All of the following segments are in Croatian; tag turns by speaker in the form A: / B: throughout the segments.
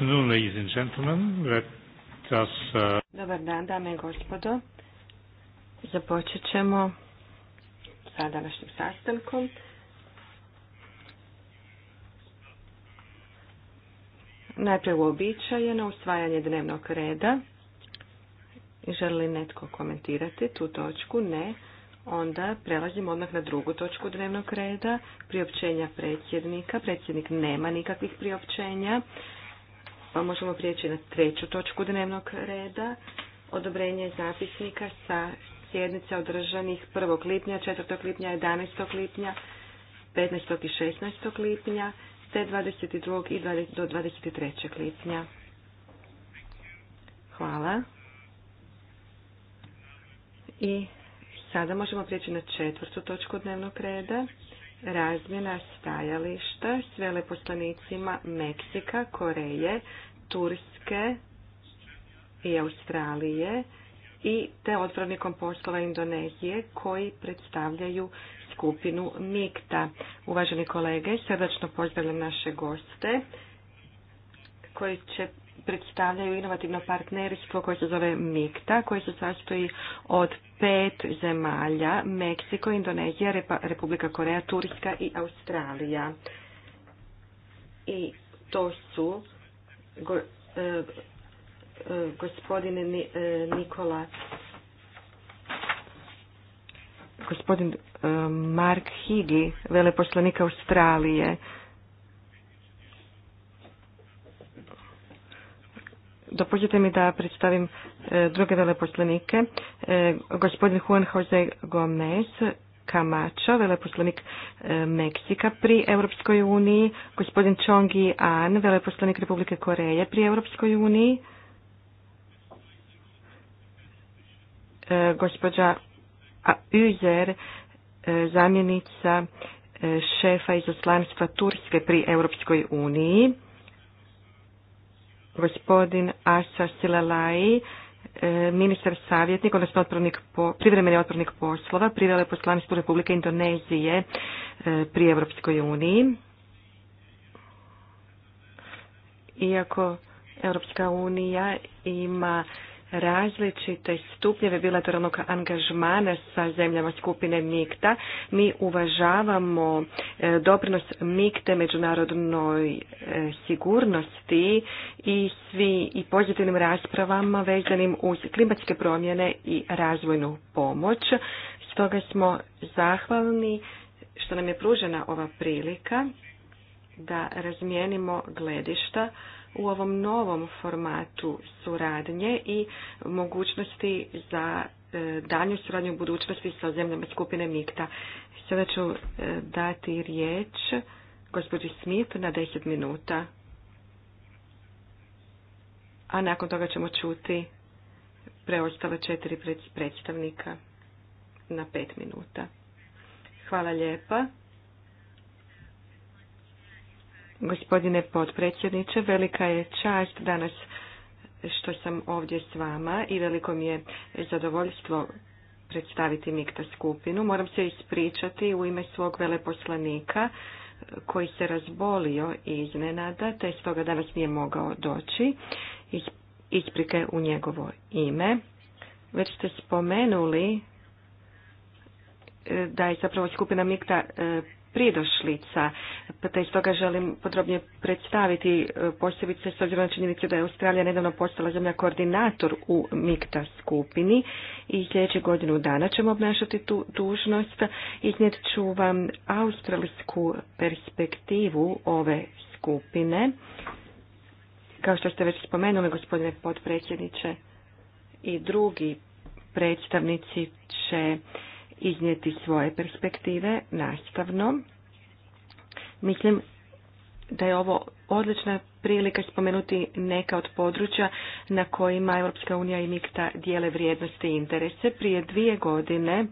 A: Uh,
B: Dobar dan, dame i gospodo. Započet ćemo sa današnjim sastankom. Najprej uobičajeno usvajanje dnevnog reda. Želi li netko komentirati tu točku? Ne. Onda prelazimo odmah na drugu točku dnevnog reda, priopćenja predsjednika. Predsjednik nema nikakvih priopćenja. Pa možemo prijeći na treću točku dnevnog reda. Odobrenje zapisnika sa sjednice održanih 1. lipnja, 4. lipnja, 11. lipnja, 15. i 16. lipnja, te 22. i 20, do 23. lipnja. Hvala. I sada možemo prijeći na četvrtu točku dnevnog reda. Razmjena stajališta s veleposlanicima Meksika, Koreje, Turske i Australije i te otpravnikom poslova Indonezije koji predstavljaju skupinu MIKTA. Uvaženi kolege, srdačno pozdravljam naše goste koji će predstavljaju inovativno partnerstvo koje se zove MIKTA, koje se sastoji od pet zemalja, Meksiko, Indonezija, Republika Koreja, Turska i Australija. I to su E, e, gospodin e, Nikola gospodin Mark Higi veleposlanik Australije Dopustite mi da predstavim druge veleposlanike. Gospodin Juan Jose Gomez, Camacho, veleposlanik e, Meksika pri Europskoj uniji, gospodin Chongi a An, veleposlanik Republike Koreje pri Europskoj uniji, e, gospođa Uzer, e, zamjenica šefa izoslanstva Turske pri Europskoj uniji, gospodin Asa Silalai. E, ministar savjetnik, odnosno otpravnik po, privremeni otpravnik poslova pri poslanstvo Republike Indonezije e, pri Europskoj uniji. Iako Europska unija ima različite stupnjeve bilateralnog angažmana sa zemljama skupine MIKTA. Mi uvažavamo e, doprinos MIKTE međunarodnoj e, sigurnosti i svi i pozitivnim raspravama vezanim uz klimatske promjene i razvojnu pomoć. Stoga smo zahvalni što nam je pružena ova prilika da razmijenimo gledišta u ovom novom formatu suradnje i mogućnosti za e, danju suradnju u budućnosti sa zemljama skupine MIKTA. Sada ću e, dati riječ gospođi Smith na 10 minuta. A nakon toga ćemo čuti preostale četiri predstavnika na 5 minuta. Hvala lijepa. Gospodine potpredsjedniče, velika je čast danas što sam ovdje s vama i veliko mi je zadovoljstvo predstaviti Mikta skupinu. Moram se ispričati u ime svog veleposlanika koji se razbolio iznenada, te stoga danas nije mogao doći. Isprike u njegovo ime. Već ste spomenuli e, da je zapravo skupina Mikta e, pridošlica, te stoga želim podrobnije predstaviti e, posebice s obzirom na činjenicu da je Australija nedavno postala zemlja koordinator u MIKTA skupini i sljedeće godinu dana ćemo obnašati tu dužnost. Iznijet ću vam australijsku perspektivu ove skupine. Kao što ste već spomenuli, gospodine potpredsjedniče, i drugi predstavnici će iznijeti svoje perspektive nastavno. Mislim da je ovo odlična prilika spomenuti neka od područja na kojima Europska unija i MIKTA dijele vrijednosti i interese. Prije dvije godine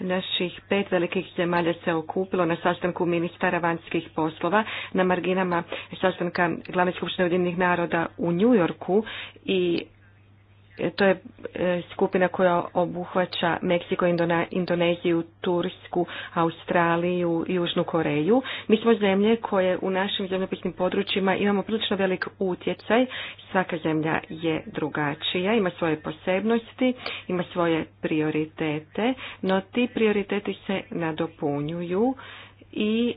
B: naših pet velikih zemalja se okupilo na sastanku ministara vanjskih poslova na marginama sastanka Glavne skupštine Ujedinjenih naroda u Njujorku i E, to je e, skupina koja obuhvaća Meksiko, Indoneziju, Tursku, Australiju i Južnu Koreju. Mi smo zemlje koje u našim zemljopisnim područjima imamo prilično velik utjecaj. Svaka zemlja je drugačija, ima svoje posebnosti, ima svoje prioritete, no ti prioriteti se nadopunjuju i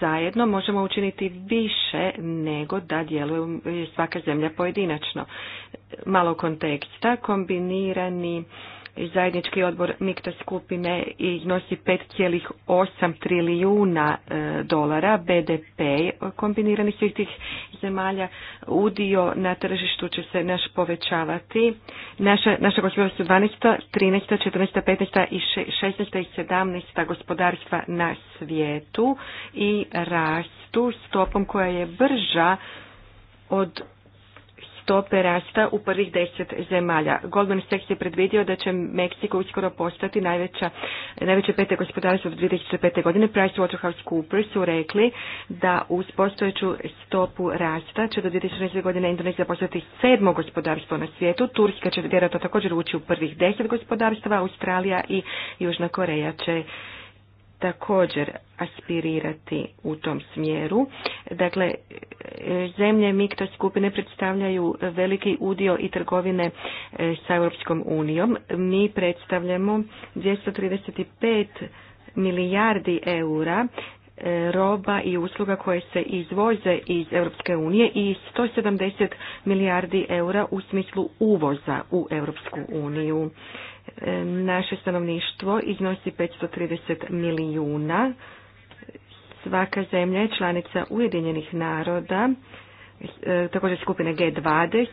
B: zajedno možemo učiniti više nego da djeluje svaka zemlja pojedinačno. Malo konteksta, kombinirani zajednički odbor mikta skupine iznosi 5,8 trilijuna e, dolara BDP kombiniranih svih tih zemalja. Udio na tržištu će se naš povećavati. Naša, naša gospodarstva su 12, 13, 14, 15 i 16 i 17 gospodarstva na svijetu i rastu stopom koja je brža od stope rasta u prvih deset zemalja. Goldman Sachs je predvidio da će Meksiko uskoro postati najveća, najveće pete gospodarstvo od 2005. godine. PricewaterhouseCoopers su rekli da uz postojeću stopu rasta će do 2016. godine Indonezija postati sedmo gospodarstvo na svijetu. Turska će vjerojatno također ući u prvih deset gospodarstva, Australija i Južna Koreja će također aspirirati u tom smjeru. Dakle, zemlje mikto skupine predstavljaju veliki udio i trgovine e, sa Europskom unijom. Mi predstavljamo 235 milijardi eura e, roba i usluga koje se izvoze iz Europske unije i 170 milijardi eura u smislu uvoza u Europsku uniju. Naše stanovništvo iznosi 530 milijuna. Svaka zemlja je članica Ujedinjenih naroda, e, također skupine G20,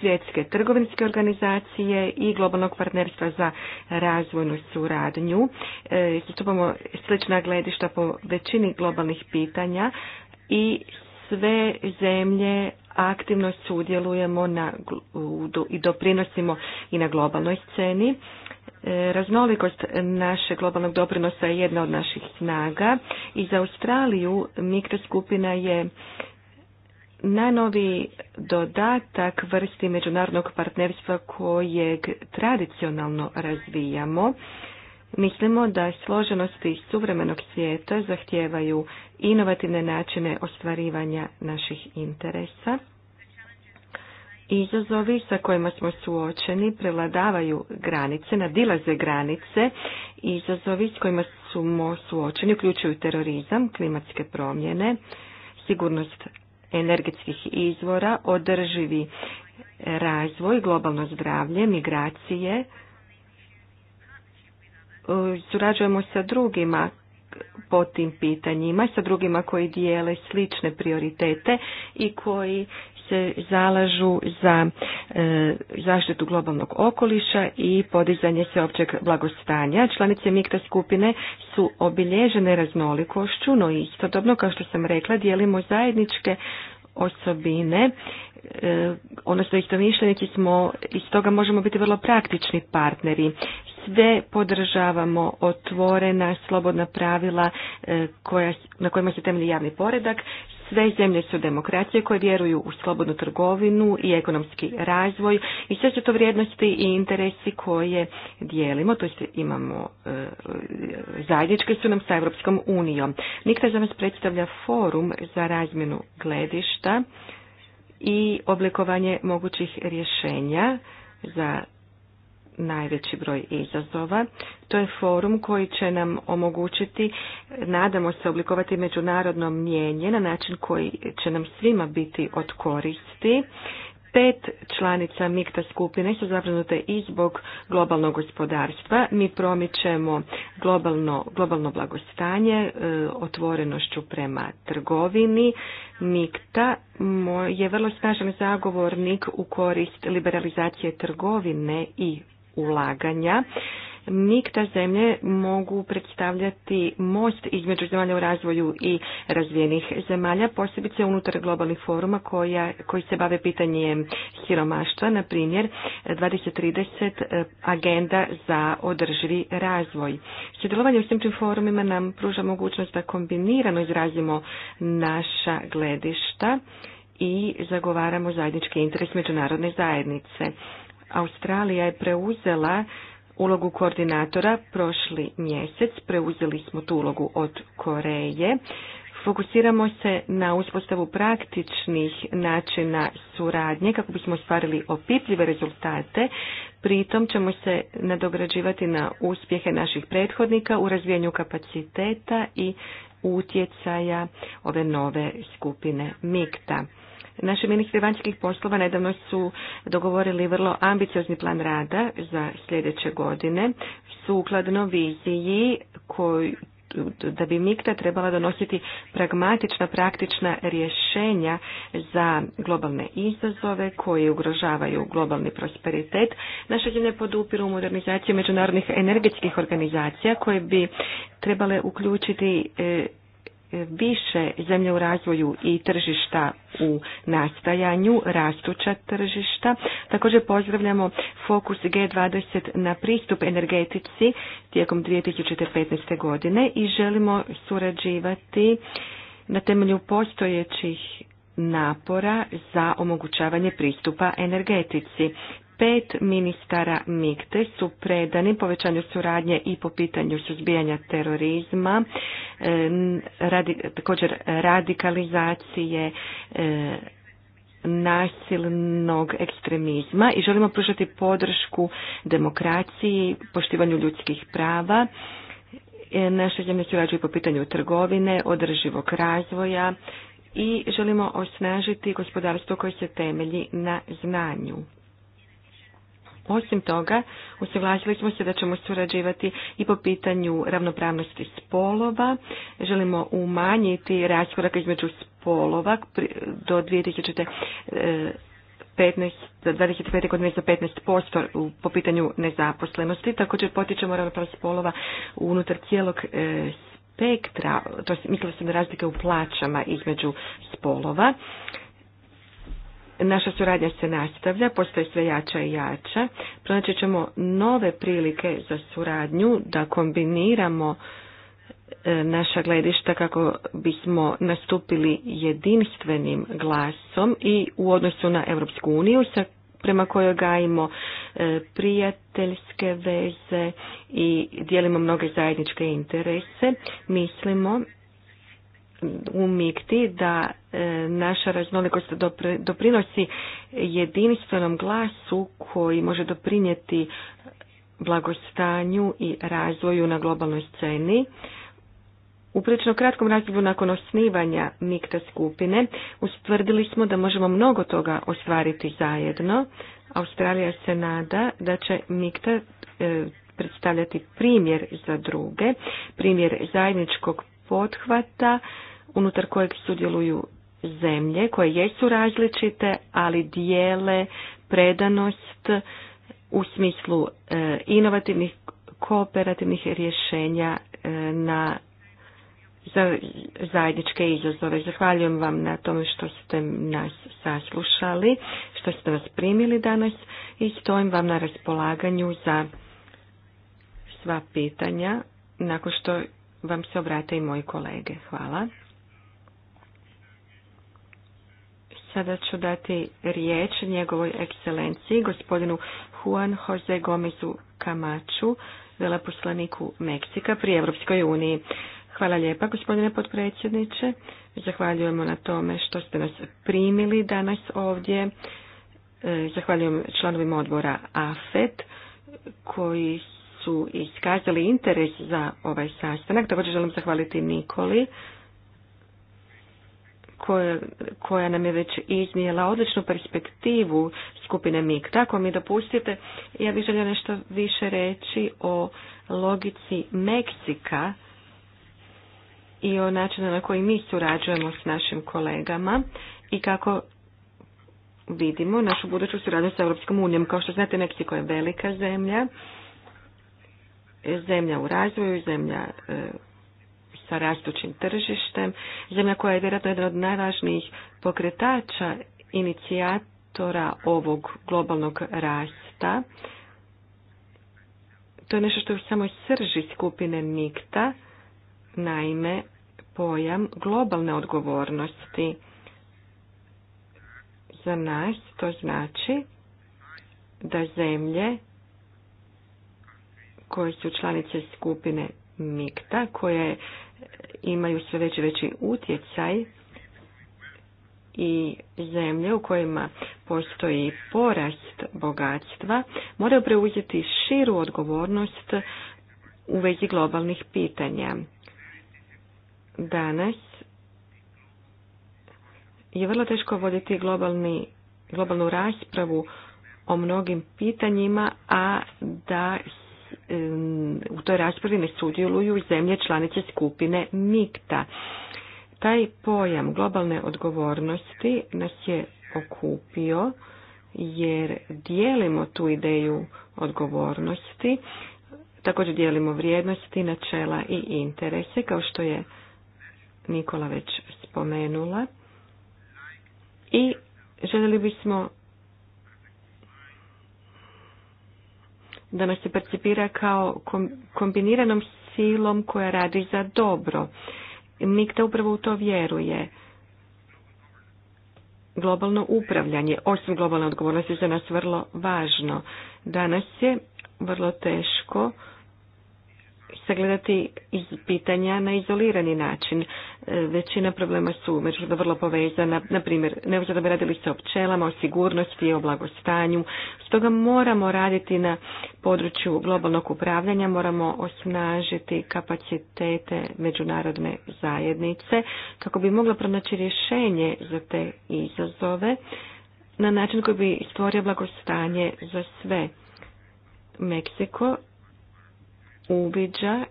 B: svjetske trgovinske organizacije i globalnog partnerstva za razvojnu suradnju. E, zastupamo slična gledišta po većini globalnih pitanja i sve zemlje aktivno sudjelujemo na, i doprinosimo i na globalnoj sceni. E, raznolikost našeg globalnog doprinosa je jedna od naših snaga i za Australiju mikroskupina je najnoviji dodatak vrsti međunarodnog partnerstva kojeg tradicionalno razvijamo. Mislimo da složenosti suvremenog svijeta zahtijevaju inovativne načine ostvarivanja naših interesa. Izazovi sa kojima smo suočeni prevladavaju granice, nadilaze granice. Izazovi s kojima smo suočeni uključuju terorizam, klimatske promjene, sigurnost energetskih izvora, održivi razvoj, globalno zdravlje, migracije, surađujemo sa drugima po tim pitanjima, sa drugima koji dijele slične prioritete i koji se zalažu za e, zaštitu globalnog okoliša i podizanje sveopćeg blagostanja. Članice mikta skupine su obilježene raznolikošću, no istodobno, kao što sam rekla, dijelimo zajedničke osobine, e, odnosno istomišljenici smo, iz toga možemo biti vrlo praktični partneri sve podržavamo otvorena, slobodna pravila e, koja, na kojima se temelji javni poredak. Sve zemlje su demokracije koje vjeruju u slobodnu trgovinu i ekonomski razvoj i sve su to vrijednosti i interesi koje dijelimo, to imamo e, zajedničke su nam sa Europskom unijom. Nikta za nas predstavlja forum za razmjenu gledišta i oblikovanje mogućih rješenja za najveći broj izazova. To je forum koji će nam omogućiti, nadamo se, oblikovati međunarodno mjenje na način koji će nam svima biti od koristi. Pet članica MIKTA skupine su zabranute i zbog globalnog gospodarstva. Mi promičemo globalno, globalno blagostanje, e, otvorenošću prema trgovini. MIKTA je vrlo snažan zagovornik u korist liberalizacije trgovine i ulaganja nikta zemlje mogu predstavljati most između zemalja u razvoju i razvijenih zemalja, posebice unutar globalnih foruma koja, koji se bave pitanjem siromaštva, na primjer 2030 e, agenda za održivi razvoj. Sudjelovanje u svim tim forumima nam pruža mogućnost da kombinirano izrazimo naša gledišta i zagovaramo zajednički interes međunarodne zajednice. Australija je preuzela ulogu koordinatora prošli mjesec, preuzeli smo tu ulogu od Koreje. Fokusiramo se na uspostavu praktičnih načina suradnje kako bismo ostvarili opipljive rezultate, pritom ćemo se nadograđivati na uspjehe naših prethodnika u razvijanju kapaciteta i utjecaja ove nove skupine MIKTA. Naši ministri vanjskih poslova nedavno su dogovorili vrlo ambiciozni plan rada za sljedeće godine, sukladno viziji da bi Mikta trebala donositi pragmatična, praktična rješenja za globalne izazove koji ugrožavaju globalni prosperitet. Naše zemlje podupiru modernizaciju međunarodnih energetskih organizacija koje bi trebale uključiti e, više zemlje u razvoju i tržišta u nastajanju, rastuća tržišta. Također pozdravljamo fokus G20 na pristup energetici tijekom 2015. godine i želimo surađivati na temelju postojećih napora za omogućavanje pristupa energetici pet ministara Mikte su predani povećanju suradnje i po pitanju suzbijanja terorizma, e, radi, također radikalizacije, e, nasilnog ekstremizma i želimo pružati podršku demokraciji, poštivanju ljudskih prava. E, naše zemlje surađuje po pitanju trgovine, održivog razvoja i želimo osnažiti gospodarstvo koje se temelji na znanju. Osim toga, usuglasili smo se da ćemo surađivati i po pitanju ravnopravnosti spolova. Želimo umanjiti raskorak između spolova do 2015 za 25. godine za 15% po pitanju nezaposlenosti. Također potičemo ravnopravnost spolova unutar cijelog e, spektra, to mislila sam na razlike u plaćama između spolova. Naša suradnja se nastavlja, postoje sve jača i jača. Pronaći ćemo nove prilike za suradnju, da kombiniramo e, naša gledišta kako bismo nastupili jedinstvenim glasom i u odnosu na Europsku uniju sa prema kojoj gajimo e, prijateljske veze i dijelimo mnoge zajedničke interese, mislimo umikti da e, naša raznolikost doprinosi jedinstvenom glasu koji može doprinijeti blagostanju i razvoju na globalnoj sceni. U prilično kratkom razdoblju nakon osnivanja Mikta skupine ustvrdili smo da možemo mnogo toga ostvariti zajedno. Australija se nada da će Mikta e, predstavljati primjer za druge, primjer zajedničkog pothvata unutar kojeg sudjeluju zemlje koje jesu različite, ali dijele predanost u smislu e, inovativnih kooperativnih rješenja e, na za zajedničke izazove. Zahvaljujem vam na tome što ste nas saslušali, što ste vas primili danas i stojim vam na raspolaganju za sva pitanja nakon što vam se obrate i moji kolege. Hvala. Sada ću dati riječ njegovoj ekscelenciji, gospodinu Juan Jose Gomezu Kamaču, veleposlaniku Meksika pri Europskoj uniji. Hvala lijepa, gospodine potpredsjedniče. Zahvaljujemo na tome što ste nas primili danas ovdje. E, zahvaljujem članovima odbora AFET koji su iskazali interes za ovaj sastanak. Također želim zahvaliti Nikoli koja, koja nam je već iznijela odličnu perspektivu skupine MiG. Tako mi dopustite, ja bih želio nešto više reći o logici Meksika i o načinu na koji mi surađujemo s našim kolegama i kako vidimo našu buduću suradnju sa Europskom unijom. Kao što znate, Meksiko je velika zemlja zemlja u razvoju, zemlja e, sa rastućim tržištem, zemlja koja je vjerojatno jedna od najvažnijih pokretača inicijatora ovog globalnog rasta. To je nešto što je u samoj srži skupine nikta, naime pojam globalne odgovornosti. Za nas to znači da zemlje koje su članice skupine Mikta, koje imaju sve veći veći utjecaj i zemlje u kojima postoji porast bogatstva, moraju preuzeti širu odgovornost u vezi globalnih pitanja. Danas je vrlo teško voditi globalni, globalnu raspravu o mnogim pitanjima, a da u toj raspravi ne sudjeluju zemlje članice skupine MIGTA. Taj pojam globalne odgovornosti nas je okupio jer dijelimo tu ideju odgovornosti, također dijelimo vrijednosti, načela i interese, kao što je Nikola već spomenula. I željeli bismo da nas se percipira kao kombiniranom silom koja radi za dobro. Nikta upravo u to vjeruje. Globalno upravljanje, osim globalne odgovornosti, je za nas vrlo važno. Danas je vrlo teško sagledati iz pitanja na izolirani način. E, većina problema su međutim vrlo povezana, na primjer, bi radili se o pčelama, o sigurnosti, o blagostanju. Stoga moramo raditi na području globalnog upravljanja, moramo osnažiti kapacitete međunarodne zajednice kako bi mogla pronaći rješenje za te izazove na način koji bi stvorio blagostanje za sve. Meksiko uviđa,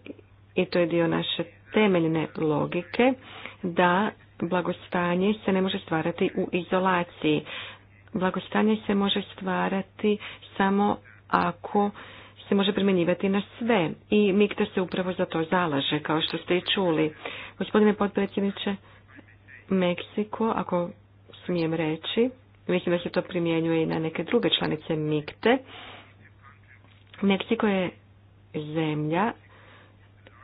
B: i to je dio naše temeljne logike, da blagostanje se ne može stvarati u izolaciji. Blagostanje se može stvarati samo ako se može primjenjivati na sve. I Mikta se upravo za to zalaže, kao što ste i čuli. Gospodine potpredsjedniče, Meksiko, ako smijem reći, mislim da se to primjenjuje i na neke druge članice Mikte. Meksiko je zemlja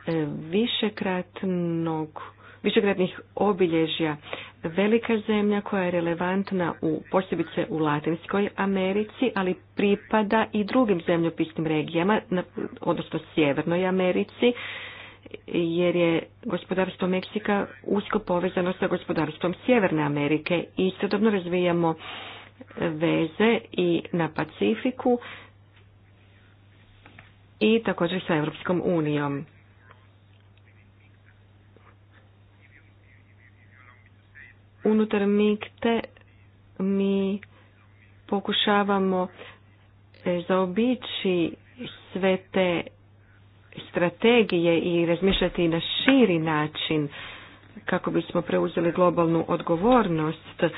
B: e, višekratnog višekratnih obilježja velika zemlja koja je relevantna u posebice u Latinskoj Americi, ali pripada i drugim zemljopisnim regijama, odnosno Sjevernoj Americi, jer je gospodarstvo Meksika usko povezano sa gospodarstvom Sjeverne Amerike i istodobno razvijamo veze i na Pacifiku i također sa Europskom unijom. Unutar MIGTE mi pokušavamo e, zaobići sve te strategije i razmišljati na širi način kako bismo preuzeli globalnu odgovornost. E,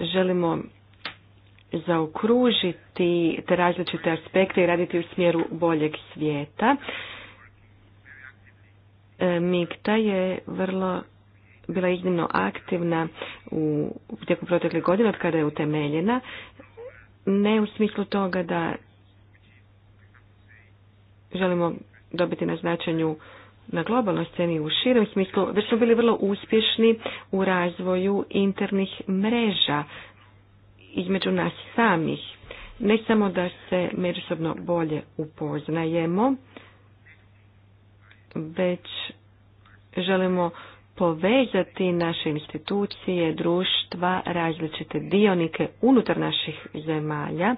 B: želimo zaokružiti te različite aspekte i raditi u smjeru boljeg svijeta. E, Mikta je vrlo bila iznimno aktivna u tijekom proteklih godina od kada je utemeljena, ne u smislu toga da želimo dobiti na značenju na globalnoj sceni u širem smislu, već smo bili vrlo uspješni u razvoju internih mreža između nas samih. Ne samo da se međusobno bolje upoznajemo, već želimo povezati naše institucije, društva, različite dionike unutar naših zemalja,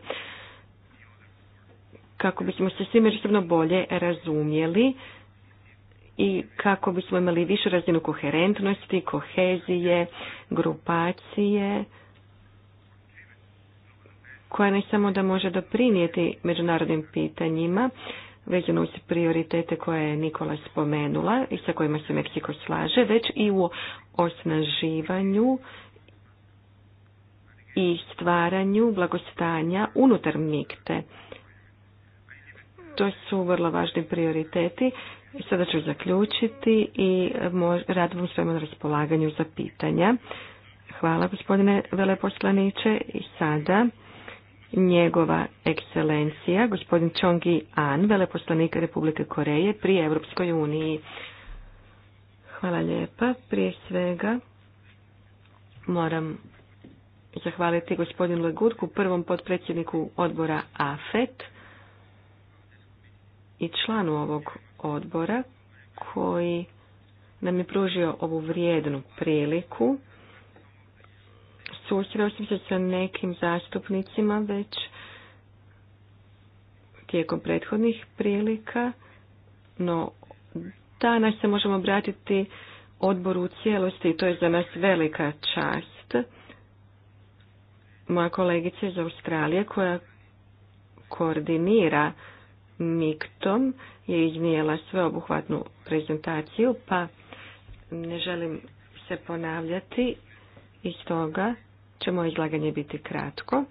B: kako bismo se svi međusobno bolje razumjeli i kako bismo imali višu razinu koherentnosti, kohezije, grupacije, koja ne samo da može doprinijeti međunarodnim pitanjima, vezano uz prioritete koje je Nikola spomenula i sa kojima se Meksiko slaže, već i u osnaživanju i stvaranju blagostanja unutar Mikte. To su vrlo važni prioriteti. Sada ću zaključiti i radim vam svema na raspolaganju za pitanja. Hvala gospodine veleposlaniče i sada njegova ekscelencija, gospodin Chongi An, veleposlanik Republike Koreje pri Europskoj uniji. Hvala lijepa. Prije svega moram zahvaliti gospodinu Legurku, prvom potpredsjedniku odbora AFET i članu ovog odbora koji nam je pružio ovu vrijednu priliku susreo sam se sa nekim zastupnicima već tijekom prethodnih prilika, no danas se možemo obratiti odboru u cijelosti i to je za nas velika čast. Moja kolegica iz Australije koja koordinira Miktom je iznijela sveobuhvatnu prezentaciju, pa ne želim se ponavljati iz toga će moje izlaganje biti kratko.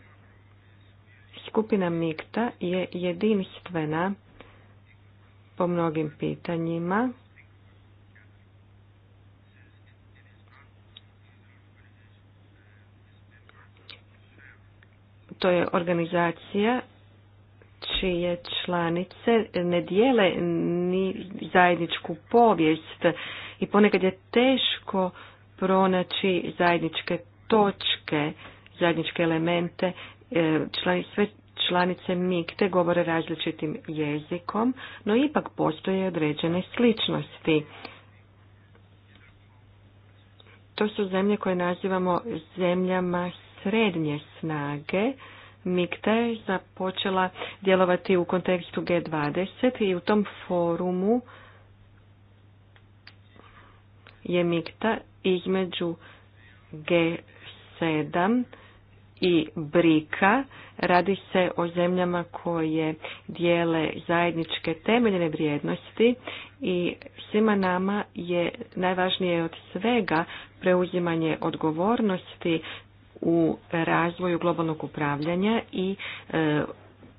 B: Skupina Mikta je jedinstvena po mnogim pitanjima. To je organizacija čije članice ne dijele ni zajedničku povijest i ponekad je teško pronaći zajedničke točke, zajedničke elemente, e, sve članice Mikte govore različitim jezikom, no ipak postoje određene sličnosti. To su zemlje koje nazivamo zemljama srednje snage. Mikta je započela djelovati u kontekstu G20 i u tom forumu je Mikta između g Sedam i brika. Radi se o zemljama koje dijele zajedničke temeljene vrijednosti i svima nama je najvažnije od svega preuzimanje odgovornosti u razvoju globalnog upravljanja i e,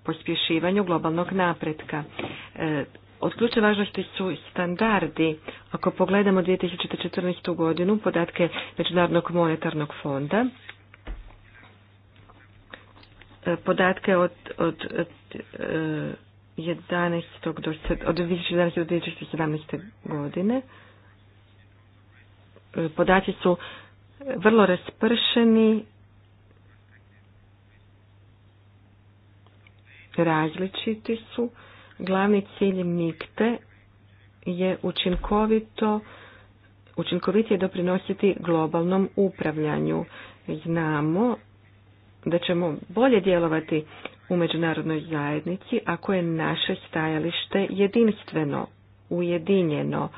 B: pospješivanju globalnog napretka. E, od ključne važnosti su standardi. Ako pogledamo 2014. godinu, podatke Međunarodnog monetarnog fonda, e, podatke od, od, e, od 11. do od 2011. do 2017. godine. E, podaci su vrlo raspršeni, različiti su. Glavni cilj Mikte je učinkovito učinkovitije doprinositi globalnom upravljanju. Znamo da ćemo bolje djelovati u međunarodnoj zajednici ako je naše stajalište jedinstveno, ujedinjeno.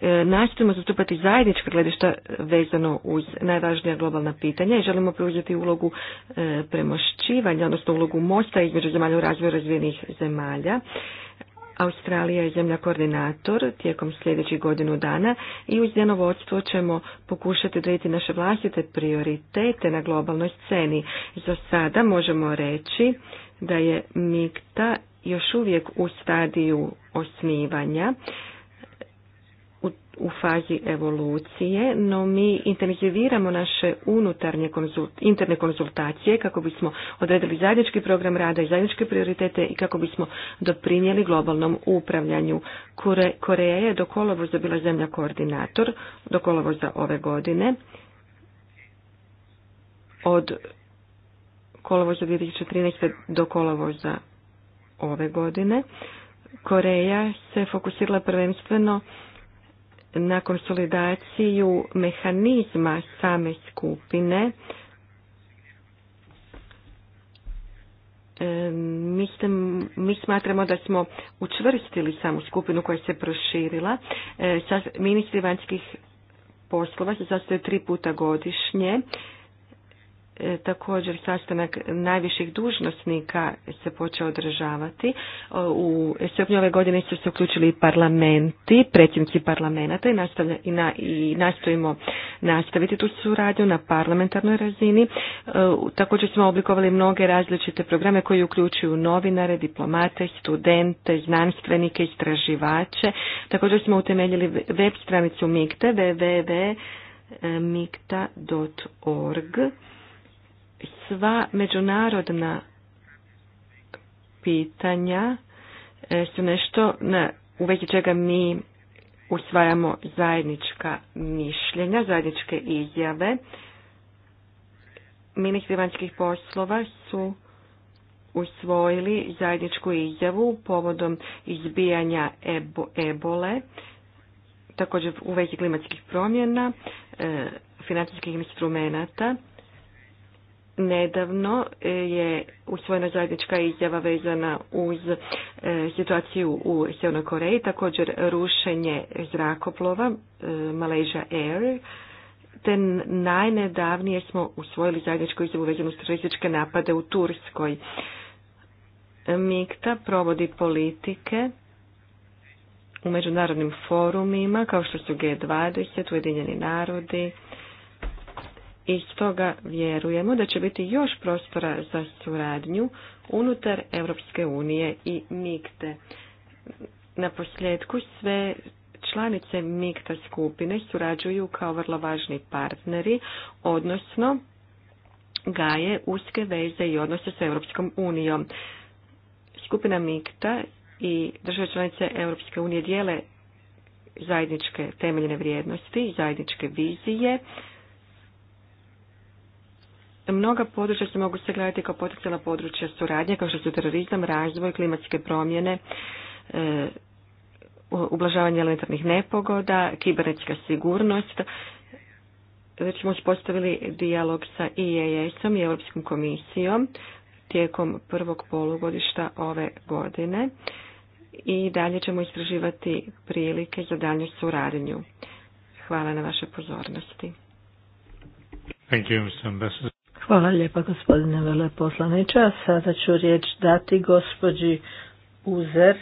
B: E, nastojimo zastupati zajednička gledišta vezano uz najvažnija globalna pitanja i želimo preuzeti ulogu e, premošćivanja, odnosno ulogu mosta između zemalja u razvoju razvijenih zemalja. Australija je zemlja koordinator tijekom sljedećih godinu dana i uz njeno vodstvo ćemo pokušati odrediti naše vlastite prioritete na globalnoj sceni. Za sada možemo reći da je MIKTA još uvijek u stadiju osnivanja u fazi evolucije, no mi intenziviramo naše unutarnje konzult, interne konzultacije kako bismo odredili zajednički program rada i zajedničke prioritete i kako bismo doprinijeli globalnom upravljanju. Kore, Koreja je do kolovoza bila zemlja koordinator, do kolovoza ove godine. Od kolovoza 2013. do kolovoza ove godine. Koreja se fokusirala prvenstveno na konsolidaciju mehanizma same skupine. E, mi, smatramo da smo učvrstili samu skupinu koja se proširila. E, ministri vanjskih poslova se sastoje tri puta godišnje E, također sastanak najviših dužnosnika se počeo održavati. E, u srpnju ove godine su se uključili i parlamenti, predsjednici parlamenta i, i, i nastojimo nastaviti tu suradnju na parlamentarnoj razini. E, također smo oblikovali mnoge različite programe koji uključuju novinare, diplomate, studente, znanstvenike, istraživače. Također smo utemeljili web stranicu migte www.mikta.org sva međunarodna pitanja e, su nešto na, u vezi čega mi usvajamo zajednička mišljenja, zajedničke izjave. Ministri vanjskih poslova su usvojili zajedničku izjavu povodom izbijanja ebole, također u vezi klimatskih promjena, e, financijskih instrumenata Nedavno e, je usvojena zajednička izjava vezana uz e, situaciju u Sjevernoj Koreji, također rušenje zrakoplova e, Malaysia Air, te najnedavnije smo usvojili zajedničku izjavu vezanu uz terorističke napade u Turskoj. Mikta provodi politike u međunarodnim forumima kao što su G20, Ujedinjeni narodi, i stoga vjerujemo da će biti još prostora za suradnju unutar Europske unije i MIKTE. Na posljedku sve članice MIKTA e skupine surađuju kao vrlo važni partneri, odnosno gaje uske veze i odnose sa Europskom unijom. Skupina MIKTA e i države članice Europske unije dijele zajedničke temeljne vrijednosti, zajedničke vizije, Mnoga područja se mogu se kao potencijalna područja suradnje, kao što su terorizam, razvoj, klimatske promjene, e, ublažavanje elementarnih nepogoda, kibernetska sigurnost. Već smo uspostavili dijalog sa IAS-om i Europskom komisijom tijekom prvog polugodišta ove godine i dalje ćemo istraživati prilike za daljnju suradnju. Hvala na vašoj pozornosti.
C: Hvala lijepa gospodine veleposlaniče. sada ću riječ dati gospođi Uzer, e,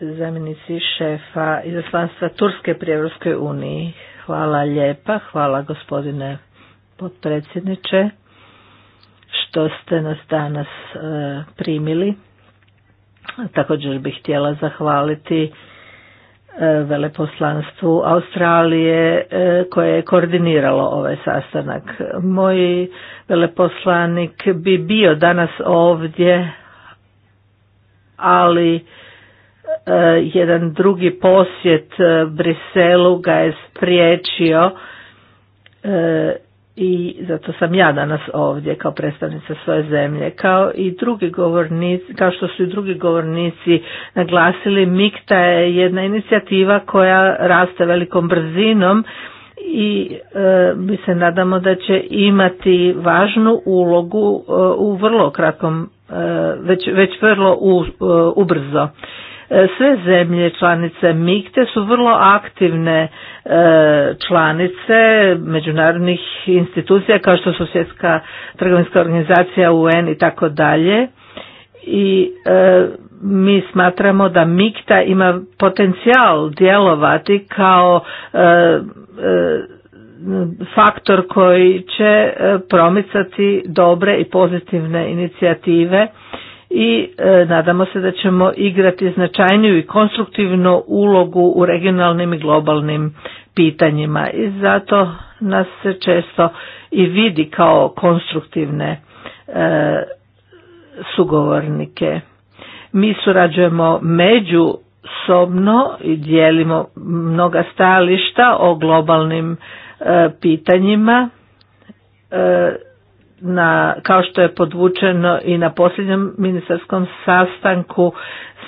C: zamjenici šefa izaslanstva Turske pri Europskoj uniji. Hvala lijepa, hvala gospodine potpredsjedniče što ste nas danas e, primili. Također bih htjela zahvaliti E, veleposlanstvu Australije e, koje je koordiniralo ovaj sastanak. Moj veleposlanik bi bio danas ovdje, ali e, jedan drugi posjet Briselu ga je spriječio i zato sam ja danas ovdje kao predstavnica svoje zemlje. Kao i drugi govornici, kao što su i drugi govornici naglasili, Mikta je jedna inicijativa koja raste velikom brzinom i e, mi se nadamo da će imati važnu ulogu e, u vrlo kratkom, e, već, već vrlo u, ubrzo. Sve zemlje članice MIGTE su vrlo aktivne e, članice međunarodnih institucija kao što su Svjetska trgovinska organizacija UN i tako dalje i e, mi smatramo da Mikta e ima potencijal djelovati kao faktor koji će promicati dobre i pozitivne inicijative i e, nadamo se da ćemo igrati značajniju i konstruktivnu ulogu u regionalnim i globalnim pitanjima i zato nas se često i vidi kao konstruktivne e, sugovornike. Mi surađujemo među sobno i dijelimo mnoga stajališta o globalnim e, pitanjima na, kao što je podvučeno i na posljednjem ministarskom sastanku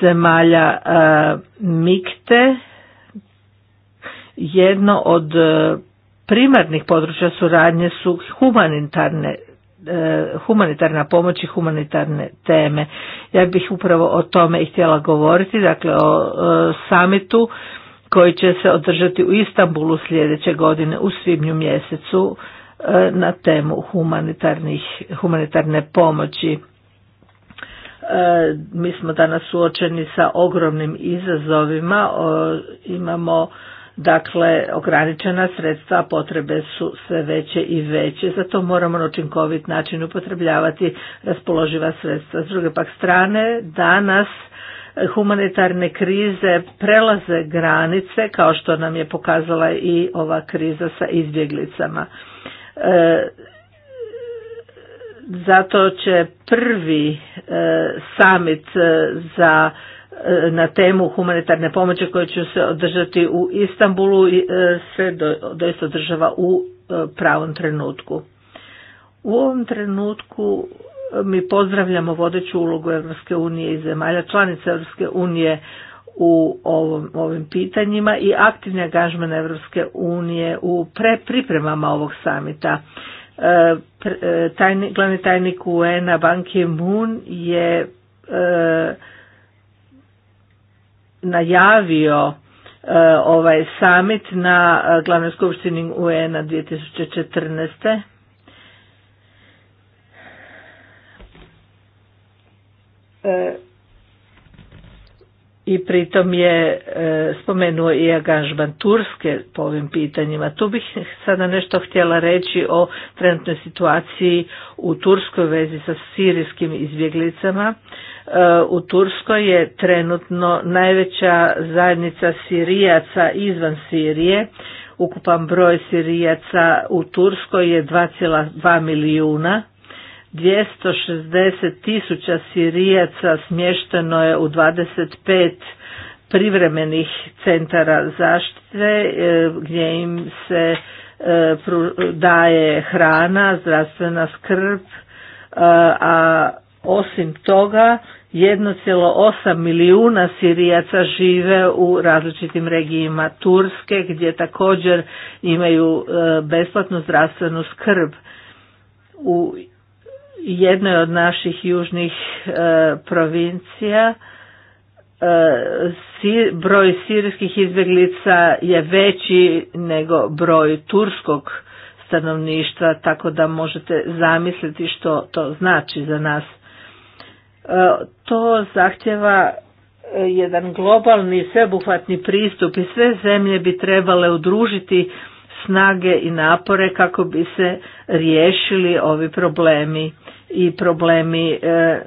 C: zemalja e, Mikte, jedno od e, primarnih područja suradnje su humanitarne e, humanitarna pomoć i humanitarne teme. Ja bih upravo o tome i htjela govoriti, dakle o samitu koji će se održati u Istanbulu sljedeće godine u svibnju mjesecu E, na temu humanitarnih, humanitarne pomoći. E, mi smo danas suočeni sa ogromnim izazovima, imamo dakle ograničena sredstva, potrebe su sve veće i veće, zato moramo na učinkovit način upotrebljavati raspoloživa sredstva. S druge pak strane, danas humanitarne krize prelaze granice, kao što nam je pokazala i ova kriza sa izbjeglicama. E, zato će prvi e, summit e, za na temu humanitarne pomoći koje će se održati u Istanbulu se doista održava u pravom trenutku. U ovom trenutku mi pozdravljamo vodeću ulogu Europske unije i zemalja članica Europske unije u ovom, ovim pitanjima i aktivni angažman Europske unije u prepripremama ovog samita. E, e, tajni, glavni tajnik UN-a Banke moon je e, najavio ovaj summit na glavnoj skupštini UN-a 2014. E, i pritom je e, spomenuo i angažman Turske po ovim pitanjima. Tu bih sada nešto htjela reći o trenutnoj situaciji u Turskoj vezi sa sirijskim izbjeglicama. E, u Turskoj je trenutno najveća zajednica Sirijaca izvan Sirije. Ukupan broj Sirijaca u Turskoj je 2,2 milijuna 260 tisuća sirijaca smješteno je u 25 privremenih centara zaštite e, gdje im se e, daje hrana, zdravstvena skrb, e, a osim toga 1,8 milijuna Sirijaca žive u različitim regijima Turske gdje također imaju besplatnu zdravstvenu skrb. U jednoj od naših južnih e, provincija e, broj sirijskih izbjeglica je veći nego broj turskog stanovništva, tako da možete zamisliti što to znači za nas. E, to zahtjeva jedan globalni, sveobuhvatni pristup i sve zemlje bi trebale udružiti snage i napore kako bi se riješili ovi problemi i problemi e,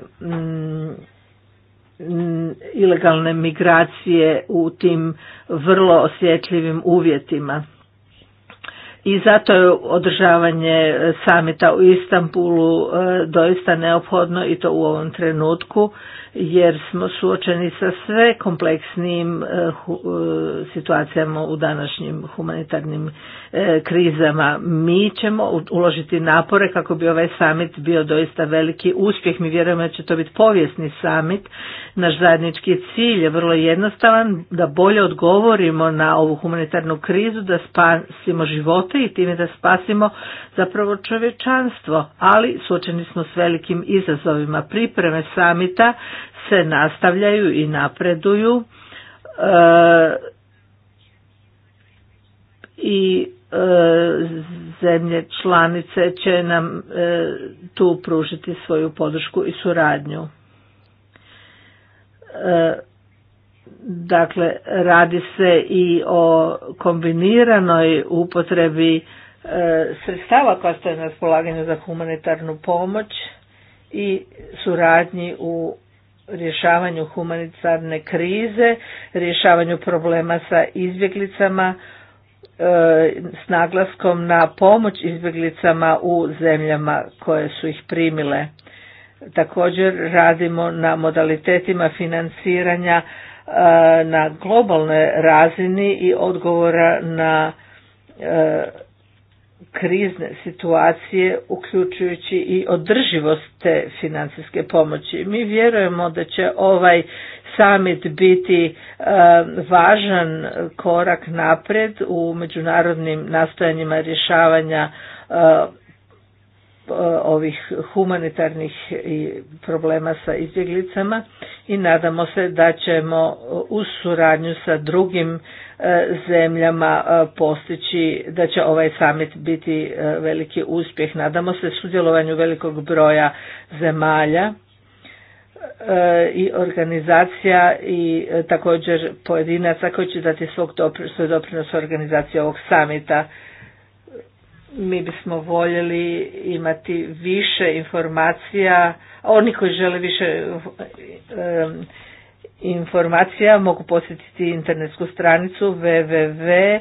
C: ilegalne migracije u tim vrlo osjetljivim uvjetima. I zato je održavanje samita u Istanbulu e, doista neophodno i to u ovom trenutku jer smo suočeni sa sve kompleksnim eh, eh, situacijama u današnjim humanitarnim eh, krizama. Mi ćemo uložiti napore kako bi ovaj summit bio doista veliki uspjeh. Mi vjerujemo da će to biti povijesni summit. Naš zajednički cilj je vrlo jednostavan da bolje odgovorimo na ovu humanitarnu krizu, da spasimo živote i time da spasimo zapravo čovječanstvo. Ali suočeni smo s velikim izazovima pripreme samita se nastavljaju i napreduju e, i e, zemlje članice će nam e, tu pružiti svoju podršku i suradnju. Dakle, radi se i o kombiniranoj upotrebi sredstava koja stoje na raspolaganju za humanitarnu pomoć i suradnji u rješavanju humanitarne krize, rješavanju problema sa izbjeglicama e, s naglaskom na pomoć izbjeglicama u zemljama koje su ih primile. Također radimo na modalitetima financiranja e, na globalnoj razini i odgovora na e, krizne situacije uključujući i održivost te financijske pomoći. Mi vjerujemo da će ovaj summit biti e, važan korak napred u međunarodnim nastojanjima rješavanja e, e, ovih humanitarnih problema sa izbjeglicama i nadamo se da ćemo u suradnju sa drugim E, zemljama e, postići da će ovaj summit biti e, veliki uspjeh. Nadamo se sudjelovanju velikog broja zemalja i organizacija i također pojedinaca koji će dati svog svoj doprinos organizaciji ovog summita. Mi bismo voljeli imati više informacija, oni koji žele više informacija mogu posjetiti internetsku stranicu www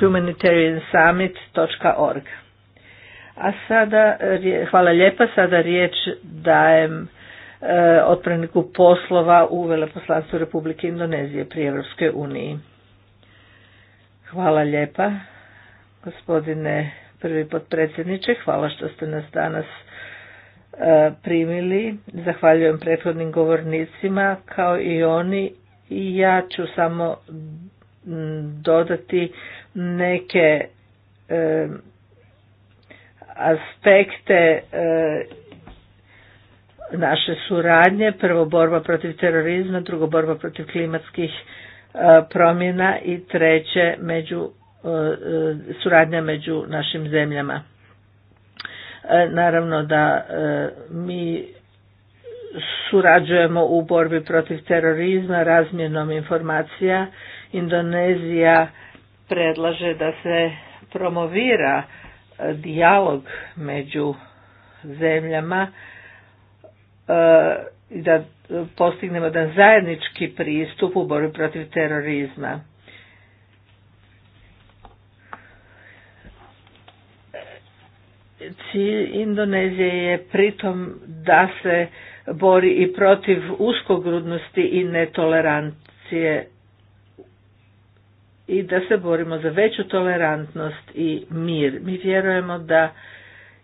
C: humanitariansummit.org. A sada, hvala lijepa, sada riječ dajem e, poslova u Veleposlanstvu Republike Indonezije pri Evropskoj uniji. Hvala lijepa, gospodine prvi potpredsjedniče, hvala što ste nas danas E, primili. Zahvaljujem prethodnim govornicima kao i oni i ja ću samo dodati neke e, aspekte e, naše suradnje, prvo borba protiv terorizma, drugo borba protiv klimatskih promjena i treće među suradnja među našim zemljama. E, naravno da e, mi surađujemo u borbi protiv terorizma razmjenom informacija. Indonezija predlaže da se promovira e, dijalog među zemljama i da postignemo jedan zajednički pristup u borbi protiv terorizma. Cilj Indonezije je pritom da se bori i protiv uskogrudnosti i netolerancije i da se borimo za veću tolerantnost i mir. Mi vjerujemo da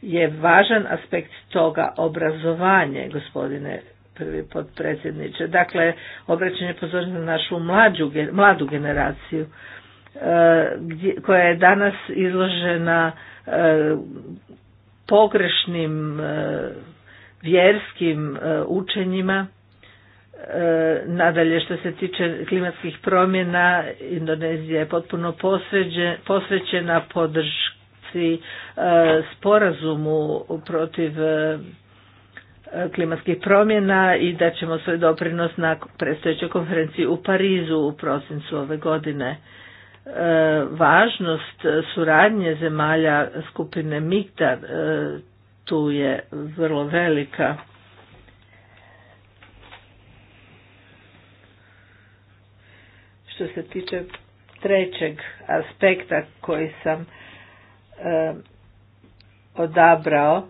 C: je važan aspekt toga obrazovanje, gospodine prvi potpredsjedniče. Dakle, obraćanje pozornost na našu mlađu, mladu generaciju e, koja je danas izložena e, pogrešnim e, vjerskim e, učenjima. E, nadalje što se tiče klimatskih promjena, Indonezija je potpuno posvećena podršci sporazumu protiv klimatskih promjena i da ćemo svoj doprinos na predstojećoj konferenciji u Parizu u prosincu ove godine. E, važnost suradnje zemalja skupine Miktar e, tu je vrlo velika. Što se tiče trećeg aspekta koji sam e, odabrao,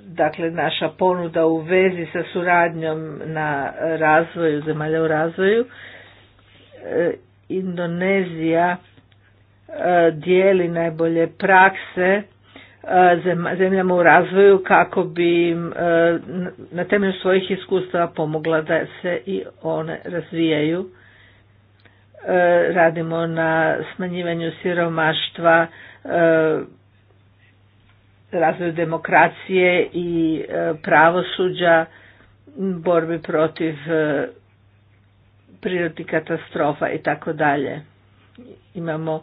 C: dakle naša ponuda u vezi sa suradnjom na razvoju, zemalja u razvoju, E, Indonezija e, dijeli najbolje prakse e, zemljama u razvoju kako bi na temelju svojih iskustava pomogla da se i one razvijaju. Radimo na smanjivanju siromaštva, razvoju demokracije i pravosuđa, borbi protiv prirodnih katastrofa i tako dalje. Imamo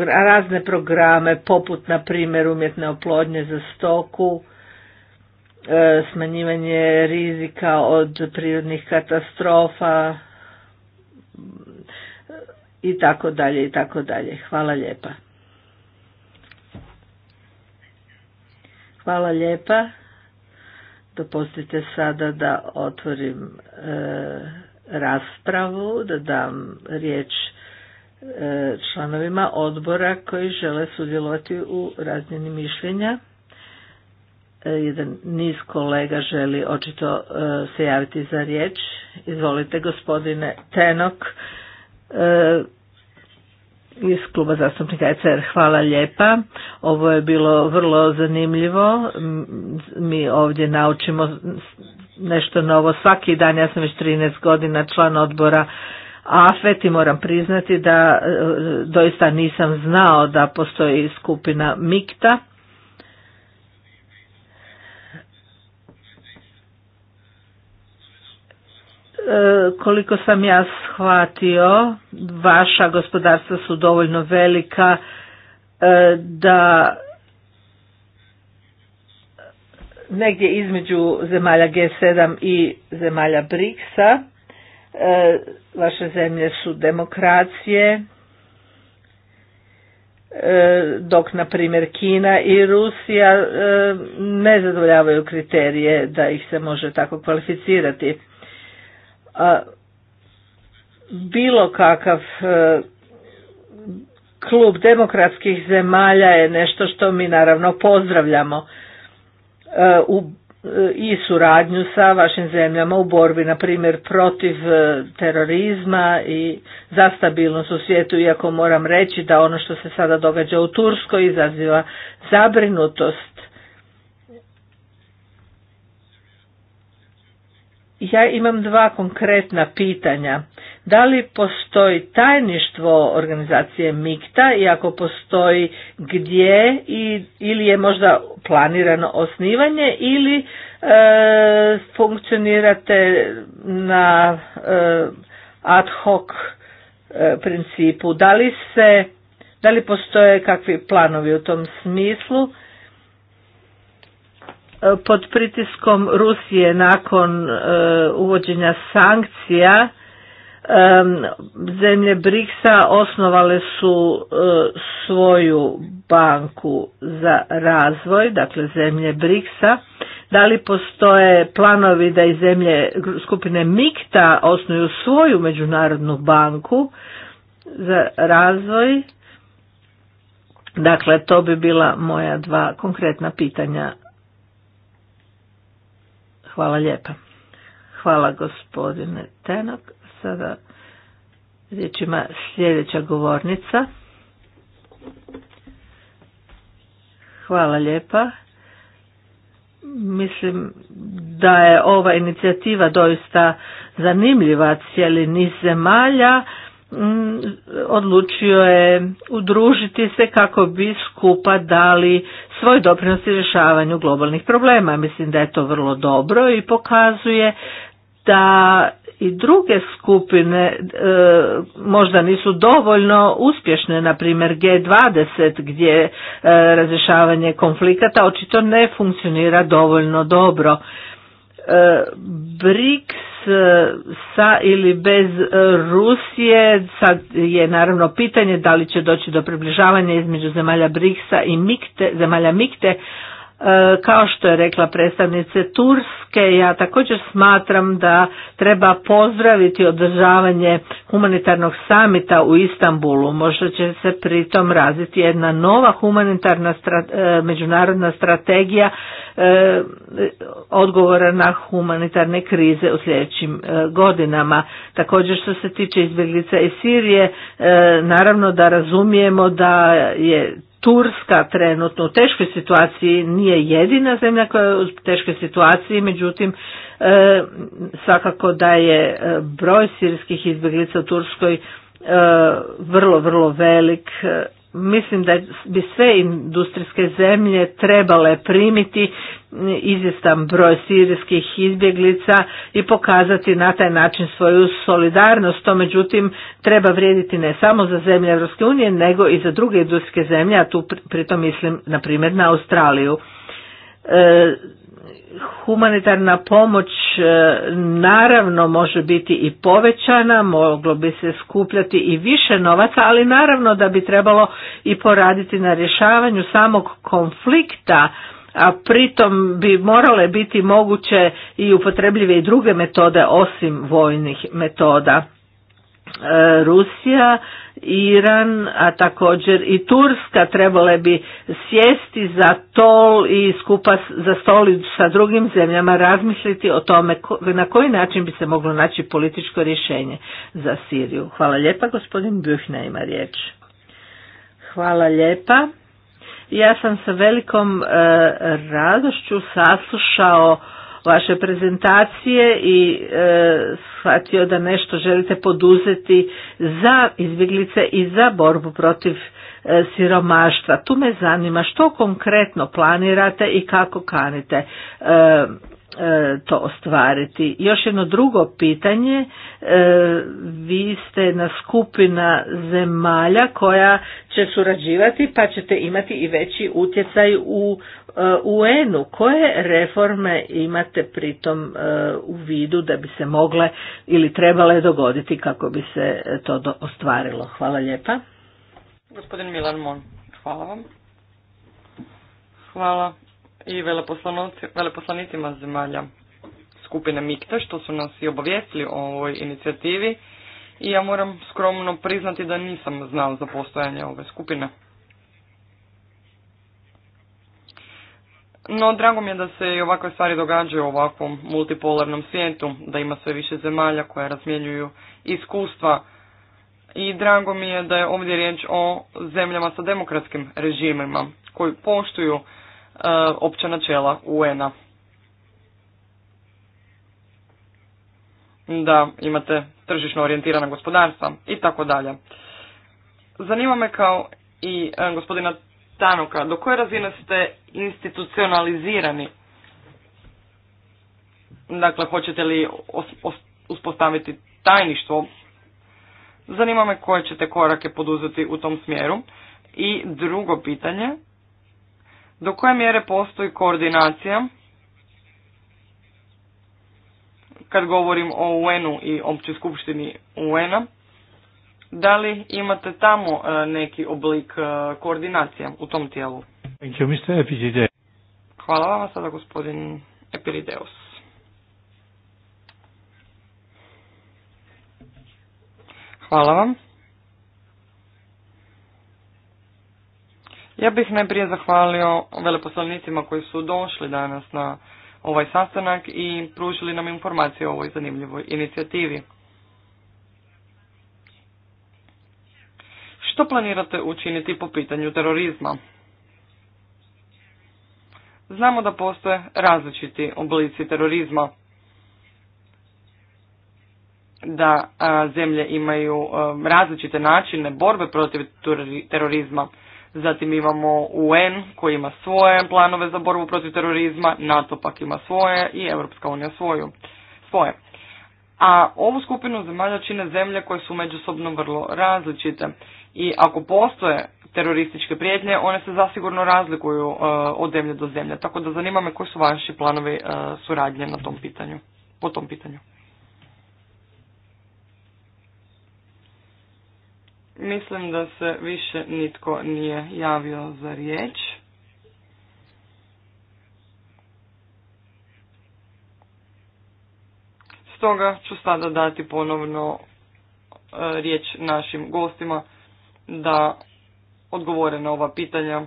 C: e, razne programe poput na primjer umjetne oplodnje za stoku, e, smanjivanje rizika od prirodnih katastrofa i tako dalje i tako dalje. Hvala lijepa. Hvala lijepa. Dopustite sada da otvorim e, raspravu, da dam riječ e, članovima odbora koji žele sudjelovati u razmjeni mišljenja. E, jedan niz kolega želi očito se javiti za riječ. Izvolite gospodine Tenok iz kluba zastupnika ECR. Hvala lijepa. Ovo je bilo vrlo zanimljivo. Mi ovdje naučimo nešto novo svaki dan. Ja sam već 13 godina član odbora AFET i moram priznati da e, doista nisam znao da postoji skupina MIKTA E, koliko sam ja shvatio, vaša gospodarstva su dovoljno velika e, da negdje između zemalja G7 i zemalja BRICS-a e, vaše zemlje su demokracije, dok na primjer Kina i Rusija ne zadovoljavaju kriterije da ih se može tako kvalificirati bilo kakav e, klub demokratskih zemalja je nešto što mi naravno pozdravljamo e, u, i suradnju sa vašim zemljama u borbi na primjer protiv e, terorizma i za stabilnost u svijetu iako moram reći da ono što se sada događa u Turskoj izaziva zabrinutost Ja imam dva konkretna pitanja. Da li postoji tajništvo organizacije MIKTA i ako postoji gdje i, ili je možda planirano osnivanje ili e, funkcionirate na e, ad hoc e, principu? Da li, se, da li postoje kakvi planovi u tom smislu? pod pritiskom Rusije nakon e, uvođenja sankcija e, zemlje Briksa osnovale su e, svoju banku za razvoj, dakle zemlje BRICS-a. Da li postoje planovi da i zemlje skupine Mikta osnuju svoju međunarodnu banku za razvoj? Dakle, to bi bila moja dva konkretna pitanja Hvala lijepa. Hvala gospodine Tenok. Sada riječ ima sljedeća govornica. Hvala lijepa. Mislim da je ova inicijativa doista zanimljiva cijeli niz zemalja Mm, odlučio je udružiti se kako bi skupa dali svoj doprinos rješavanju globalnih problema. Mislim da je to vrlo dobro i pokazuje da i druge skupine e, možda nisu dovoljno uspješne, na primjer G20 gdje e, razrješavanje konflikata očito ne funkcionira dovoljno dobro. E, BRICS e, sa ili bez e, Rusije, sad je naravno pitanje da li će doći do približavanja između zemalja BRICS-a i Mikte, zemalja Mikte, kao što je rekla predstavnice Turske, ja također smatram da treba pozdraviti održavanje humanitarnog samita u Istanbulu. Možda će se pritom razviti jedna nova humanitarna e, međunarodna strategija e, odgovora na humanitarne krize u sljedećim e, godinama. Također što se tiče izbjeglica iz Sirije, naravno da razumijemo da je Turska trenutno u teškoj situaciji nije jedina zemlja koja je u teškoj situaciji, međutim e, svakako da je e, broj sirijskih izbjeglica u Turskoj e, vrlo, vrlo velik Mislim da bi sve industrijske zemlje trebale primiti izvjestan broj sirijskih izbjeglica i pokazati na taj način svoju solidarnost. To međutim treba vrijediti ne samo za zemlje Europske unije nego i za druge industrijske zemlje, a tu pritom mislim na primjer na Australiju. E, humanitarna pomoć e, naravno može biti i povećana, moglo bi se skupljati i više novaca, ali naravno da bi trebalo i poraditi na rješavanju samog konflikta, a pritom bi morale biti moguće i upotrebljive i druge metode osim vojnih metoda. E, Rusija Iran, a također i Turska trebale bi sjesti za tol i skupa za stol i sa drugim zemljama razmisliti o tome na koji način bi se moglo naći političko rješenje za Siriju. Hvala lijepa, gospodin Bühne ima riječ. Hvala lijepa. Ja sam sa velikom eh, radošću saslušao vaše prezentacije i e, shvatio da nešto želite poduzeti za izbjeglice i za borbu protiv e, siromaštva. Tu me zanima što konkretno planirate i kako kanite e, E, to ostvariti. Još jedno drugo pitanje, e, vi ste na skupina zemalja koja će surađivati pa ćete imati i veći utjecaj u e, UN-u. Koje reforme imate pritom u vidu da bi se mogle ili trebale dogoditi kako bi se to ostvarilo? Hvala lijepa.
D: Gospodin Milan Mon, hvala vam. Hvala i veleposlanicima zemalja skupine Mikta što su nas i obavijestili o ovoj inicijativi i ja moram skromno priznati da nisam znao za postojanje ove skupine. No, drago mi je da se i ovakve stvari događaju u ovakvom multipolarnom svijetu, da ima sve više zemalja koje razmjenjuju iskustva i drago mi je da je ovdje riječ o zemljama sa demokratskim režimima koji poštuju Eh, opća načela UN-a. Da imate tržišno orijentirana gospodarstva i tako dalje. Zanima me kao i eh, gospodina Tanuka do koje razine ste institucionalizirani? Dakle, hoćete li uspostaviti tajništvo? Zanima me koje ćete korake poduzeti u tom smjeru. I drugo pitanje, do koje mjere postoji koordinacija kad govorim o UN-u i općoj skupštini UN-a, da li imate tamo e, neki oblik e, koordinacija u tom tijelu? Hvala vam sada gospodin Epirideus. Hvala vam. Ja bih najprije zahvalio veleposlanicima koji su došli danas na ovaj sastanak i pružili nam informacije o ovoj zanimljivoj inicijativi. Što planirate učiniti po pitanju terorizma? Znamo da postoje različiti oblici terorizma. Da zemlje imaju različite načine borbe protiv terorizma. Zatim imamo UN koji ima svoje planove za borbu protiv terorizma, NATO pak ima svoje i Europska unija svoju, svoje. A ovu skupinu zemalja čine zemlje koje su međusobno vrlo različite. I ako postoje terorističke prijetnje, one se zasigurno razlikuju e, od zemlje do zemlje. Tako da zanima me koji su vaši planovi e, suradnje na tom pitanju, po tom pitanju. Mislim da se više nitko nije javio za riječ. Stoga ću sada dati ponovno e, riječ našim gostima da odgovore na ova pitanja.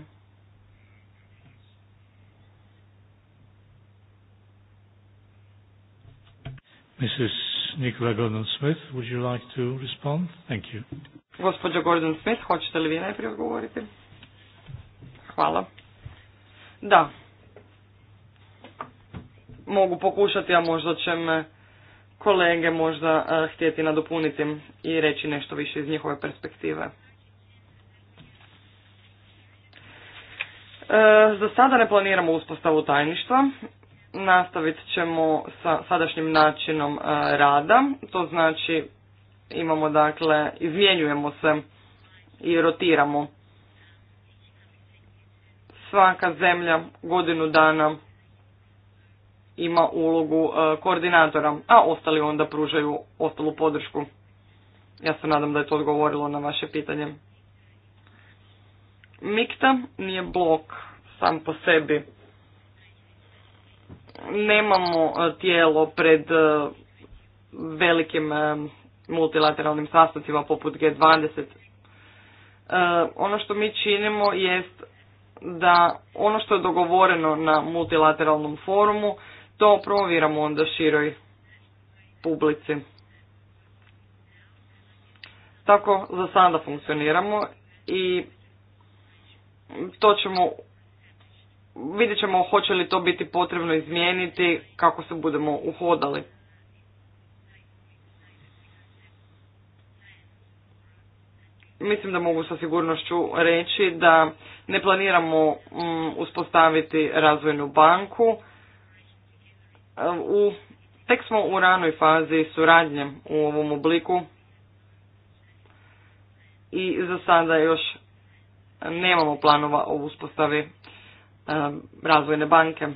A: Mrs. Nicola smith would you like to respond? Thank you.
D: Gospođo Gordon Smith, hoćete li vi najprije odgovoriti? Hvala. Da. Mogu pokušati, a možda će me kolege možda e, htjeti nadopuniti i reći nešto više iz njihove perspektive. E, za sada ne planiramo uspostavu tajništva. Nastavit ćemo sa sadašnjim načinom e, rada. To znači imamo dakle, izmjenjujemo se i rotiramo. Svaka zemlja godinu dana ima ulogu e, koordinatora, a ostali onda pružaju ostalu podršku. Ja se nadam da je to odgovorilo na vaše pitanje. Mikta nije blok sam po sebi. Nemamo e, tijelo pred e, velikim multilateralnim sastancima poput G20. E, ono što mi činimo jest da ono što je dogovoreno na multilateralnom forumu, to proviramo onda široj publici. Tako za sada funkcioniramo i to ćemo, vidjet ćemo hoće li to biti potrebno izmijeniti kako se budemo uhodali. mislim da mogu sa sigurnošću reći da ne planiramo mm, uspostaviti razvojnu banku. U, tek smo u ranoj fazi suradnje u ovom obliku i za sada još nemamo planova o uspostavi e, razvojne banke.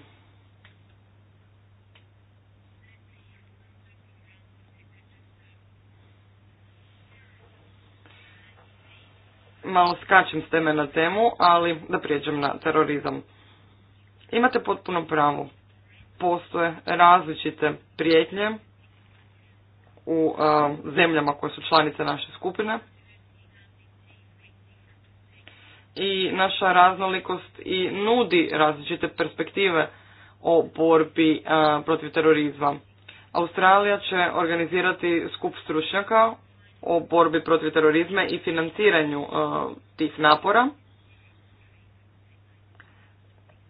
D: malo skačem s teme na temu, ali da prijeđem na terorizam. Imate potpuno pravo. Postoje različite prijetnje u e, zemljama koje su članice naše skupine. I naša raznolikost i nudi različite perspektive o borbi e, protiv terorizma. Australija će organizirati skup stručnjaka o borbi protiv terorizma i financiranju e, tih napora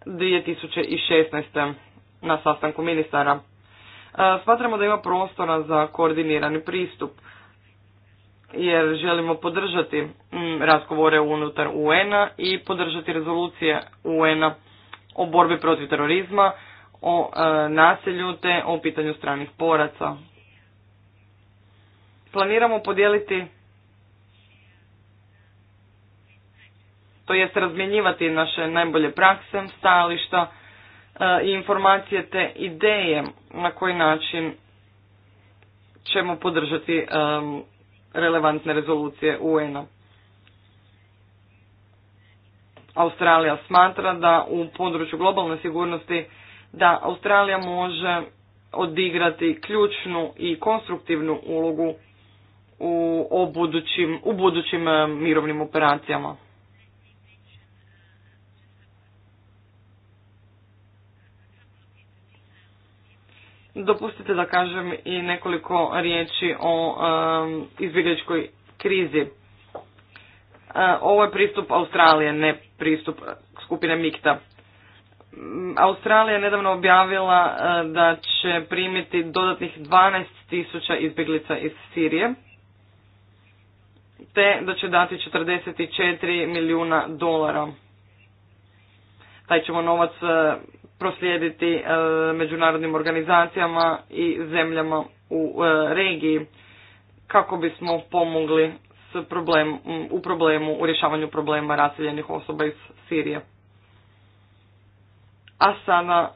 D: 2016. na sastanku ministara. E, smatramo da ima prostora za koordinirani pristup jer želimo podržati razgovore unutar UN-a i podržati rezolucije UN-a o borbi protiv terorizma, o e, nasilju te o pitanju stranih poraca planiramo podijeliti to jest razmjenjivati naše najbolje prakse, stajališta e, i informacije te ideje na koji način ćemo podržati e, relevantne rezolucije UN-a. Australija smatra da u području globalne sigurnosti da Australija može odigrati ključnu i konstruktivnu ulogu u, o budućim, u budućim e, mirovnim operacijama. Dopustite da kažem i nekoliko riječi o e, izbjegličkoj krizi. Uh, ovo je pristup Australije, ne pristup skupine Mikta. Australija je nedavno objavila da će primiti dodatnih 12.000 izbjeglica iz Sirije te da će dati 44 milijuna dolara. Taj ćemo novac e, proslijediti e, međunarodnim organizacijama i zemljama u e, regiji kako bismo pomogli s u problemu, u rješavanju problema raseljenih osoba iz Sirije. A sada,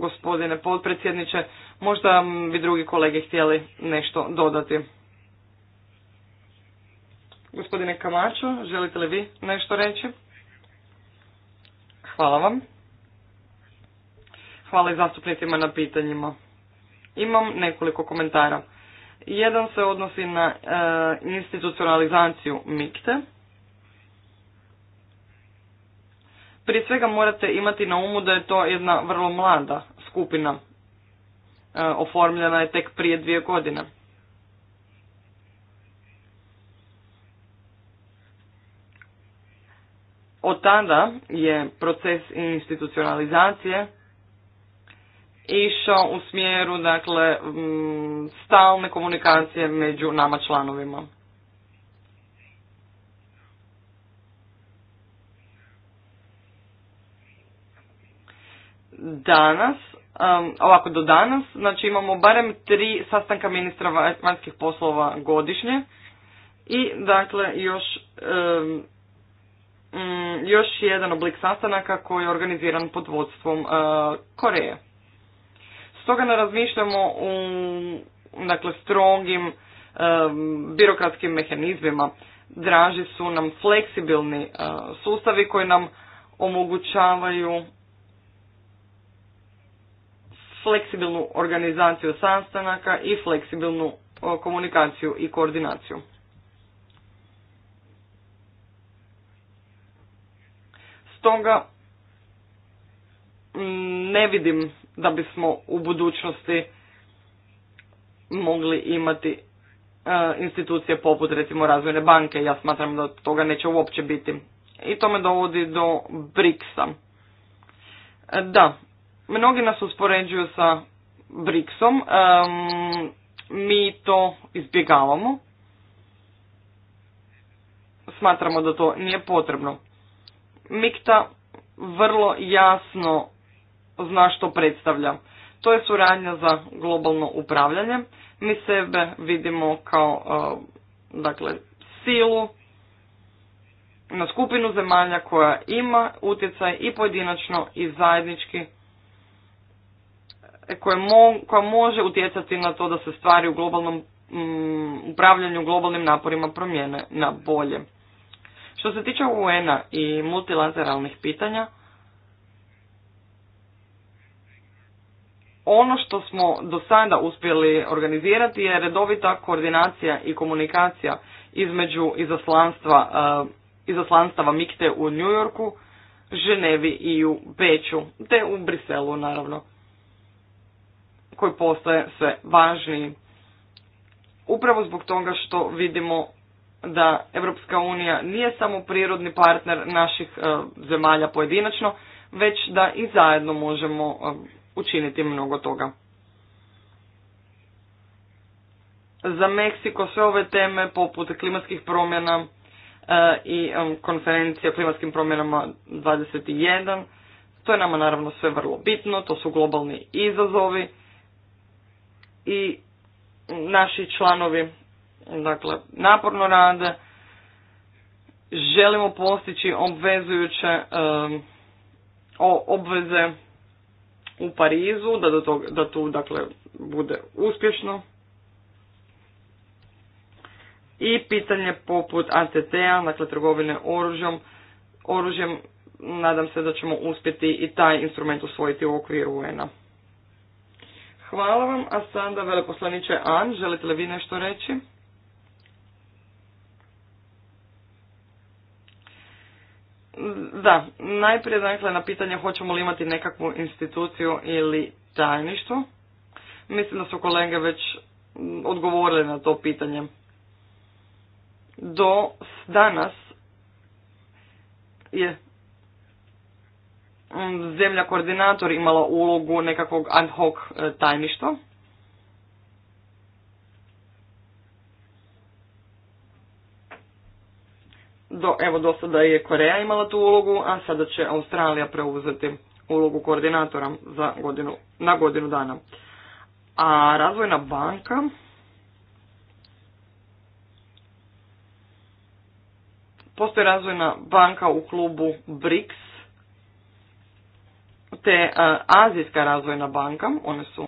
D: gospodine potpredsjedniče, možda bi drugi kolege htjeli nešto dodati. Gospodine Kamaču, želite li vi nešto reći? Hvala vam. Hvala i zastupnicima na pitanjima. Imam nekoliko komentara. Jedan se odnosi na e, institucionalizaciju mikte. Prije svega morate imati na umu da je to jedna vrlo mlada skupina. E, oformljena je tek prije dvije godine. Od tada je proces institucionalizacije išao u smjeru dakle, stalne komunikacije među nama članovima. Danas, ovako do danas, znači imamo barem tri sastanka ministra vanjskih poslova godišnje i dakle još Mm, još jedan oblik sastanaka koji je organiziran pod vodstvom e, Koreje. Stoga ne razmišljamo u dakle, strogim e, birokratskim mehanizmima. Draži su nam fleksibilni e, sustavi koji nam omogućavaju fleksibilnu organizaciju sastanaka i fleksibilnu komunikaciju i koordinaciju. Stoga ne vidim da bismo u budućnosti mogli imati e, institucije poput recimo razvojne banke. Ja smatram da toga neće uopće biti. I to me dovodi do BRICS-a. E, da, mnogi nas uspoređuju sa BRICS-om. E, mi to izbjegavamo. Smatramo da to nije potrebno. Mikta vrlo jasno zna što predstavlja. To je suradnja za globalno upravljanje. Mi sebe vidimo kao e, dakle, silu na skupinu zemalja koja ima utjecaj i pojedinačno i zajednički e, koja, može utjecati na to da se stvari u globalnom mm, upravljanju globalnim naporima promijene na bolje. Što se tiče UN-a i multilateralnih pitanja, ono što smo do sada uspjeli organizirati je redovita koordinacija i komunikacija između izaslanstva, eh, izaslanstava Mikte u New Yorku, Ženevi i u Peću, te u Briselu naravno, koji postaje sve važniji. Upravo zbog toga što vidimo da Europska unija nije samo prirodni partner naših e, zemalja pojedinačno, već da i zajedno možemo e, učiniti mnogo toga. Za Meksiko sve ove teme poput klimatskih promjena e, i konferencija o klimatskim promjenama 21, to je nama naravno sve vrlo bitno, to su globalni izazovi i naši članovi dakle, naporno rade, želimo postići obvezujuće um, obveze u Parizu, da, do tog, da tu dakle, bude uspješno. I pitanje poput ATT-a, dakle trgovine oružjem, oružjem, nadam se da ćemo uspjeti i taj instrument usvojiti u okviru UN-a. Hvala vam, a sada veleposlaniče An, želite li vi nešto reći? Da, najprije dakle na pitanje hoćemo li imati nekakvu instituciju ili tajništvo. Mislim da su kolege već odgovorili na to pitanje. Do danas je mm, zemlja koordinator imala ulogu nekakvog ad hoc e, tajništva. do, evo do sada je Koreja imala tu ulogu, a sada će Australija preuzeti ulogu koordinatora za godinu, na godinu dana. A razvojna banka Postoji razvojna banka u klubu BRICS, te Azijska razvojna banka, one su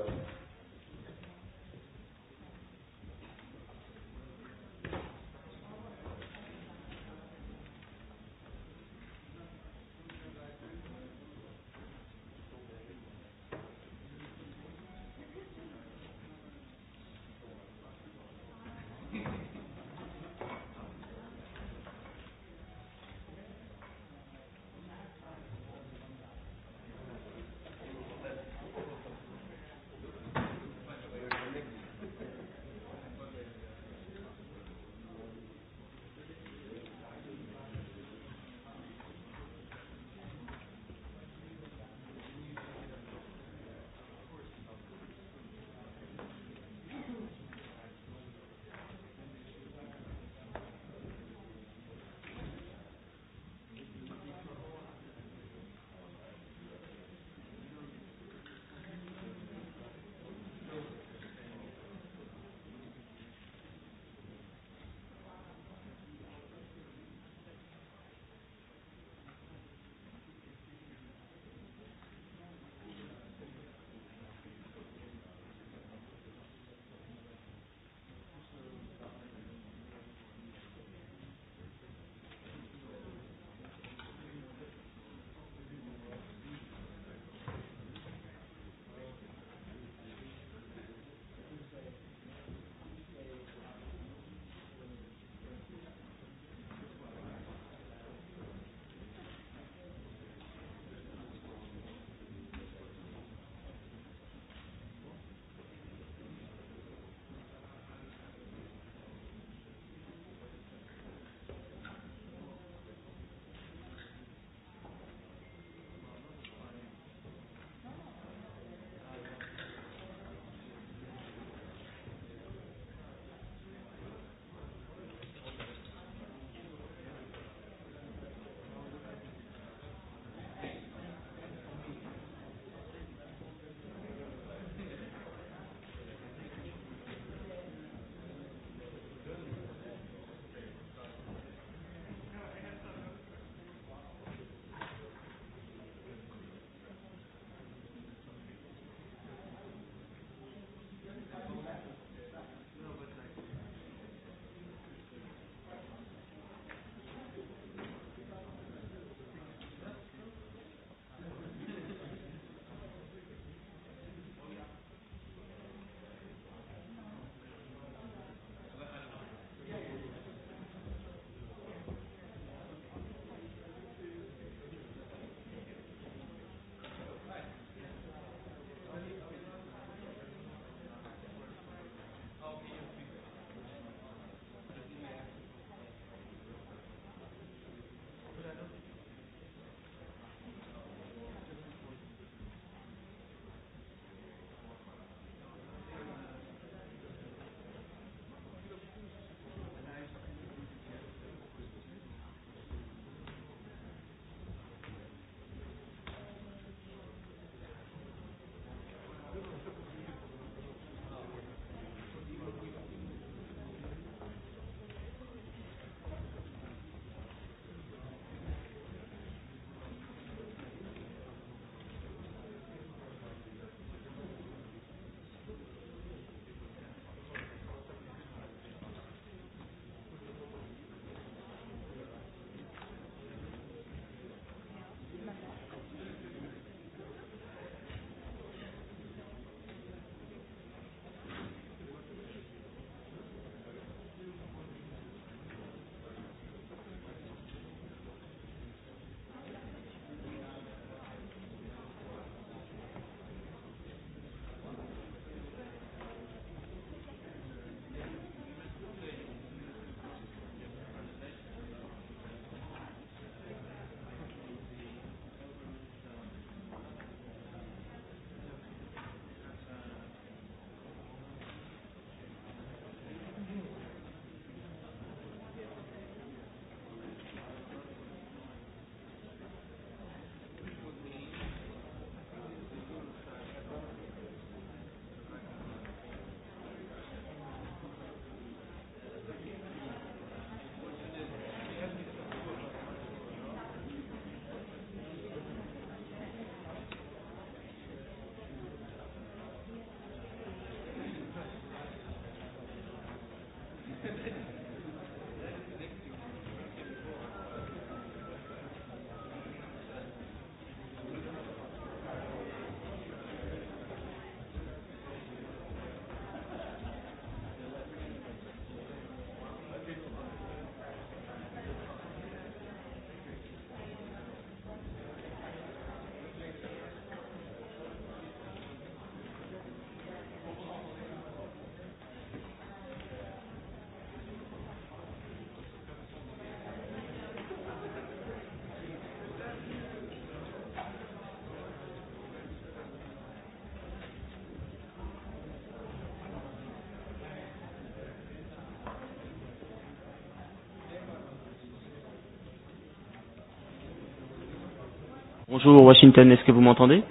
E: Bonjour Washington, est-ce que vous m'entendez?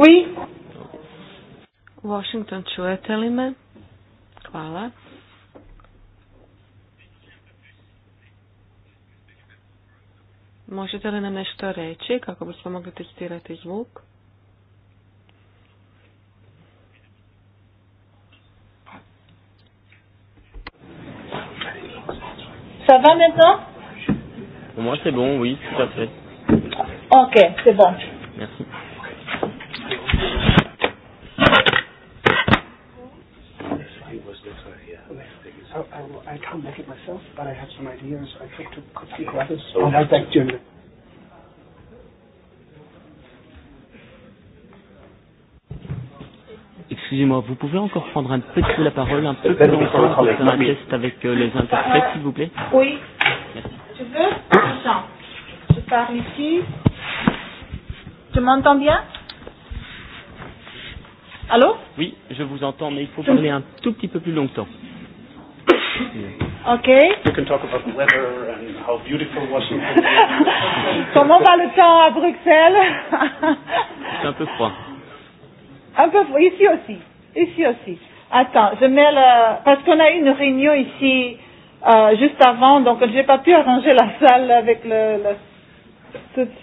B: Oui. Washington, čujete li me? Hvala. Možete li nam nešto reći kako bismo mogli testirati zvuk?
C: Ça va maintenant
E: Pour moi c'est bon, oui, tout à fait.
C: Ok, c'est bon.
E: Merci. Excusez-moi, vous pouvez encore prendre un petit peu la parole, un peu plus longtemps pour faire un avec euh, les interprètes, s'il vous plaît
C: Oui. Merci. Tu veux Je parle ici m'entend bien Allô Oui,
E: je vous entends, mais il faut parler un tout petit peu plus longtemps.
C: Ok.
A: Comment va
E: le temps à
C: Bruxelles C'est un peu froid. Un peu froid, ici aussi. Ici aussi. Attends, je mets le... Parce qu'on a eu une réunion ici euh, juste avant, donc je n'ai pas pu arranger la salle avec le, le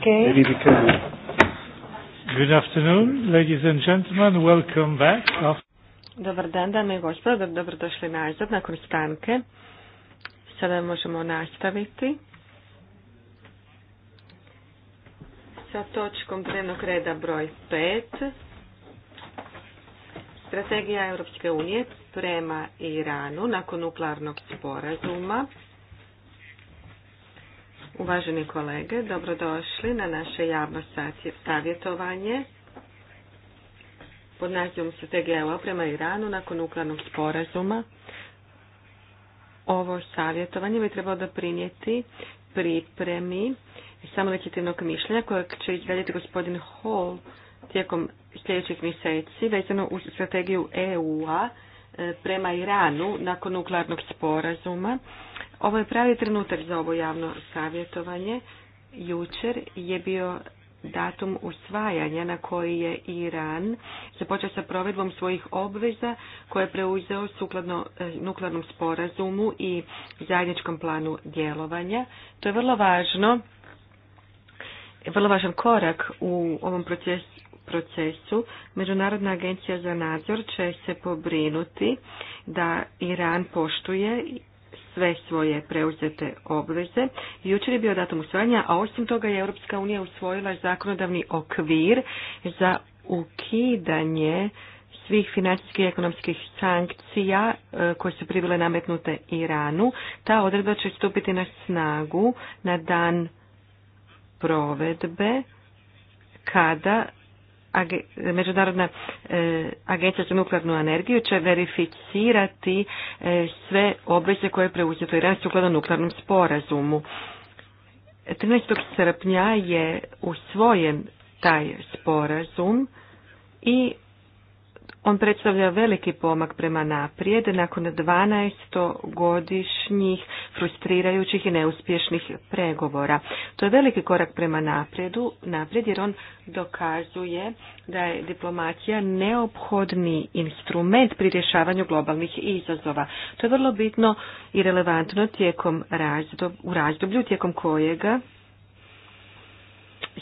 E: Okay.
A: Good afternoon, ladies and gentlemen. Welcome back.
B: Dobar dan, dame i gospodo. Dobrodošli nazad nakon stanke. Sada možemo nastaviti sa točkom trenog reda broj 5. Strategija Europske unije prema Iranu nakon nuklearnog sporazuma. Uvaženi kolege, dobrodošli na naše javno savjetovanje pod nazivom Strategija EU prema Iranu nakon nuklearnog sporazuma. Ovo savjetovanje bi trebalo doprinijeti pripremi legitimnog mišljenja kojeg će izraditi gospodin Hall tijekom sljedećih mjeseci vezano uz strategiju EU-a e, prema Iranu nakon nuklearnog sporazuma. Ovo je pravi trenutak za ovo javno savjetovanje. Jučer je bio datum usvajanja na koji je Iran započeo sa provedbom svojih obveza koje je preuzeo sukladno e, nuklearnom sporazumu i zajedničkom planu djelovanja. To je vrlo važno, vrlo važan korak u ovom procesu procesu, Međunarodna agencija za nadzor će se pobrinuti da Iran poštuje sve svoje preuzete obveze. Jučer je bio datum usvajanja, a osim toga je Europska unija usvojila zakonodavni okvir za ukidanje svih financijskih i ekonomskih sankcija e, koje su pribile nametnute Iranu. Ta odredba će stupiti na snagu na dan provedbe kada Međunarodna e, agencija za nuklearnu energiju će verificirati e, sve obveze koje je preuzeto Iran sukladno nuklearnom sporazumu. 13. srpnja je usvojen taj sporazum i on predstavlja veliki pomak prema naprijed nakon 12 godišnjih frustrirajućih i neuspješnih pregovora. To je veliki korak prema naprijedu, naprijed jer on dokazuje da je diplomacija neophodni instrument pri rješavanju globalnih izazova. To je vrlo bitno i relevantno tijekom u razdoblju tijekom kojega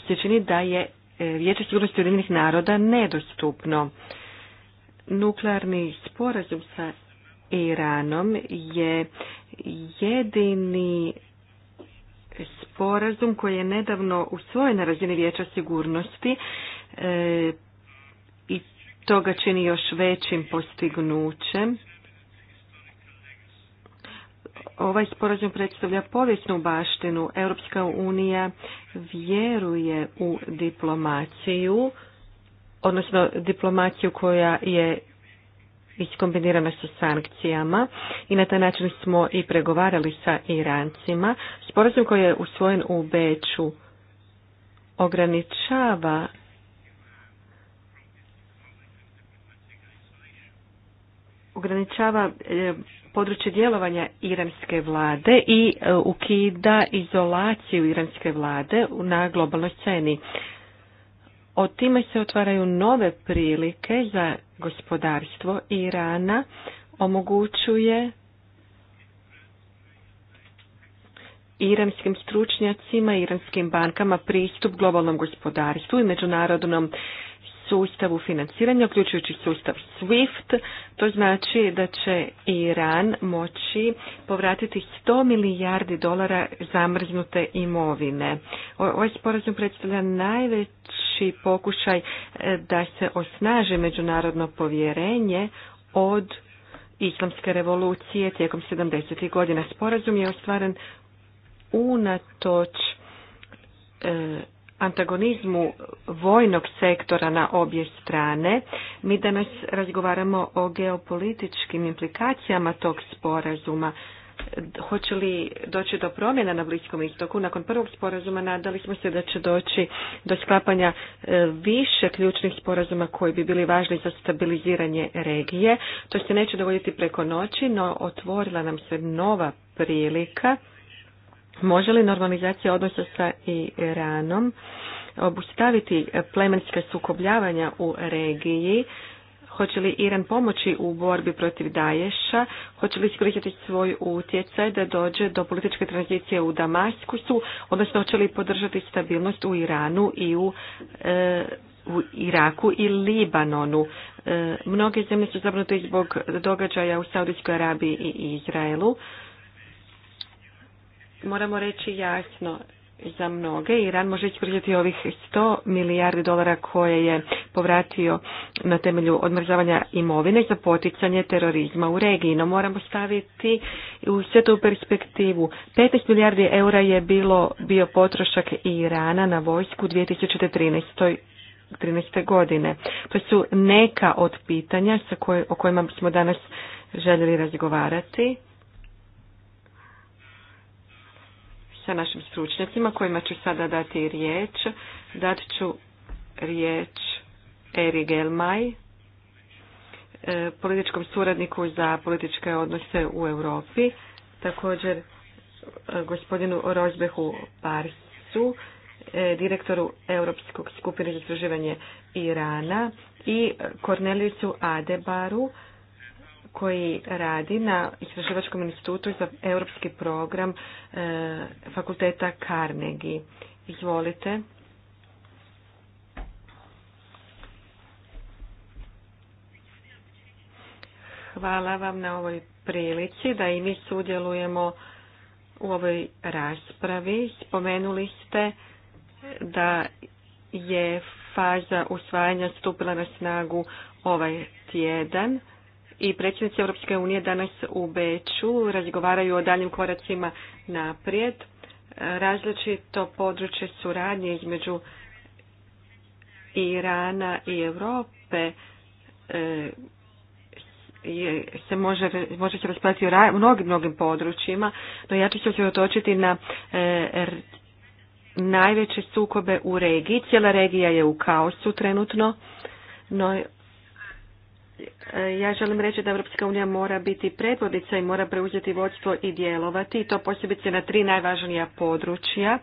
B: se čini da je e, Vijeće sigurnosti naroda nedostupno. Nuklearni sporazum sa Iranom je jedini sporazum koji je nedavno usvojen na razini vijeća sigurnosti e, i to ga čini još većim postignućem. Ovaj sporazum predstavlja povijesnu baštinu. Europska unija vjeruje u diplomaciju odnosno diplomaciju koja je iskombinirana sa sankcijama i na taj način smo i pregovarali sa Irancima. Sporazum koji je usvojen u Beću ograničava ograničava e, područje djelovanja iranske vlade i e, ukida izolaciju iranske vlade na globalnoj sceni o time se otvaraju nove prilike za gospodarstvo Irana, omogućuje iranskim stručnjacima, iranskim bankama pristup globalnom gospodarstvu i međunarodnom sustavu financiranja, uključujući sustav SWIFT. To znači da će Iran moći povratiti 100 milijardi dolara zamrznute imovine. Ovaj sporazum predstavlja najveći pokušaj e, da se osnaže međunarodno povjerenje od islamske revolucije tijekom 70. godina. Sporazum je ostvaren unatoč e, antagonizmu vojnog sektora na obje strane. Mi danas razgovaramo o geopolitičkim implikacijama tog sporazuma. Hoće li doći do promjena na Bliskom istoku? Nakon prvog sporazuma nadali smo se da će doći do sklapanja e, više ključnih sporazuma koji bi bili važni za stabiliziranje regije. To se neće dogoditi preko noći, no otvorila nam se nova prilika Može li normalizacija odnosa sa Iranom obustaviti plemenska sukobljavanja u regiji? Hoće li Iran pomoći u borbi protiv Daješa? Hoće li iskoristiti svoj utjecaj da dođe do političke tranzicije u Damaskusu? Odnosno, hoće li podržati stabilnost u Iranu i u, e, u Iraku i Libanonu? E, mnoge zemlje su zabrnute zbog događaja u Saudijskoj Arabiji i Izraelu moramo reći jasno za mnoge. Iran može ispržiti ovih 100 milijardi dolara koje je povratio na temelju odmrzavanja imovine za poticanje terorizma u regiji. No moramo staviti u sve to perspektivu. 15 milijardi eura je bilo bio potrošak Irana na vojsku u 2013. 13. godine. To su neka od pitanja sa koj, o kojima smo danas željeli razgovarati. našim stručnjacima kojima ću sada dati riječ. Dat ću riječ Eri Gelmaj, e, političkom suradniku za političke odnose u Europi, također e, gospodinu Rozbehu Parsu, e, direktoru Europskog skupine za istraživanje Irana i Kornelicu Adebaru, koji radi na Istraživačkom institutu za europski program e, fakulteta Carnegie. Izvolite. Hvala vam na ovoj prilici da i mi sudjelujemo u ovoj raspravi. Spomenuli ste da je faza usvajanja stupila na snagu ovaj tjedan i predsjednici Europske unije danas u Beču razgovaraju o daljim koracima naprijed. Različito područje suradnje između Irana i Europe e, se može, može se raspraviti u mnogim, mnogim područjima, no ja ću se otočiti na e, najveće sukobe u regiji. Cijela regija je u kaosu trenutno, no ja želim reći da Europska unija mora biti predvodnica i mora preuzeti vodstvo i djelovati i to posebice na tri najvažnija područja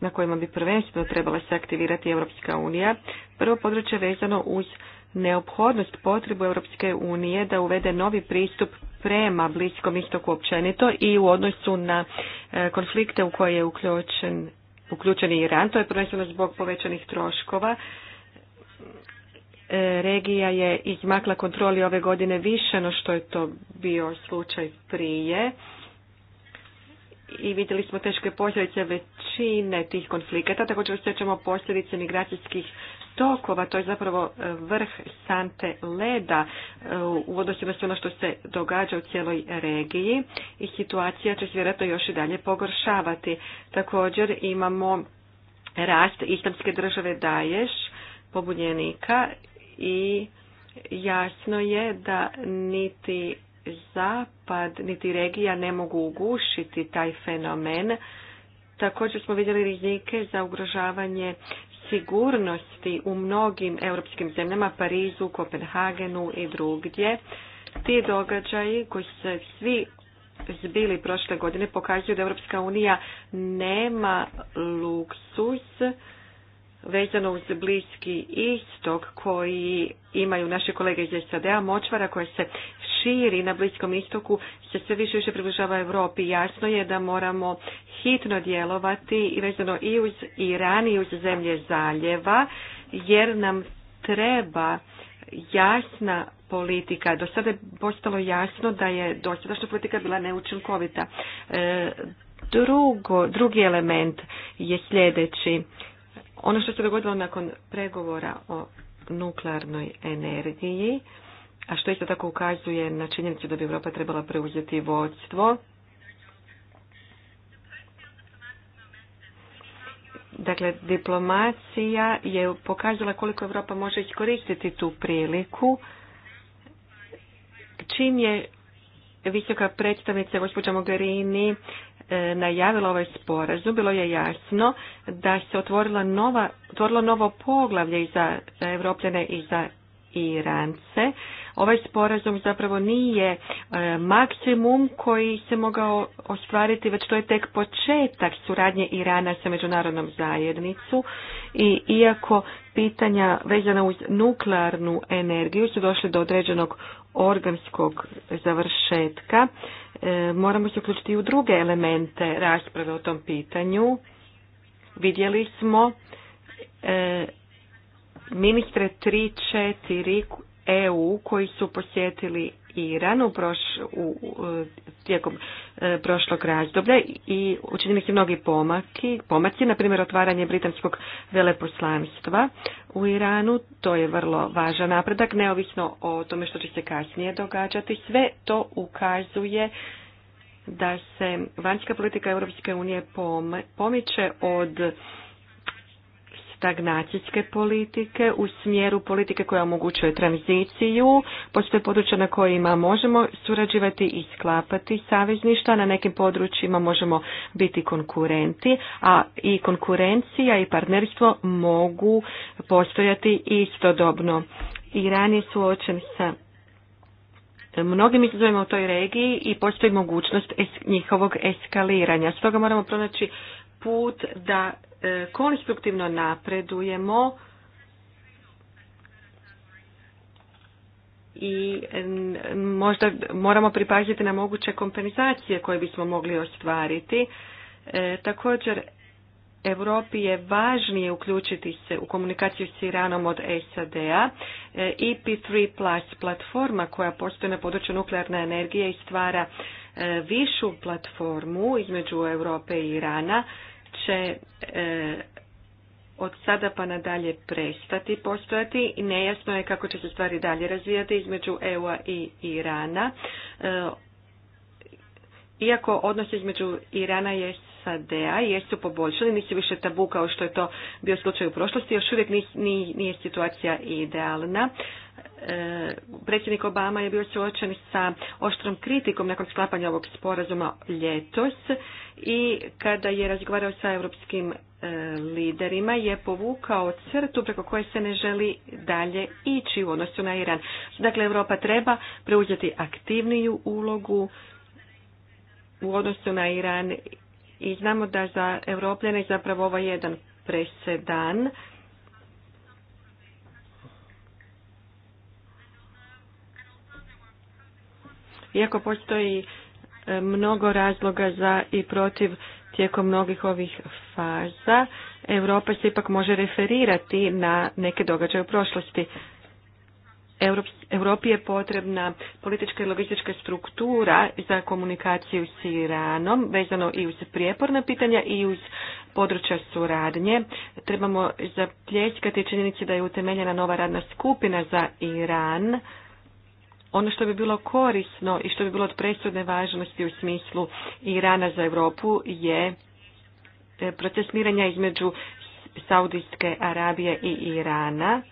B: na kojima bi prvenstveno trebala se aktivirati Europska unija. Prvo područje je vezano uz neophodnost potrebu Europske unije da uvede novi pristup prema Bliskom istoku općenito i u odnosu na e, konflikte u koje je uključen, uključen Iran. To je prvenstveno zbog povećanih troškova E, regija je izmakla kontroli ove godine više no što je to bio slučaj prije. I vidjeli smo teške posljedice većine tih konflikata, također osjećamo posljedice migracijskih tokova, to je zapravo e, vrh sante leda e, u odnosu na sve ono što se događa u cijeloj regiji i situacija će se vjerojatno još i dalje pogoršavati. Također imamo rast islamske države Daješ, pobunjenika i jasno je da niti zapad, niti regija ne mogu ugušiti taj fenomen. Također smo vidjeli rizike za ugrožavanje sigurnosti u mnogim europskim zemljama, Parizu, Kopenhagenu i drugdje. Ti događaji koji se svi zbili prošle godine pokazuju da Europska unija nema luksuz vezano uz Bliski istok koji imaju naše kolege iz SAD-a, močvara koja se širi na Bliskom istoku se sve više i više približava Europi. Jasno je da moramo hitno djelovati i vezano i uz Iran i uz zemlje zaljeva jer nam treba jasna politika. Do sada je postalo jasno da je dosadašnja politika bila neučinkovita. E, drugi element je sljedeći. Ono što se dogodilo nakon pregovora o nuklearnoj energiji, a što isto tako ukazuje na činjenicu da bi Europa trebala preuzeti vodstvo, Dakle, diplomacija je pokazala koliko Europa može iskoristiti tu priliku. Čim je visoka predstavnica gospođa Mogherini E, najavila ovaj sporazum, bilo je jasno da se otvorila nova, otvorilo novo poglavlje i za Evropljene i za Irance. Ovaj sporazum zapravo nije e, maksimum koji se mogao ostvariti, već to je tek početak suradnje Irana sa međunarodnom zajednicu i iako pitanja vezana uz nuklearnu energiju su došli do određenog organskog završetka, e, moramo se uključiti u druge elemente rasprave o tom pitanju. Vidjeli smo e, ministre 3, 4 EU koji su posjetili Iran u, proš, u, tijekom e, prošlog razdoblja i učinili su mnogi pomaki, pomaci, na primjer otvaranje britanskog veleposlanstva u Iranu, to je vrlo važan napredak, neovisno o tome što će se kasnije događati. Sve to ukazuje da se vanjska politika Europske unije pomiče od stagnacijske politike u smjeru politike koja omogućuje tranziciju. Postoje područja na kojima možemo surađivati i sklapati savezništva, na nekim područjima možemo biti konkurenti, a i konkurencija i partnerstvo mogu postojati istodobno. Iran je suočen sa mnogim izazovima u toj regiji i postoji mogućnost njihovog eskaliranja. Stoga moramo pronaći put da E, konstruktivno napredujemo i možda moramo pripaziti na moguće kompenzacije koje bismo mogli ostvariti. E, također, Europi je važnije uključiti se u komunikaciju s Iranom od SAD-a. EP3 e Plus platforma koja postoji na području nuklearne energije i stvara višu platformu između Europe i Irana će e, od sada pa nadalje prestati postojati i nejasno je kako će se stvari dalje razvijati između EU-a i Irana. E, iako odnos između Irana i SAD-a jesu poboljšali, nisu više tabu kao što je to bio slučaj u prošlosti, još uvijek nije situacija idealna. Eh, predsjednik Obama je bio suočen sa oštrom kritikom nakon sklapanja ovog sporazuma ljetos i kada je razgovarao sa europskim eh, liderima je povukao crtu preko koje se ne želi dalje ići u odnosu na Iran. Dakle, Europa treba preuzeti aktivniju ulogu u odnosu na Iran i znamo da za Europljane zapravo ovo jedan presedan Iako postoji e, mnogo razloga za i protiv tijekom mnogih ovih faza, Europa se ipak može referirati na neke događaje u prošlosti. Europi je potrebna politička i logistička struktura za komunikaciju s Iranom, vezano i uz prijeporna pitanja i uz područja suradnje. Trebamo zapljeskati činjenici da je utemeljena nova radna skupina za Iran ono što bi bilo korisno i što bi bilo od presudne važnosti u smislu Irana za Europu je e, proces miranja između Saudijske Arabije i Irana.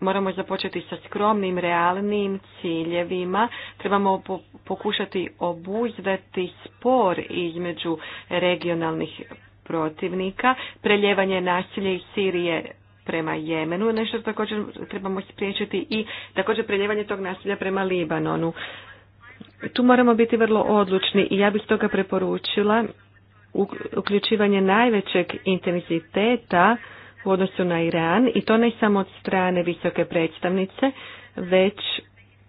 B: Moramo započeti sa skromnim, realnim ciljevima. Trebamo pokušati obuzdati spor između regionalnih protivnika. Preljevanje nasilja iz Sirije prema Jemenu, nešto također trebamo spriječiti i također preljevanje tog nasilja prema Libanonu. Tu moramo biti vrlo odlučni i ja bih toga preporučila uključivanje najvećeg intenziteta u odnosu na Iran i to ne samo od strane visoke predstavnice, već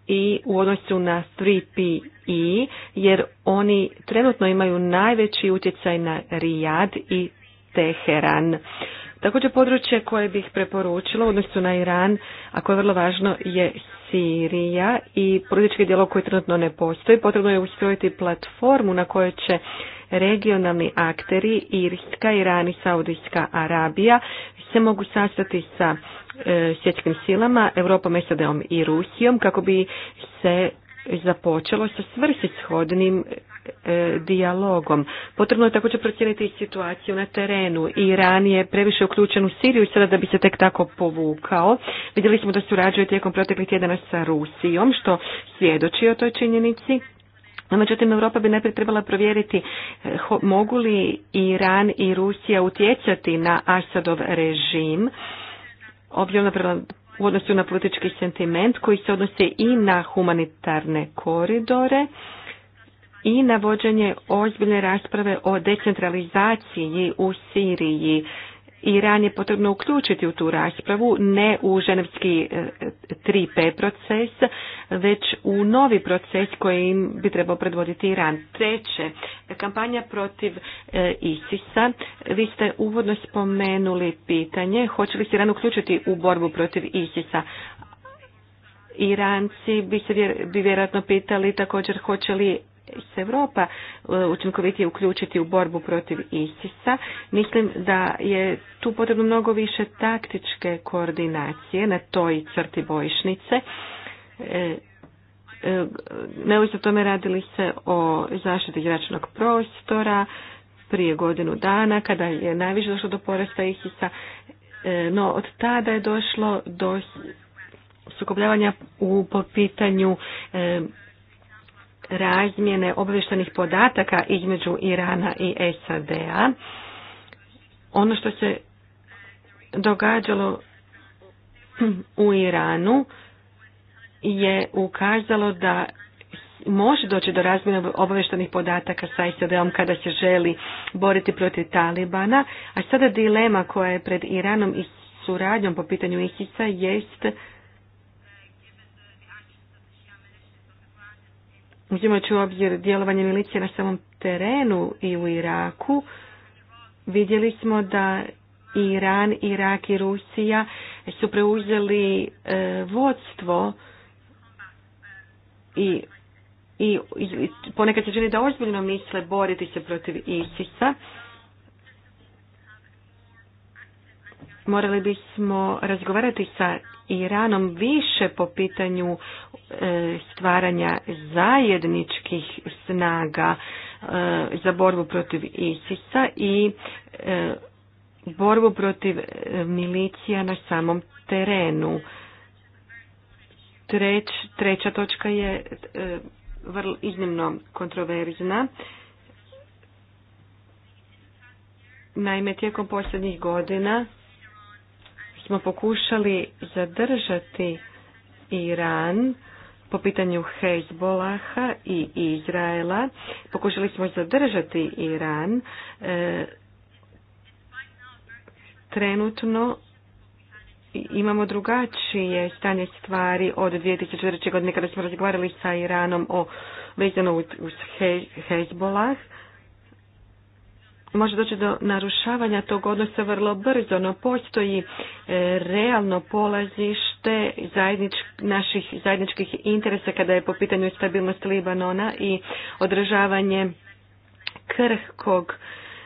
B: i u odnosu na 3PE, jer oni trenutno imaju najveći utjecaj na Rijad i Teheran. Također područje koje bih preporučila u odnosu na Iran, a koje je vrlo važno, je Sirija i politički dijalog koji trenutno ne postoji. Potrebno je ustrojiti platformu na kojoj će regionalni akteri Irska, Iran i Saudijska Arabija se mogu sastati sa e, svjetskim silama, Europom, sad i Rusijom kako bi se započelo sa svrsishodnim E, dijalogom. Potrebno je također procijeniti situaciju na terenu. Iran je previše uključen u Siriju sada da bi se tek tako povukao. Vidjeli smo da surađuje tijekom proteklih tjedana sa Rusijom, što svjedoči o toj činjenici. međutim, Europa bi najprije trebala provjeriti e, mogu li Iran i Rusija utjecati na Asadov režim, obzirom na u odnosu na politički sentiment koji se odnosi i na humanitarne koridore i navođenje ozbiljne rasprave o decentralizaciji u Siriji. Iran je potrebno uključiti u tu raspravu, ne u ženevski 3P e, proces, već u novi proces koji bi trebao predvoditi Iran. Treće, kampanja protiv e, ISIS-a. Vi ste uvodno spomenuli pitanje, hoće li se Iran uključiti u borbu protiv ISIS-a? Iranci bi se bi vjerojatno pitali također hoće li se Europa e, učinkovitije uključiti u borbu protiv ISIS-a. Mislim da je tu potrebno mnogo više taktičke koordinacije na toj crti bojišnice. E, e, neovisno tome radili se o zaštiti zračnog prostora prije godinu dana kada je najviše došlo do porasta ISIS-a, no od tada je došlo do sukobljavanja u po pitanju razmjene obavještenih podataka između Irana i SAD-a. Ono što se događalo u Iranu je ukazalo da može doći do razmjene obavještenih podataka sa SAD-om kada se želi boriti protiv Talibana, a sada dilema koja je pred Iranom i suradnjom po pitanju ISIS-a jest uzimajući u obzir djelovanje milicije na samom terenu i u Iraku, vidjeli smo da Iran, Irak i Rusija su preuzeli e, vodstvo i, i, i ponekad se želi da ozbiljno misle boriti se protiv ISIS-a. Morali bismo razgovarati sa i ranom više po pitanju e, stvaranja zajedničkih snaga e, za borbu protiv ISIS-a i e, borbu protiv milicija na samom terenu. Treć, treća točka je vrlo iznimno kontroverzna. Naime, tijekom posljednjih godina smo pokušali zadržati Iran po pitanju Hezbolaha i Izraela. Pokušali smo zadržati Iran. E, trenutno imamo drugačije stanje stvari od 2004. godine kada smo razgovarali sa Iranom o vezano uz Hezbolah može doći do narušavanja tog odnosa vrlo brzo, no postoji e, realno polazište zajednič, naših zajedničkih interesa kada je po pitanju stabilnost Libanona i održavanje krhkog,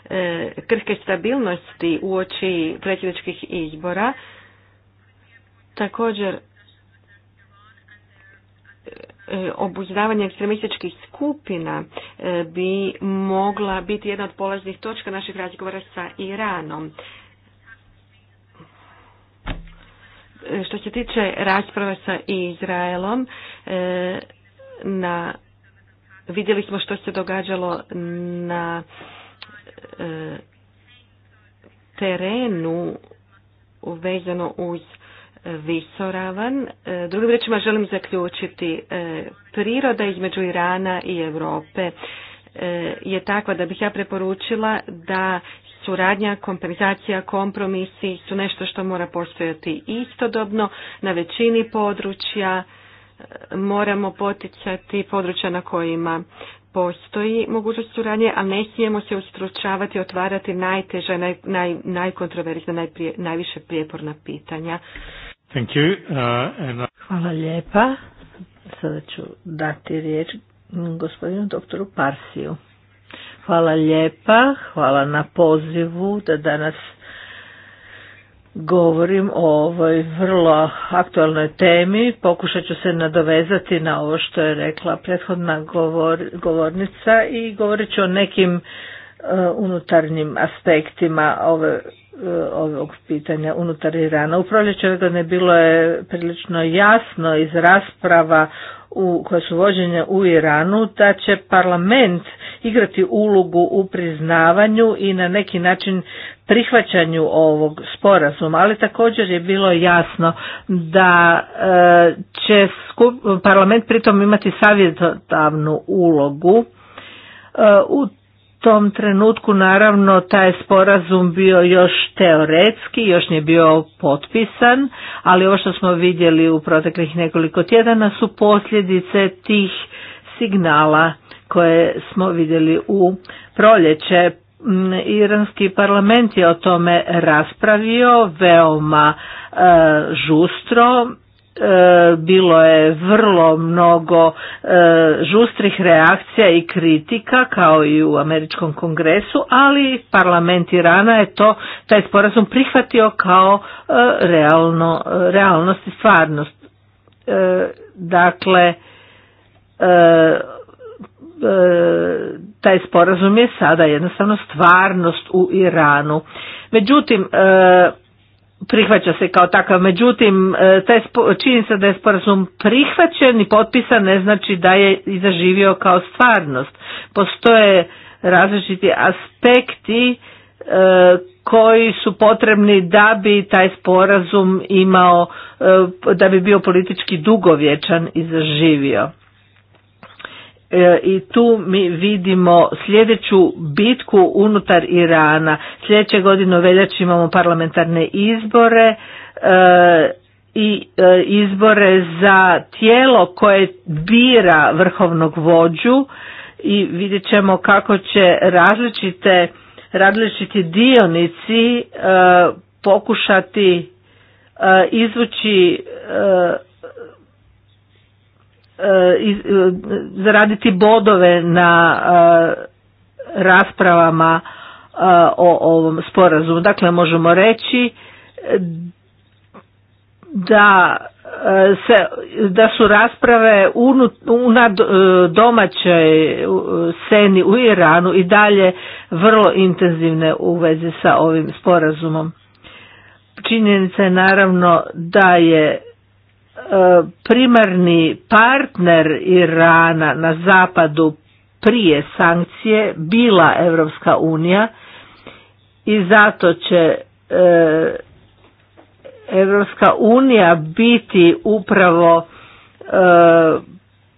B: e, krhke stabilnosti u oči predsjedničkih izbora. Također, E, obuzdavanje ekstremističkih skupina e, bi mogla biti jedna od polaznih točka naših razgovora sa Iranom. E, što se tiče rasprava sa Izraelom, na, vidjeli smo što se događalo na terenu vezano uz visoravan. E, drugim rečima želim zaključiti, e, priroda između Irana i Europe e, je takva da bih ja preporučila da suradnja, kompenzacija, kompromisi su nešto što mora postojati istodobno na većini područja. Moramo poticati područja na kojima postoji mogućnost suradnje, ali ne smijemo se ustručavati, otvarati najteža, naj, naj, najkontroverzna, najprije, najviše prijeporna pitanja.
A: Thank you. Uh, and... Hvala lijepa.
C: Sada ću dati riječ gospodinu doktoru Parsiju. Hvala lijepa, hvala na pozivu da danas govorim o ovoj vrlo aktualnoj temi. Pokušat ću se nadovezati na ovo što je rekla prethodna govornica i govorit ću o nekim Uh, unutarnjim aspektima ove uh, ovog pitanja unutar Irana. U proljeće ove godine bilo je prilično jasno iz rasprava u, koje su vođenje u Iranu da će parlament igrati ulogu u priznavanju i na neki način prihvaćanju ovog sporazuma, ali također je bilo jasno da uh, će skup, parlament pritom imati savjetodavnu ulogu. u tom trenutku naravno taj sporazum bio još teoretski, još nije bio potpisan, ali ovo što smo vidjeli u proteklih nekoliko tjedana su posljedice tih signala koje smo vidjeli u proljeće. Mm, Iranski parlament je o tome raspravio veoma e, žustro E, bilo je vrlo mnogo e, žustrih reakcija i kritika kao i u američkom kongresu, ali parlament Irana je to taj sporazum prihvatio kao e, realno realnost i stvarnost. Dakle taj sporazum je sada jednostavno stvarnost u Iranu. Međutim prihvaća se kao takav. Međutim, e, taj činjenica da je sporazum prihvaćen i potpisan ne znači da je i zaživio kao stvarnost. Postoje različiti aspekti e, koji su potrebni da bi taj sporazum imao, e, da bi bio politički dugovječan i zaživio. E, i tu mi vidimo sljedeću bitku unutar Irana. Sljedeće godine u veljači imamo parlamentarne izbore e, i e, izbore za tijelo koje bira vrhovnog vođu i vidjet ćemo kako će različite, različiti dionici pokušati izvući Eh, eh, zaraditi bodove na eh, raspravama o ovom sporazumu. Dakle, možemo reći da se da su rasprave u domaćoj sceni u Iranu i dalje vrlo intenzivne u vezi sa ovim sporazumom. Činjenica je naravno da je primarni partner Irana na zapadu prije sankcije bila Europska unija i zato će Europska unija biti upravo e,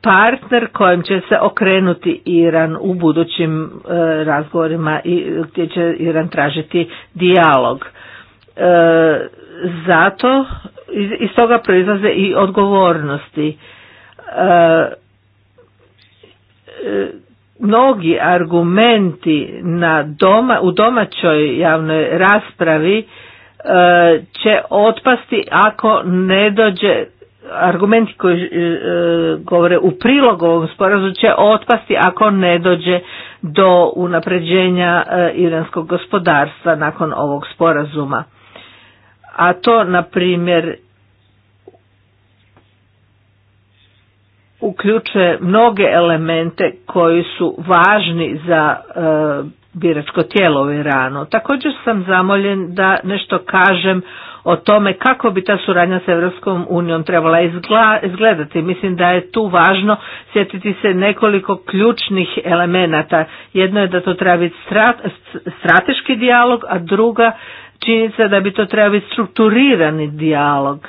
C: partner kojem će se okrenuti Iran u budućim e, razgovorima i gdje će Iran tražiti dijalog. E, zato iz toga proizlaze i odgovornosti. E, e, mnogi argumenti na doma, u domaćoj javnoj raspravi e, će otpasti ako ne dođe argumenti koji govore u prilog ovom sporazu će otpasti ako ne dođe do unapređenja iranskog gospodarstva nakon ovog sporazuma a to na primjer uključuje mnoge elemente koji su važni za e, biračko tijelo u Iranu. Također sam zamoljen da nešto kažem o tome kako bi ta suradnja sa Europskom unijom trebala izgledati. Mislim da je tu važno sjetiti se nekoliko ključnih elemenata. Jedno je da to treba biti strateški dijalog, a druga činjenica da bi to trebao biti strukturirani dijalog.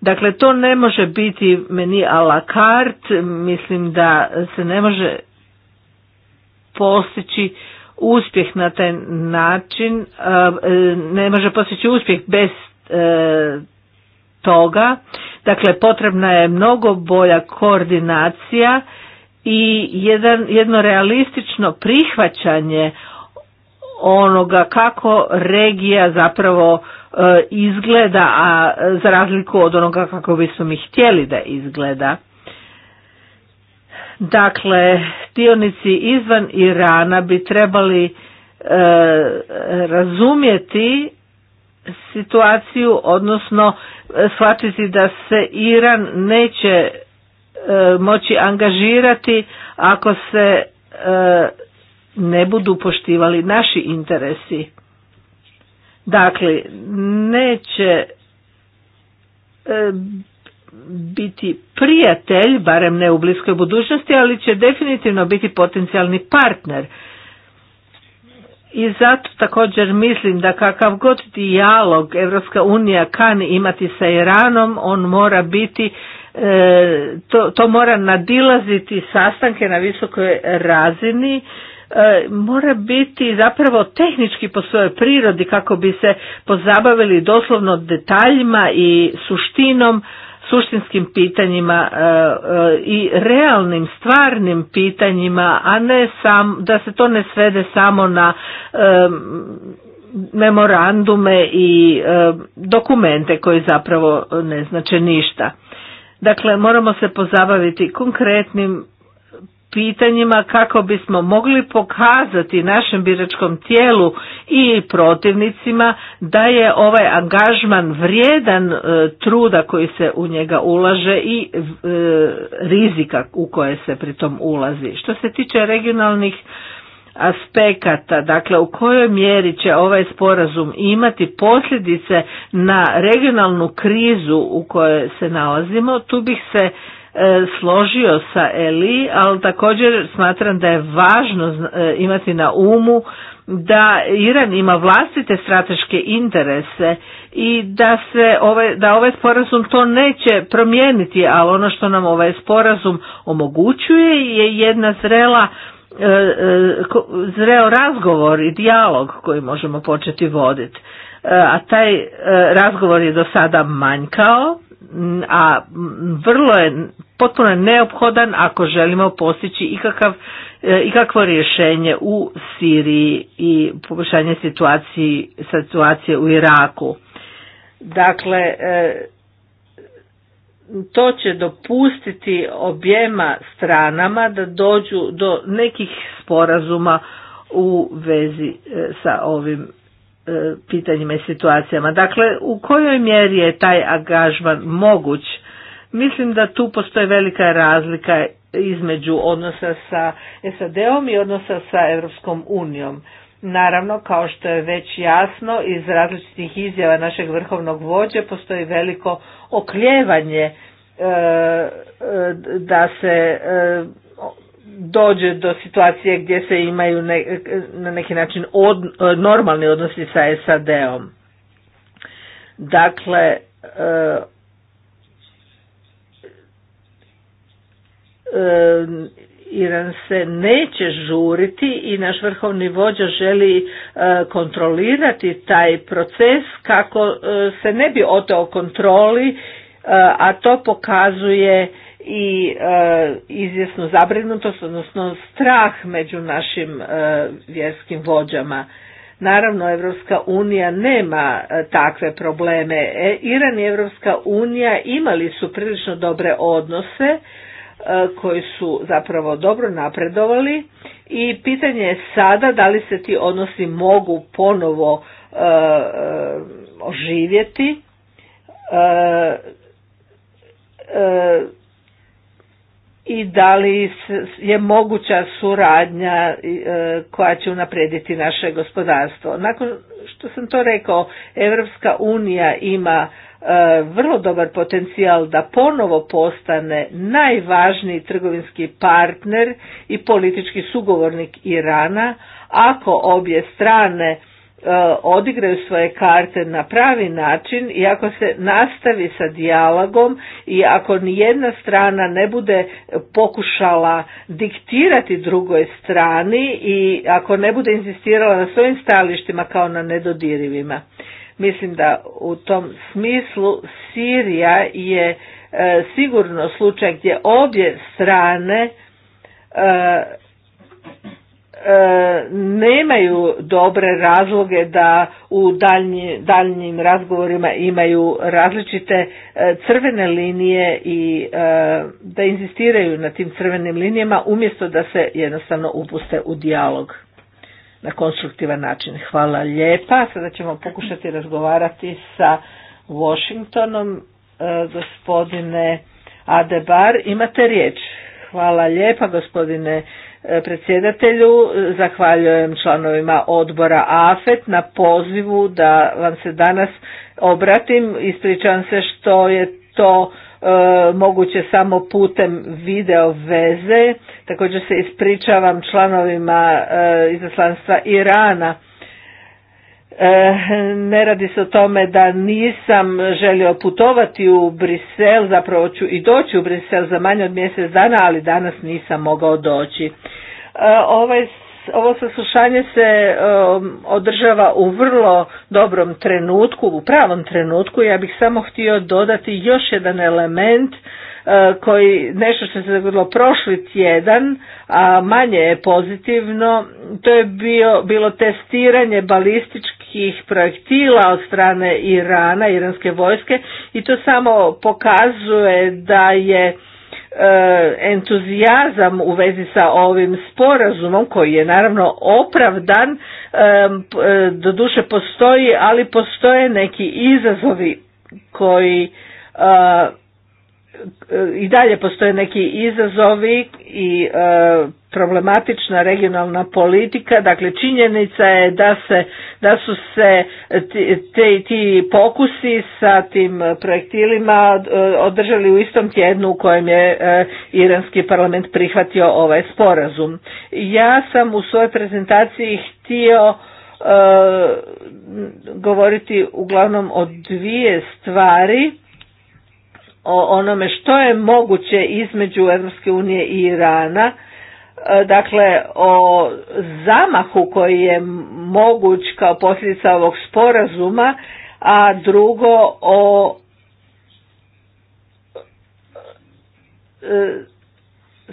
C: Dakle, to ne može biti meni a la carte, mislim da se ne može postići uspjeh na taj način, e, ne može postići uspjeh bez e, toga. Dakle, potrebna je mnogo bolja koordinacija i jedan, jedno realistično prihvaćanje onoga kako regija zapravo e, izgleda, a za razliku od onoga kako bismo mi htjeli da izgleda. Dakle, dionici izvan Irana bi trebali e, razumjeti situaciju, odnosno e, shvatiti da se Iran neće moći angažirati ako se ne budu poštivali naši interesi. Dakle, neće e, biti prijatelj, barem ne u bliskoj budućnosti, ali će definitivno biti potencijalni partner. I zato također mislim da kakav god dijalog Evropska unija kan imati sa Iranom, on mora biti, e, to, to mora nadilaziti sastanke na visokoj razini E, mora biti zapravo tehnički po svojoj prirodi kako bi se pozabavili doslovno detaljima i suštinom suštinskim pitanjima e, e, i realnim stvarnim pitanjima a ne sam da se to ne svede samo na memorandume i dokumente koji zapravo ne znače ništa dakle moramo se pozabaviti konkretnim pitanjima kako bismo mogli pokazati našem biračkom tijelu i protivnicima da je ovaj angažman vrijedan e, truda koji se u njega ulaže i e, rizika u koje se pritom ulazi. Što se tiče regionalnih aspekata, dakle u kojoj mjeri će ovaj sporazum imati posljedice na regionalnu krizu u kojoj se nalazimo, tu bih se E, složio sa Eli, ali također smatram da je važno e, imati na umu da Iran ima vlastite strateške interese i da se ovaj, da ovaj sporazum to neće promijeniti, ali ono što nam ovaj sporazum omogućuje je jedna zrela e, zreo razgovor i dijalog koji možemo početi voditi. A taj razgovor je do sada manjkao a vrlo je potpuno je neophodan ako želimo postići ikakav, e, ikakvo rješenje u Siriji i poboljšanje situacije, situacije u Iraku. Dakle, e, to će dopustiti objema stranama da dođu do nekih sporazuma u vezi e, sa ovim E, pitanjima i situacijama. Dakle, u kojoj mjeri je taj agažman moguć? Mislim da tu postoji velika razlika između odnosa sa SAD-om i odnosa sa Europskom unijom. Naravno, kao što je već jasno, iz različitih izjava našeg vrhovnog vođe postoji veliko okljevanje e, e, da se dođe do situacije gdje se imaju na neki način od, normalni odnosi sa SAD-om. Dakle, e, e, Iran se neće žuriti i naš vrhovni vođa želi e, kontrolirati taj proces kako se ne bi oteo kontroli, a to pokazuje i e, izvjesnu zabrinutost, odnosno strah među našim e, vjerskim vođama. Naravno, Evropska unija nema e, takve probleme. E, Iran i Evropska unija imali su prilično dobre odnose koji su zapravo dobro napredovali i pitanje je sada da li se ti odnosi mogu ponovo oživjeti. E, i da li je moguća suradnja e, koja će unaprijediti naše gospodarstvo. Nakon što sam to rekao, Evropska unija ima e, vrlo dobar potencijal da ponovo postane najvažniji trgovinski partner i politički sugovornik Irana ako obje strane E, odigraju svoje karte na pravi način i ako se nastavi sa dijalogom i ako ni jedna strana ne bude pokušala diktirati drugoj strani i ako ne bude insistirala na svojim stajalištima kao na nedodirivima. Mislim da u tom smislu Sirija je e, sigurno slučaj gdje obje strane e, E, nemaju dobre razloge da u daljnji, daljnjim razgovorima imaju različite e, crvene linije i e, da inzistiraju na tim crvenim linijama umjesto da se jednostavno upuste u dijalog na konstruktivan način. Hvala lijepa. Sada ćemo pokušati razgovarati sa Washingtonom. Gospodine Adebar, imate riječ. Hvala lijepa gospodine predsjedatelju, zahvaljujem članovima odbora AFET na pozivu da vam se danas obratim. Ispričavam se što je to e, moguće samo putem video veze. Također se ispričavam članovima e, izaslanstva Irana E, ne radi se o tome da nisam želio putovati u Brisel, zapravo ću i doći u Brisel za manje od mjesec dana, ali danas nisam mogao doći. E, ovaj ovo saslušanje se e, održava u vrlo dobrom trenutku, u pravom trenutku. Ja bih samo htio dodati još jedan element koji nešto što se dogodilo prošli tjedan, a manje je pozitivno, to je bio, bilo testiranje balistički ih projektila od strane Irana, iranske vojske i to samo pokazuje da je e, entuzijazam u vezi sa ovim sporazumom koji je naravno opravdan e, e, doduše postoji ali postoje neki izazovi koji i dalje postoje neki izazovi i problematična regionalna politika, dakle činjenica je da, se, da su se ti, ti pokusi sa tim projektilima održali u istom tjednu u kojem je e, iranski parlament prihvatio ovaj sporazum. Ja sam u svojoj prezentaciji htio e, govoriti uglavnom o dvije stvari o onome što je moguće između Europske unije i Irana E, dakle o zamahu koji je moguć kao posljedica ovog sporazuma, a drugo o e,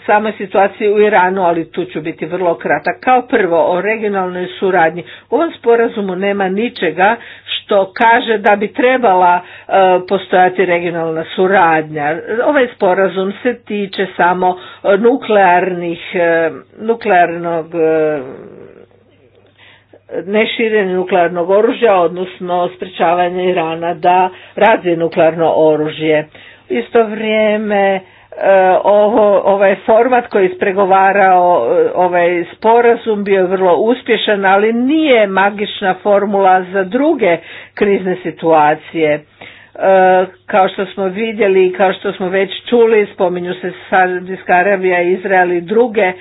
C: same situaciji u Iranu, ali tu ću biti vrlo kratak. Kao prvo o regionalnoj suradnji. U ovom sporazumu nema ničega što kaže da bi trebala E, postojati regionalna suradnja. Ovaj sporazum se tiče samo e, nuklearnih, e, nuklearnog neširenje nuklearnog oružja, odnosno sprečavanje Irana da razvije nuklearno oružje. Isto vrijeme ovo, ovaj format koji je ispregovarao ovaj sporazum bio je vrlo uspješan, ali nije magična formula za druge krizne situacije. Kao što smo vidjeli i kao što smo već čuli, spominju se Saudijska Arabija, Izrael i druge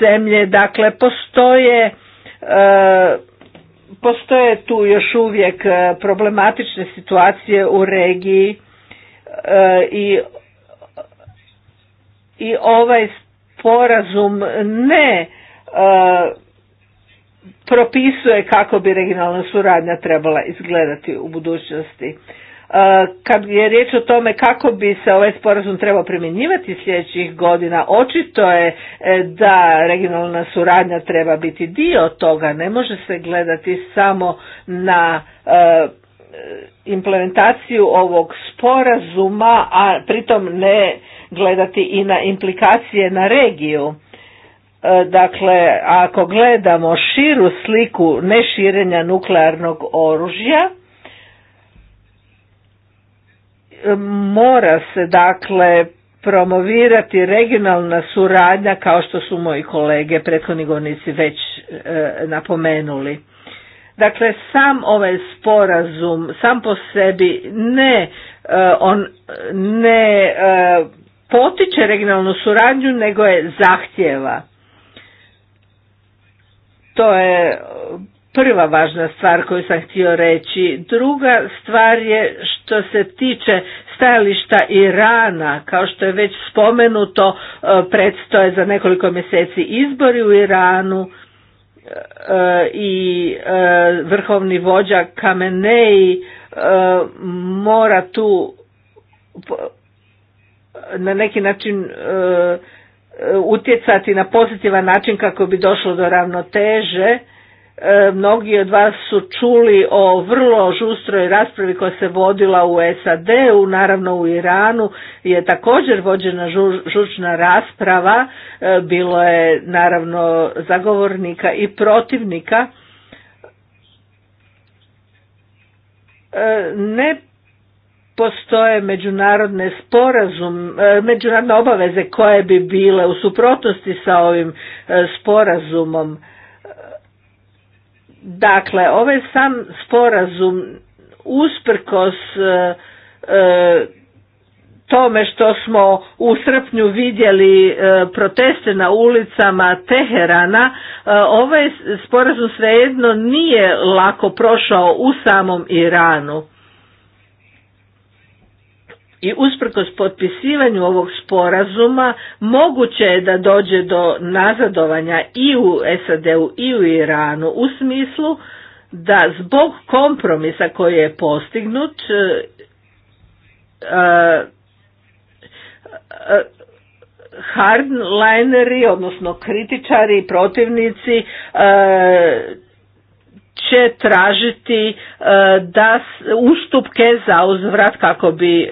C: zemlje, dakle postoje e, postoje tu još uvijek e, problematične situacije u regiji e, i, i ovaj sporazum ne propisuje kako bi regionalna suradnja trebala izgledati u budućnosti. Kad je riječ o tome kako bi se ovaj sporazum trebao primjenjivati sljedećih godina, očito je e, da regionalna suradnja treba biti dio toga, ne može se gledati samo na e, implementaciju ovog sporazuma, a pritom ne gledati i na implikacije na regiju. E, dakle, ako gledamo širu sliku neširenja nuklearnog oružja, mora se dakle promovirati regionalna suradnja kao što su moji kolege prethodni govornici već e, napomenuli. Dakle, sam ovaj sporazum, sam po sebi ne, e, on, ne e, potiče regionalnu suradnju, nego je zahtjeva. To je prva važna stvar koju sam htio reći. Druga stvar je što se tiče stajališta Irana, kao što je već spomenuto, e, predstoje za nekoliko mjeseci izbori u Iranu e, i e, vrhovni vođa Kamenei mora tu na neki način utjecati na pozitivan način kako bi došlo do ravnoteže E, mnogi od vas su čuli o vrlo žustroj raspravi koja se vodila u SAD-u, naravno u Iranu je također vođena žučna rasprava, e, bilo je naravno zagovornika i protivnika. E, ne postoje međunarodne sporazum, međunarodne obaveze koje bi bile u suprotnosti sa ovim sporazumom. Dakle, ovaj sam sporazum usprkos e, e, tome što smo u srpnju vidjeli e, proteste na ulicama Teherana, ovaj sporazum svejedno nije lako prošao u samom Iranu i usprkos potpisivanju ovog sporazuma moguće je da dođe do nazadovanja i u SAD-u i u Iranu u smislu da zbog kompromisa koji je postignut e, e, e, hardlineri, odnosno kritičari i protivnici će tražiti e, da ustupke za uzvrat kako bi e,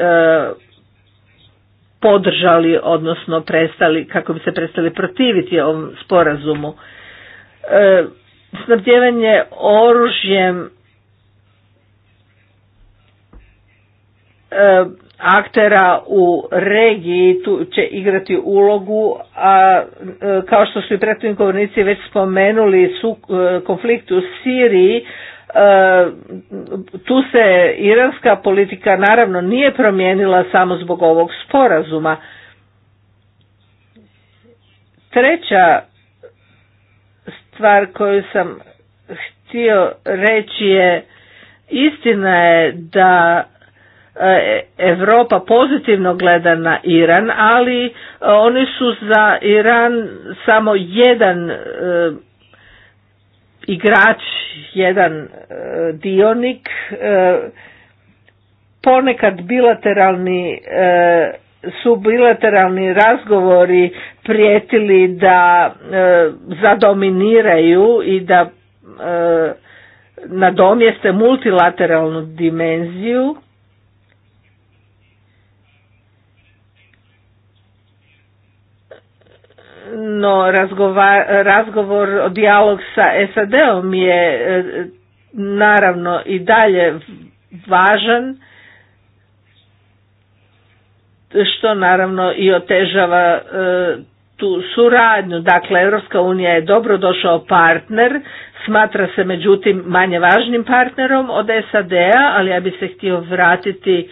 C: podržali odnosno prestali kako bi se prestali protiviti ovom sporazumu. E, snabdjevanje oružjem aktera u regiji tu će igrati ulogu, a e, kao što su i prethodni govornici već spomenuli su e, konflikt u Siriji, e, tu se iranska politika naravno nije promijenila samo zbog ovog sporazuma. Treća stvar koju sam htio reći je istina je da Europa pozitivno gleda na Iran, ali e, oni su za Iran samo jedan e, igrač, jedan e, dionik, ponekad bilateralni su bilateralni razgovori prijetili da zadominiraju i da nadomjeste multilateralnu dimenziju no razgovor razgovor, dijalog sa SAD-om je e, naravno i dalje važan, što naravno i otežava e, tu suradnju. Dakle, Europska unija je dobro došao partner, smatra se međutim manje važnim partnerom od SAD-a, ali ja bih se htio vratiti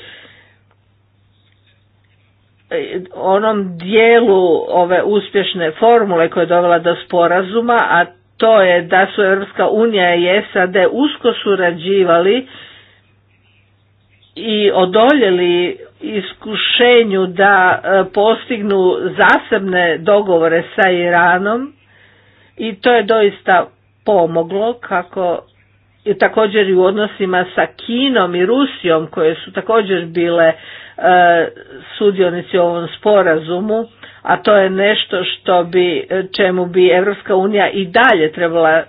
C: E, onom dijelu ove uspješne formule koja je dovela do sporazuma, a to je da su Europska unija i SAD usko surađivali i odoljeli iskušenju da e, postignu zasebne dogovore sa Iranom i to je doista pomoglo kako i također i u odnosima sa Kinom i Rusijom koje su također bile E, sudionici u ovom sporazumu, a to je nešto što bi, e, čemu bi Europska unija i dalje trebala e,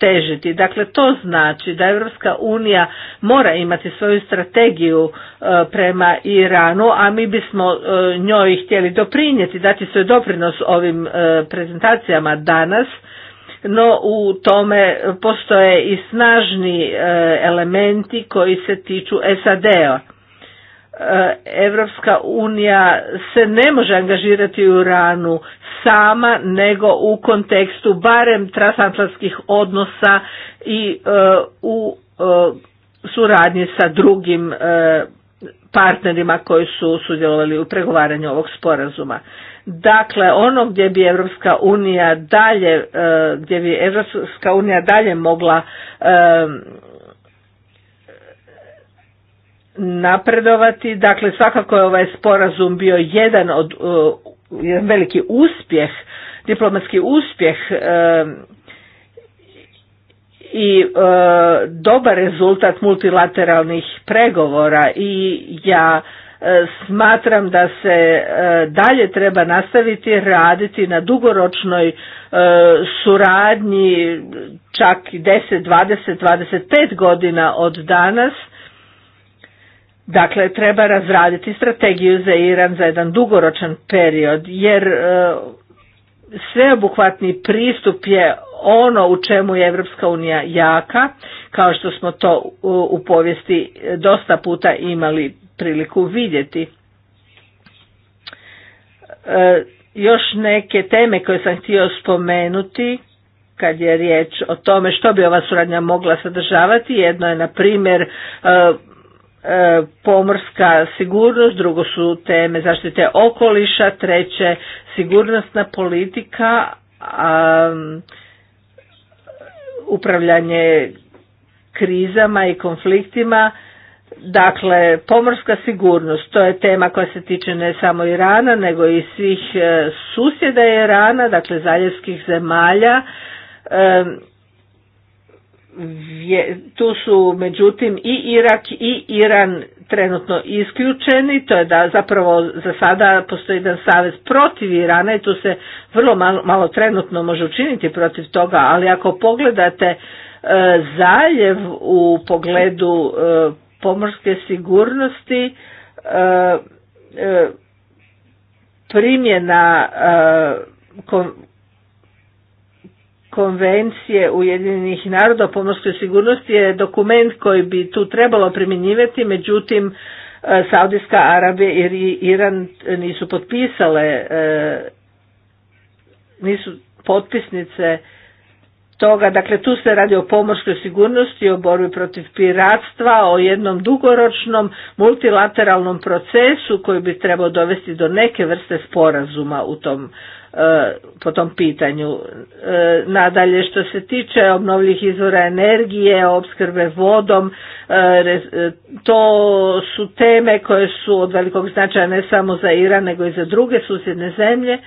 C: težiti. Dakle, to znači da Europska unija mora imati svoju strategiju prema Iranu, a mi bismo njoj htjeli doprinijeti, dati svoj doprinos ovim prezentacijama danas, no u tome postoje i snažni elementi koji se tiču SAD-a. E, Evropska unija se ne može angažirati u Iranu sama nego u kontekstu barem transatlantskih odnosa i e, u e, suradnji sa drugim partnerima koji su sudjelovali u pregovaranju ovog sporazuma. Dakle, ono gdje bi europska unija dalje, gdje bi Evropska unija dalje mogla napredovati. Dakle, svakako je ovaj sporazum bio jedan od e, jedan veliki uspjeh, diplomatski uspjeh e, i uh, dobar rezultat multilateralnih pregovora i ja smatram da se dalje treba nastaviti raditi na dugoročnoj suradnji čak 10, 20, 25 godina od danas Dakle, treba razraditi strategiju za Iran za jedan dugoročan period, jer e, sveobuhvatni pristup je ono u čemu je Europska unija jaka, kao što smo to u povijesti dosta puta imali priliku vidjeti. E, još neke teme koje sam htio spomenuti, kad je riječ o tome što bi ova suradnja mogla sadržavati, jedno je na primjer e, E, pomorska sigurnost, drugo su teme zaštite okoliša, treće sigurnosna politika, upravljanje krizama i konfliktima. Dakle, pomorska sigurnost, to je tema koja se tiče ne samo Irana, nego i svih e, susjeda Irana, dakle zaljevskih zemalja. E, tu su međutim i Irak i Iran trenutno isključeni, to je da zapravo za sada postoji jedan savez protiv Irana i tu se vrlo malo, malo trenutno može učiniti protiv toga, ali ako pogledate e, zaljev u pogledu e, pomorske sigurnosti, e, primjena konvencije Ujedinjenih naroda o pomorskoj sigurnosti je dokument koji bi tu trebalo primjenjivati, međutim e, Saudijska Arabija i Iran nisu potpisale, e, nisu potpisnice toga, dakle tu se radi o pomorskoj sigurnosti, o borbi protiv piratstva, o jednom dugoročnom multilateralnom procesu koji bi trebao dovesti do neke vrste sporazuma u tom Eh, po tom pitanju. Eh, nadalje što se tiče obnovljivih izvora energije, opskrbe vodom, eh, to su teme koje su od velikog značaja ne samo za Iran nego i za druge susjedne zemlje.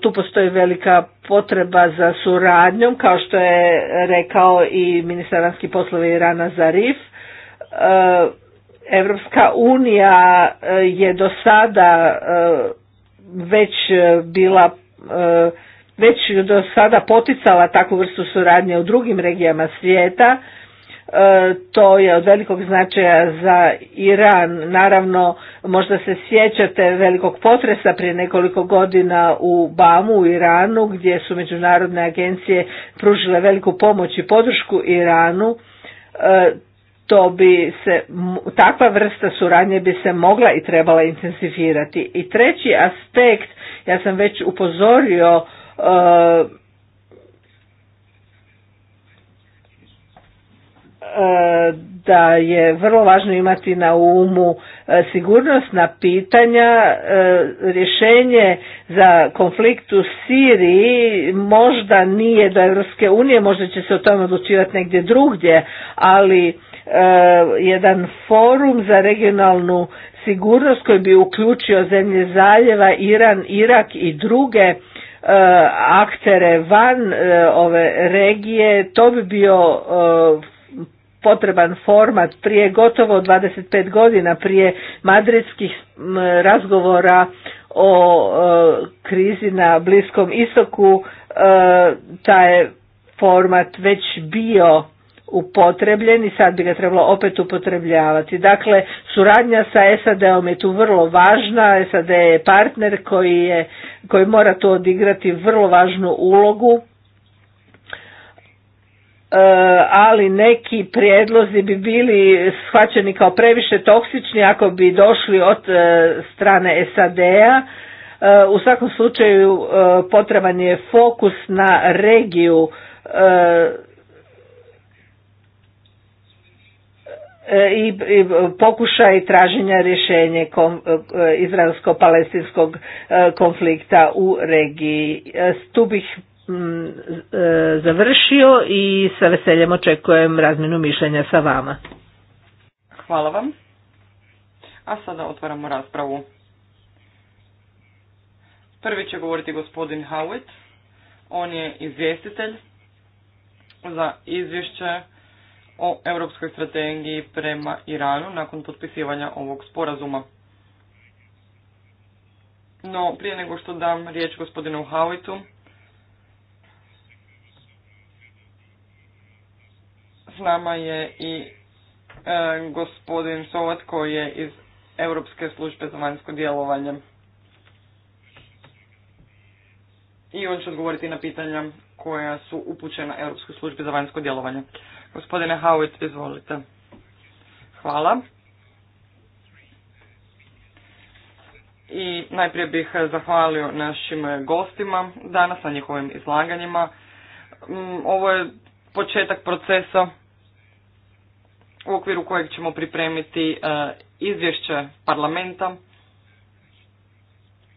C: Tu postoji velika potreba za suradnjom, kao što je rekao i ministar poslove Irana Irana Zarif. Evropska unija je do sada već e, bila e, već do sada poticala takvu vrstu suradnje u drugim regijama svijeta. E, to je od velikog značaja za Iran. Naravno, možda se sjećate velikog potresa prije nekoliko godina u Bamu u Iranu gdje su međunarodne agencije pružile veliku pomoć i podršku Iranu to bi se, takva vrsta suradnje bi se mogla i trebala intenzivirati. I treći aspekt, ja sam već upozorio e, e, da je vrlo važno imati na umu e, sigurnosna pitanja. Rješenje za konflikt u Siriji možda nije do Europske unije, možda će se o tome odlučivati negdje drugdje, ali Eh, jedan forum za regionalnu sigurnost koji bi uključio zemlje zaljeva, Iran, Irak i druge eh, aktere van eh, ove regije, to bi bio potreban format prije gotovo 25 godina prije madridskih razgovora o krizi na Bliskom istoku, taj format već bio upotrebljen i sad bi ga trebalo opet upotrebljavati. Dakle, suradnja sa SAD-om je tu vrlo važna, SAD je partner koji, je, koji mora tu odigrati vrlo važnu ulogu, e, ali neki prijedlozi bi bili shvaćeni kao previše toksični ako bi došli od e, strane SAD-a. E, u svakom slučaju potreban je fokus na regiju E, i pokušaj traženja rješenja e, izraelsko-palestinskog e, konflikta u regiji. Tu bih mm, završio i sa veseljem očekujem razminu mišljenja sa vama.
D: Hvala vam. A sada otvaramo raspravu. Prvi će govoriti gospodin Howitt. On je izvjestitelj za izvješće o europskoj strategiji prema Iranu nakon potpisivanja ovog sporazuma. No, prije nego što dam riječ gospodinu Hawitu, s nama je i e, gospodin Sovat koji je iz Europske službe za vanjsko djelovanje. I on će odgovoriti na pitanja koja su upućena Europskoj službi za vanjsko djelovanje. Gospodine Howitt, izvolite. Hvala. I najprije bih zahvalio našim gostima danas na njihovim izlaganjima. Mm, ovo je početak procesa u okviru kojeg ćemo pripremiti e, izvješće parlamenta,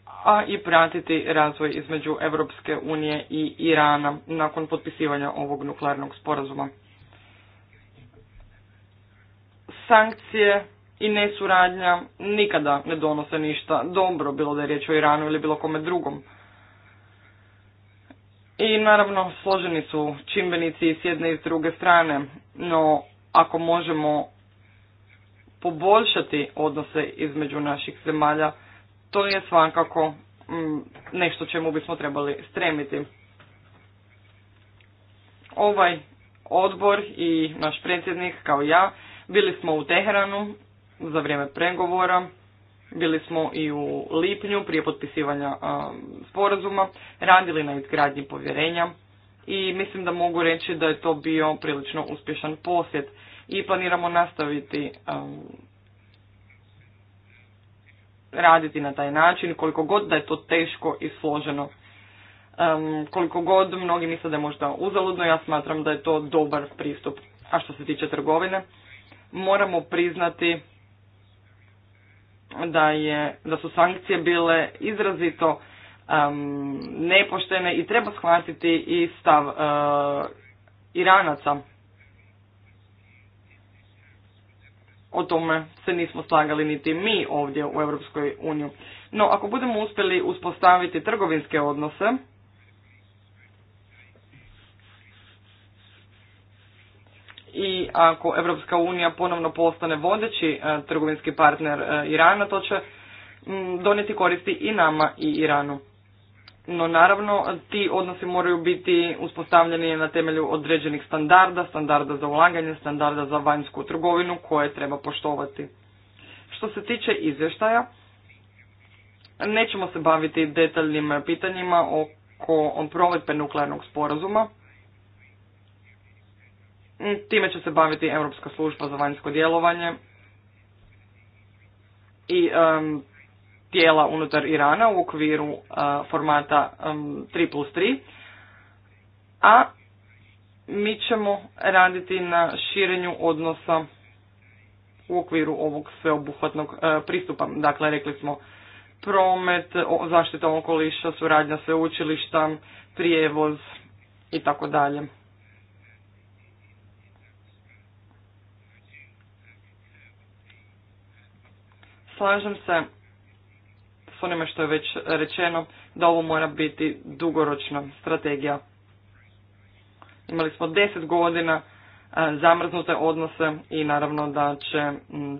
D: a i pratiti razvoj između Europske unije i Irana nakon potpisivanja ovog nuklearnog sporazuma sankcije i nesuradnja nikada ne donose ništa dobro, bilo da je riječ o Iranu ili bilo kome drugom. I naravno složeni su čimbenici s jedne i s druge strane, no ako možemo poboljšati odnose između naših zemalja, to je svakako mm, nešto čemu bismo trebali stremiti. Ovaj odbor i naš predsjednik kao ja bili smo u Teheranu za vrijeme pregovora, bili smo i u lipnju prije potpisivanja sporazuma, radili na izgradnji povjerenja i mislim da mogu reći da je to bio prilično uspješan posjet i planiramo nastaviti raditi na taj način koliko god da je to teško i složeno. Um, koliko god mnogi misle da je možda uzaludno, ja smatram da je to dobar pristup. A što se tiče trgovine, moramo priznati da, je, da su sankcije bile izrazito nepoštene i treba shvatiti i stav e, Iranaca. O tome se nismo slagali niti mi ovdje u Europskoj uniji. No, ako budemo uspjeli uspostaviti trgovinske odnose, i ako Europska unija ponovno postane vodeći e, trgovinski partner e, Irana, to će donijeti koristi i nama i Iranu. No naravno, ti odnosi moraju biti uspostavljeni na temelju određenih standarda, standarda za ulaganje, standarda za vanjsku trgovinu koje treba poštovati. Što se tiče izvještaja, nećemo se baviti detaljnim pitanjima oko provedbe nuklearnog sporazuma, Time će se baviti Europska služba za vanjsko djelovanje i tijela unutar Irana u okviru eh, formata um, 3 plus 3, a mi ćemo raditi na širenju odnosa u okviru ovog sveobuhvatnog eh, pristupa. Dakle, rekli smo promet, zaštita okoliša, suradnja sveučilišta, prijevoz i tako dalje. slažem se s onime što je već rečeno da ovo mora biti dugoročna strategija. Imali smo deset godina e, zamrznute odnose i naravno da će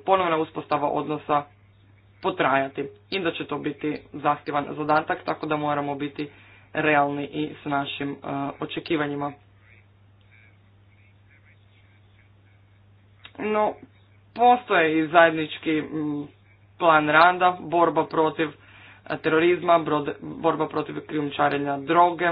D: ponovna uspostava odnosa potrajati i da će to biti zahtjevan zadatak, tako da moramo biti realni i s našim e, očekivanjima. No, postoje i zajednički plan rada, borba protiv e, terorizma, borba protiv krijumčarenja droge.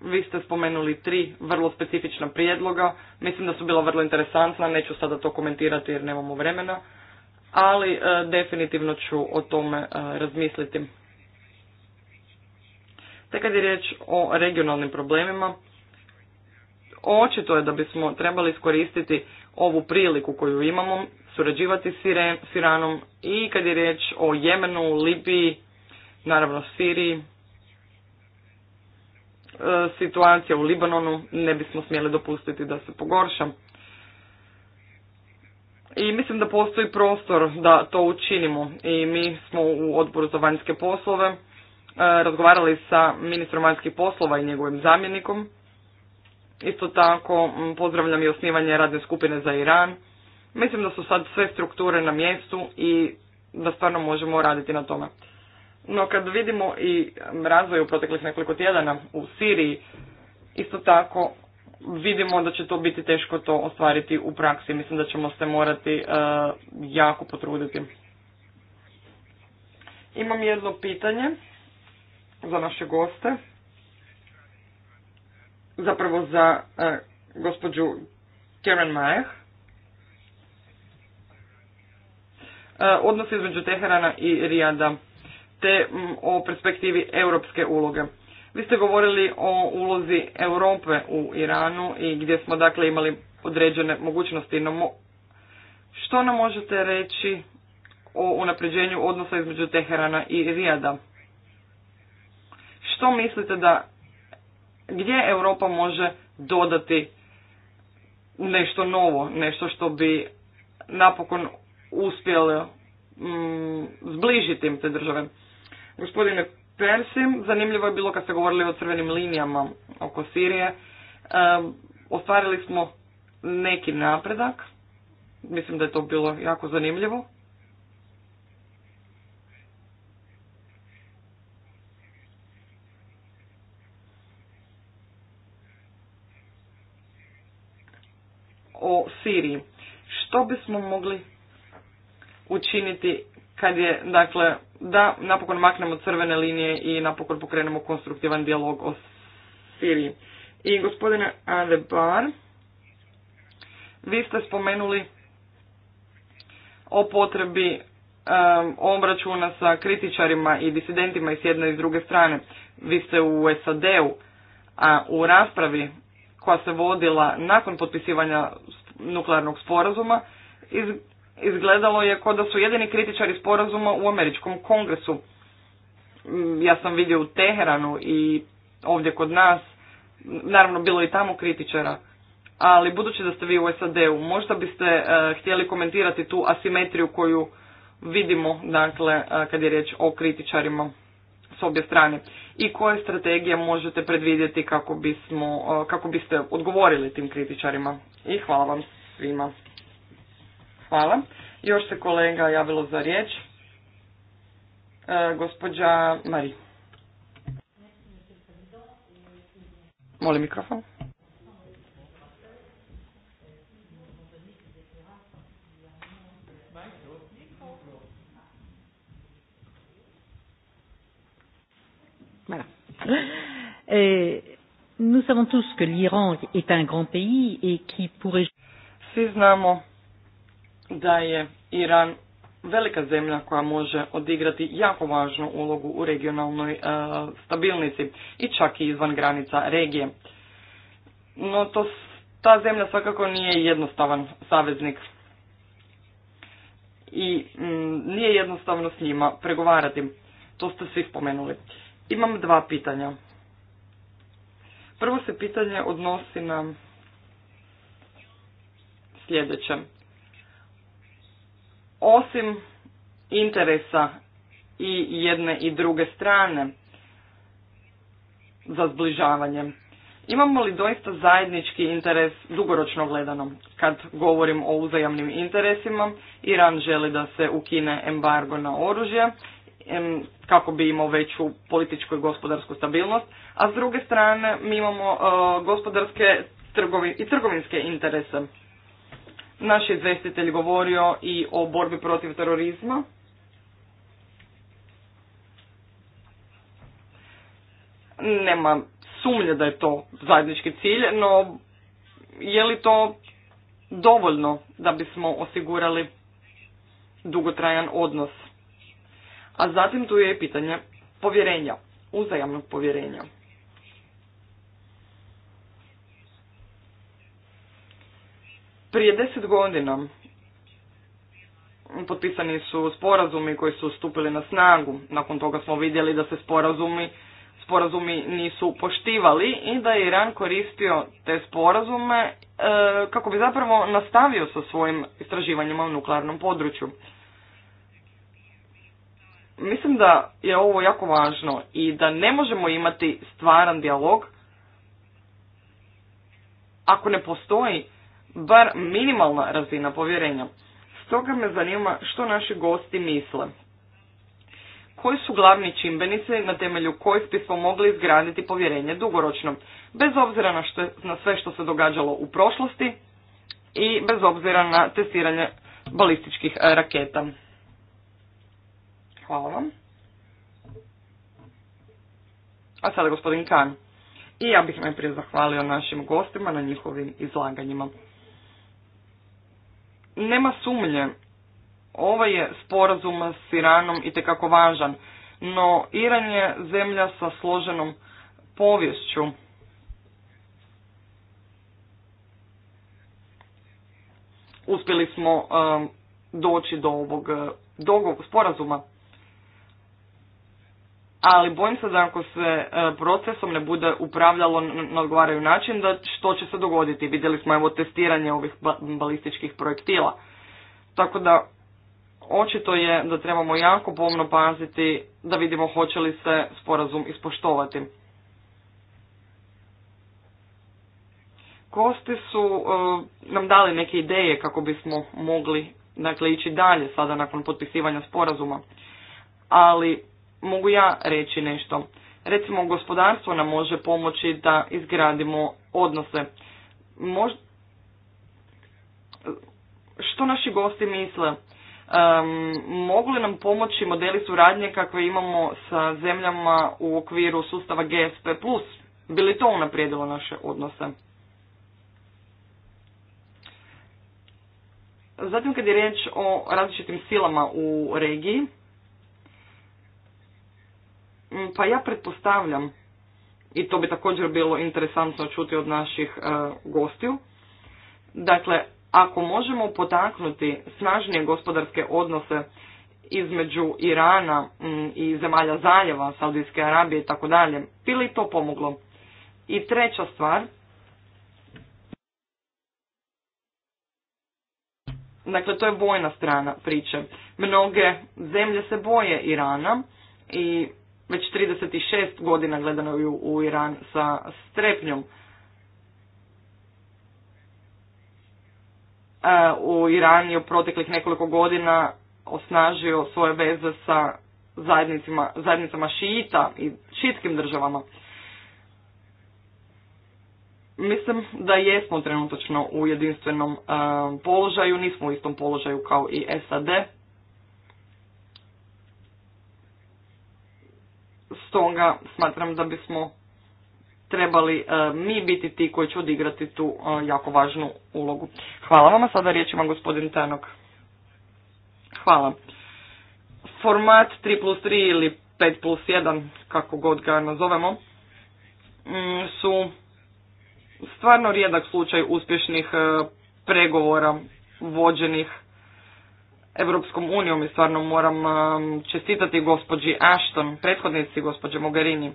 D: Vi ste spomenuli tri vrlo specifična prijedloga. Mislim da su bila vrlo interesantna, neću sada to komentirati jer nemamo vremena, ali e, definitivno ću o tome e, razmisliti. Te kad je riječ o regionalnim problemima, očito je da bismo trebali iskoristiti ovu priliku koju imamo surađivati s Iranom i kad je riječ o Jemenu, Libiji, naravno Siriji, e, situacija u Libanonu ne bismo smjeli dopustiti da se pogorša. I mislim da postoji prostor da to učinimo i mi smo u odboru za vanjske poslove e, razgovarali sa ministrom vanjskih poslova i njegovim zamjenikom. Isto tako pozdravljam i osnivanje radne skupine za Iran Mislim da su sad sve strukture na mjestu i da stvarno možemo raditi na tome. No kad vidimo i razvoj u proteklih nekoliko tjedana u Siriji, isto tako vidimo da će to biti teško to ostvariti u praksi. Mislim da ćemo se morati e, jako potruditi. Imam jedno pitanje za naše goste. Zapravo za e, gospođu Karen Majeh. E, odnos između Teherana i Rijada, te o perspektivi europske uloge. Vi ste govorili o ulozi Europe u Iranu i gdje smo dakle imali određene mogućnosti. No, što nam možete reći o unapređenju odnosa između Teherana i Rijada? Što mislite da gdje Europa može dodati nešto novo, nešto što bi napokon uspjeli mm, zbližiti im te države. Gospodine Persi, zanimljivo je bilo kad ste govorili o crvenim linijama oko Sirije. E, ostvarili smo neki napredak. Mislim da je to bilo jako zanimljivo. o Siriji. Što bismo mogli učiniti kad je, dakle, da napokon maknemo crvene linije i napokon pokrenemo konstruktivan dijalog o Siriji. I gospodine Adebar, vi ste spomenuli o potrebi obračuna sa kritičarima i disidentima i s jedne i druge strane. Vi ste u SAD-u, a u raspravi koja se vodila nakon potpisivanja nuklearnog sporazuma, iz, izgledalo je kao da su jedini kritičari sporazuma u američkom kongresu. Mm, ja sam vidio u Teheranu i ovdje kod nas, naravno bilo i tamo kritičara, ali budući da ste vi u SAD-u, možda biste e, htjeli komentirati tu asimetriju koju vidimo, dakle, e, kad je riječ o kritičarima s obje strane i koje strategije možete predvidjeti kako, bismo, e, kako biste odgovorili tim kritičarima. I hvala vam svima. Hvala. Još se kolega javilo za riječ. E, gospođa Mari. Molim mikrofon.
B: Voilà. Et eh, nous savons tous que l'Iran est un grand pays et qui pourrait...
D: Svi znamo da je Iran velika zemlja koja može odigrati jako važnu ulogu u regionalnoj e, stabilnici i čak i izvan granica regije. No to ta zemlja svakako nije jednostavan saveznik i nije jednostavno s njima pregovarati. To ste svi spomenuli. Imam dva pitanja. Prvo se pitanje odnosi na sljedeće osim interesa i jedne i druge strane za zbližavanje. Imamo li doista zajednički interes dugoročno gledano? Kad govorim o uzajamnim interesima, Iran želi da se ukine embargo na oružje kako bi imao veću političku i gospodarsku stabilnost, a s druge strane mi imamo e, gospodarske i trgovinske interese naš izvestitelj govorio i o borbi protiv terorizma. Nema sumnje da je to zajednički cilj, no je li to dovoljno da bismo osigurali dugotrajan odnos? A zatim tu je pitanje povjerenja, uzajamnog povjerenja. Prije deset godina potpisani su sporazumi koji su stupili na snagu. Nakon toga smo vidjeli da se sporazumi, sporazumi nisu poštivali i da je Iran koristio te sporazume e, kako bi zapravo nastavio sa svojim istraživanjima u nuklearnom području. Mislim da je ovo jako važno i da ne možemo imati stvaran dijalog ako ne postoji bar minimalna razina povjerenja. Stoga me zanima što naši gosti misle. Koji su glavni čimbenici na temelju kojih bismo mogli izgraditi povjerenje dugoročno, bez obzira na, što, na sve što se događalo u prošlosti i bez obzira na testiranje balističkih e, raketa. Hvala vam. A sada gospodin Kan. I ja bih najprije zahvalio našim gostima na njihovim izlaganjima. Nema sumnje, ovaj je sporazum s Iranom i tekako važan, no Iran je zemlja sa složenom poviješću. Uspjeli smo um, doći do ovog sporazuma ali bojim se da ako se e, procesom ne bude upravljalo na odgovaraju način, da što će se dogoditi. Vidjeli smo evo testiranje ovih balističkih projektila. Tako da očito je da trebamo jako pomno paziti da vidimo hoće li se sporazum ispoštovati. Kosti su e, nam dali neke ideje kako bismo mogli dakle, ići dalje sada nakon potpisivanja sporazuma, ali mogu ja reći nešto. Recimo, gospodarstvo nam može pomoći da izgradimo odnose. Mož... Što naši gosti misle? Um, mogu li nam pomoći modeli suradnje kakve imamo sa zemljama u okviru sustava GSP+. Bi li to unaprijedilo naše odnose? Zatim kad je riječ o različitim silama u regiji, Mm, pa ja pretpostavljam, i to bi također bilo interesantno čuti od naših e, gostiju, dakle, ako možemo potaknuti snažnije gospodarske odnose između Irana mm, i zemalja zaljeva, Saudijske Arabije i tako dalje, bi li to pomoglo? I treća stvar, dakle to je vojna strana priče. Mnoge zemlje se boje Irana i već 36 godina gledano u, u Iran sa strepnjom. E, u Iran je u proteklih nekoliko godina osnažio svoje veze sa zajednicama Šijita i šitskim državama. Mislim da jesmo trenutačno u jedinstvenom e, položaju, nismo u istom položaju kao i SAD stoga smatram da bismo trebali e, mi biti ti koji će odigrati tu e, jako važnu ulogu. Hvala vam, a sada riječ ima gospodin Tenok. Hvala. Format 3 plus 3 ili 5 plus 1, kako god ga nazovemo, mm, su stvarno rijedak slučaj uspješnih e, pregovora vođenih Europskom unijom i stvarno moram um, čestitati gospođi Ashton, prethodnici gospođe Mogherini.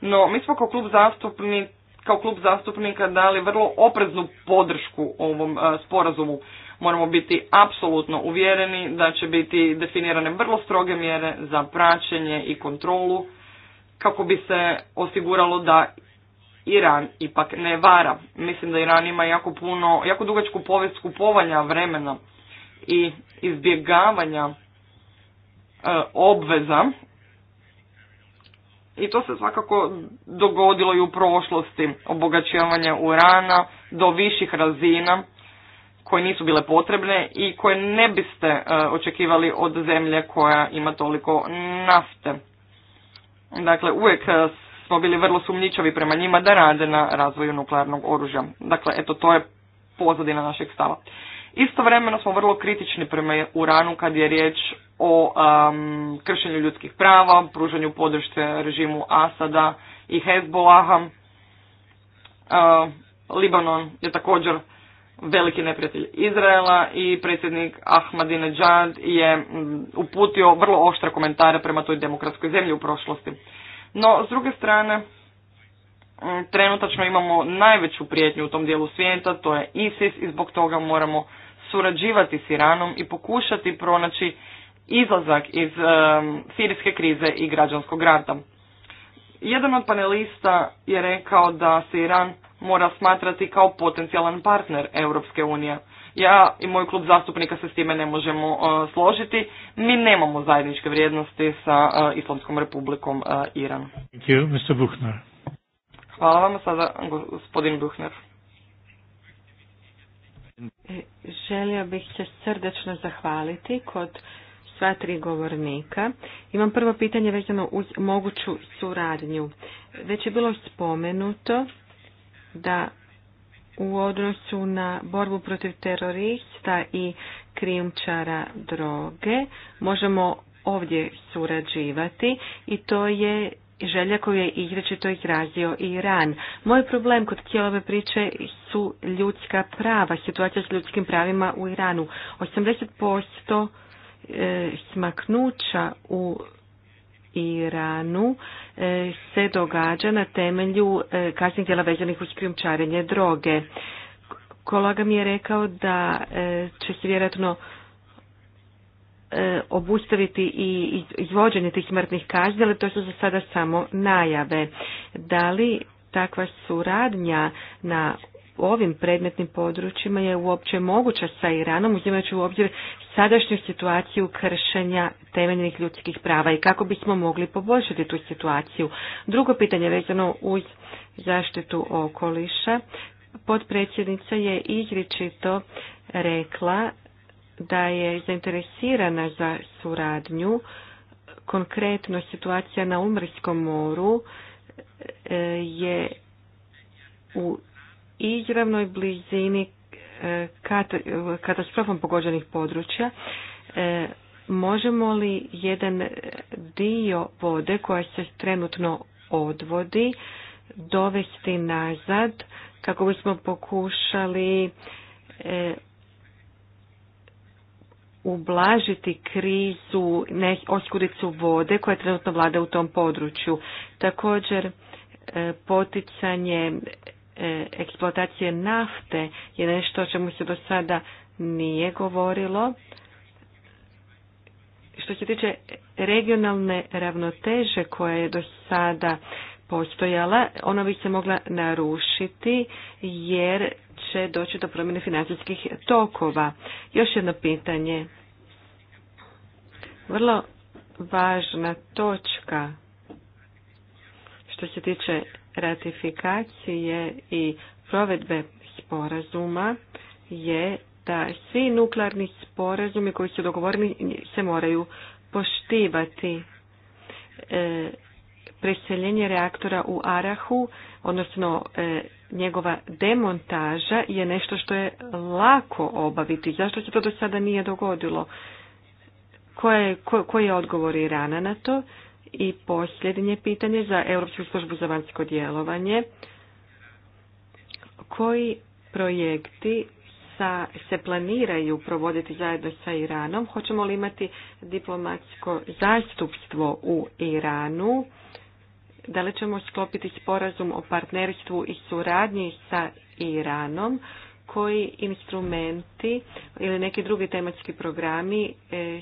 D: No, mi smo kao klub zastupnika kao klub zastupnika dali vrlo opreznu podršku ovom uh, sporazumu. Moramo biti apsolutno uvjereni da će biti definirane vrlo stroge mjere za praćenje i kontrolu kako bi se osiguralo da Iran ipak ne vara. Mislim da Iran ima jako puno, jako dugačku povijest kupovanja vremena i izbjegavanja e, obveza i to se svakako dogodilo i u prošlosti, obogaćivanje urana do viših razina koje nisu bile potrebne i koje ne biste e, očekivali od zemlje koja ima toliko nafte. Dakle, uvijek e, smo bili vrlo sumnjičavi prema njima da rade na razvoju nuklearnog oružja. Dakle, eto, to je pozadina našeg stava. Istovremeno smo vrlo kritični prema Uranu kad je riječ o um, kršenju ljudskih prava, pružanju podrške režimu Asada i Hezbollaha, Uh, Libanon je također veliki neprijatelj Izraela i predsjednik Ahmadinejad je mm, uputio vrlo oštre komentare prema toj demokratskoj zemlji u prošlosti. No, s druge strane, Mm, trenutačno imamo najveću prijetnju u tom dijelu svijeta, to je ISIS i zbog toga moramo surađivati s Iranom i pokušati pronaći izlazak iz sirijske krize i građanskog rata. Jedan od panelista je rekao da se Iran mora smatrati kao potencijalan partner Europske unije. Ja i moj klub zastupnika se s time ne možemo e, složiti. Mi nemamo zajedničke vrijednosti sa e, Islamskom republikom uh, Iran.
A: Thank Mr. Buchner.
D: Hvala vam sada gospodin Buhner. E, želio bih
B: se srdečno zahvaliti kod sva tri govornika. Imam prvo pitanje vezano uz moguću suradnju. Već je bilo spomenuto da u odnosu na borbu protiv terorista i krijumčara droge možemo ovdje surađivati i to je želja koju je izrečito izrazio Iran. Moj problem kod cijelove priče su ljudska prava, situacija s ljudskim pravima u Iranu. 80% e, smaknuća u Iranu e, se događa na temelju e, kasnih djela vezanih uz krijumčarenje droge. kolaga mi je rekao da će se vjerojatno E, obustaviti i izvođenje tih smrtnih kazni, ali to su za sada samo najave. Da li takva suradnja na ovim predmetnim područjima je uopće moguća sa Iranom, uzimajući u obzir sadašnju situaciju kršenja temeljnih ljudskih prava i kako bismo mogli poboljšati tu situaciju. Drugo pitanje vezano uz zaštitu okoliša. Potpredsjednica je izričito rekla da je zainteresirana za suradnju. Konkretno situacija na Umrskom moru e, je u izravnoj blizini e, katastrofom pogođenih područja. E, možemo li jedan dio vode koja se trenutno odvodi dovesti nazad kako bismo pokušali ublažiti krizu, ne, oskuricu vode koja je trenutno vlada u tom području. Također e, poticanje e, eksploatacije nafte je nešto o čemu se do sada nije govorilo. Što se tiče regionalne ravnoteže koja je do sada postojala, ona bi se mogla narušiti jer će doći do promjene financijskih tokova. Još jedno pitanje vrlo važna točka što se tiče ratifikacije i provedbe sporazuma je da svi nuklearni sporazumi koji su dogovoreni se moraju poštivati. E, preseljenje reaktora u Arahu, odnosno e, njegova demontaža je nešto što je lako obaviti. Zašto se to do sada nije dogodilo? koji je odgovor Irana na to? I posljednje pitanje za Europsku službu za vanjsko djelovanje. Koji projekti sa, se planiraju provoditi zajedno sa Iranom? Hoćemo li imati diplomatsko zastupstvo u Iranu? Da li ćemo sklopiti sporazum o partnerstvu i suradnji sa Iranom? Koji instrumenti ili neki drugi tematski programi eh,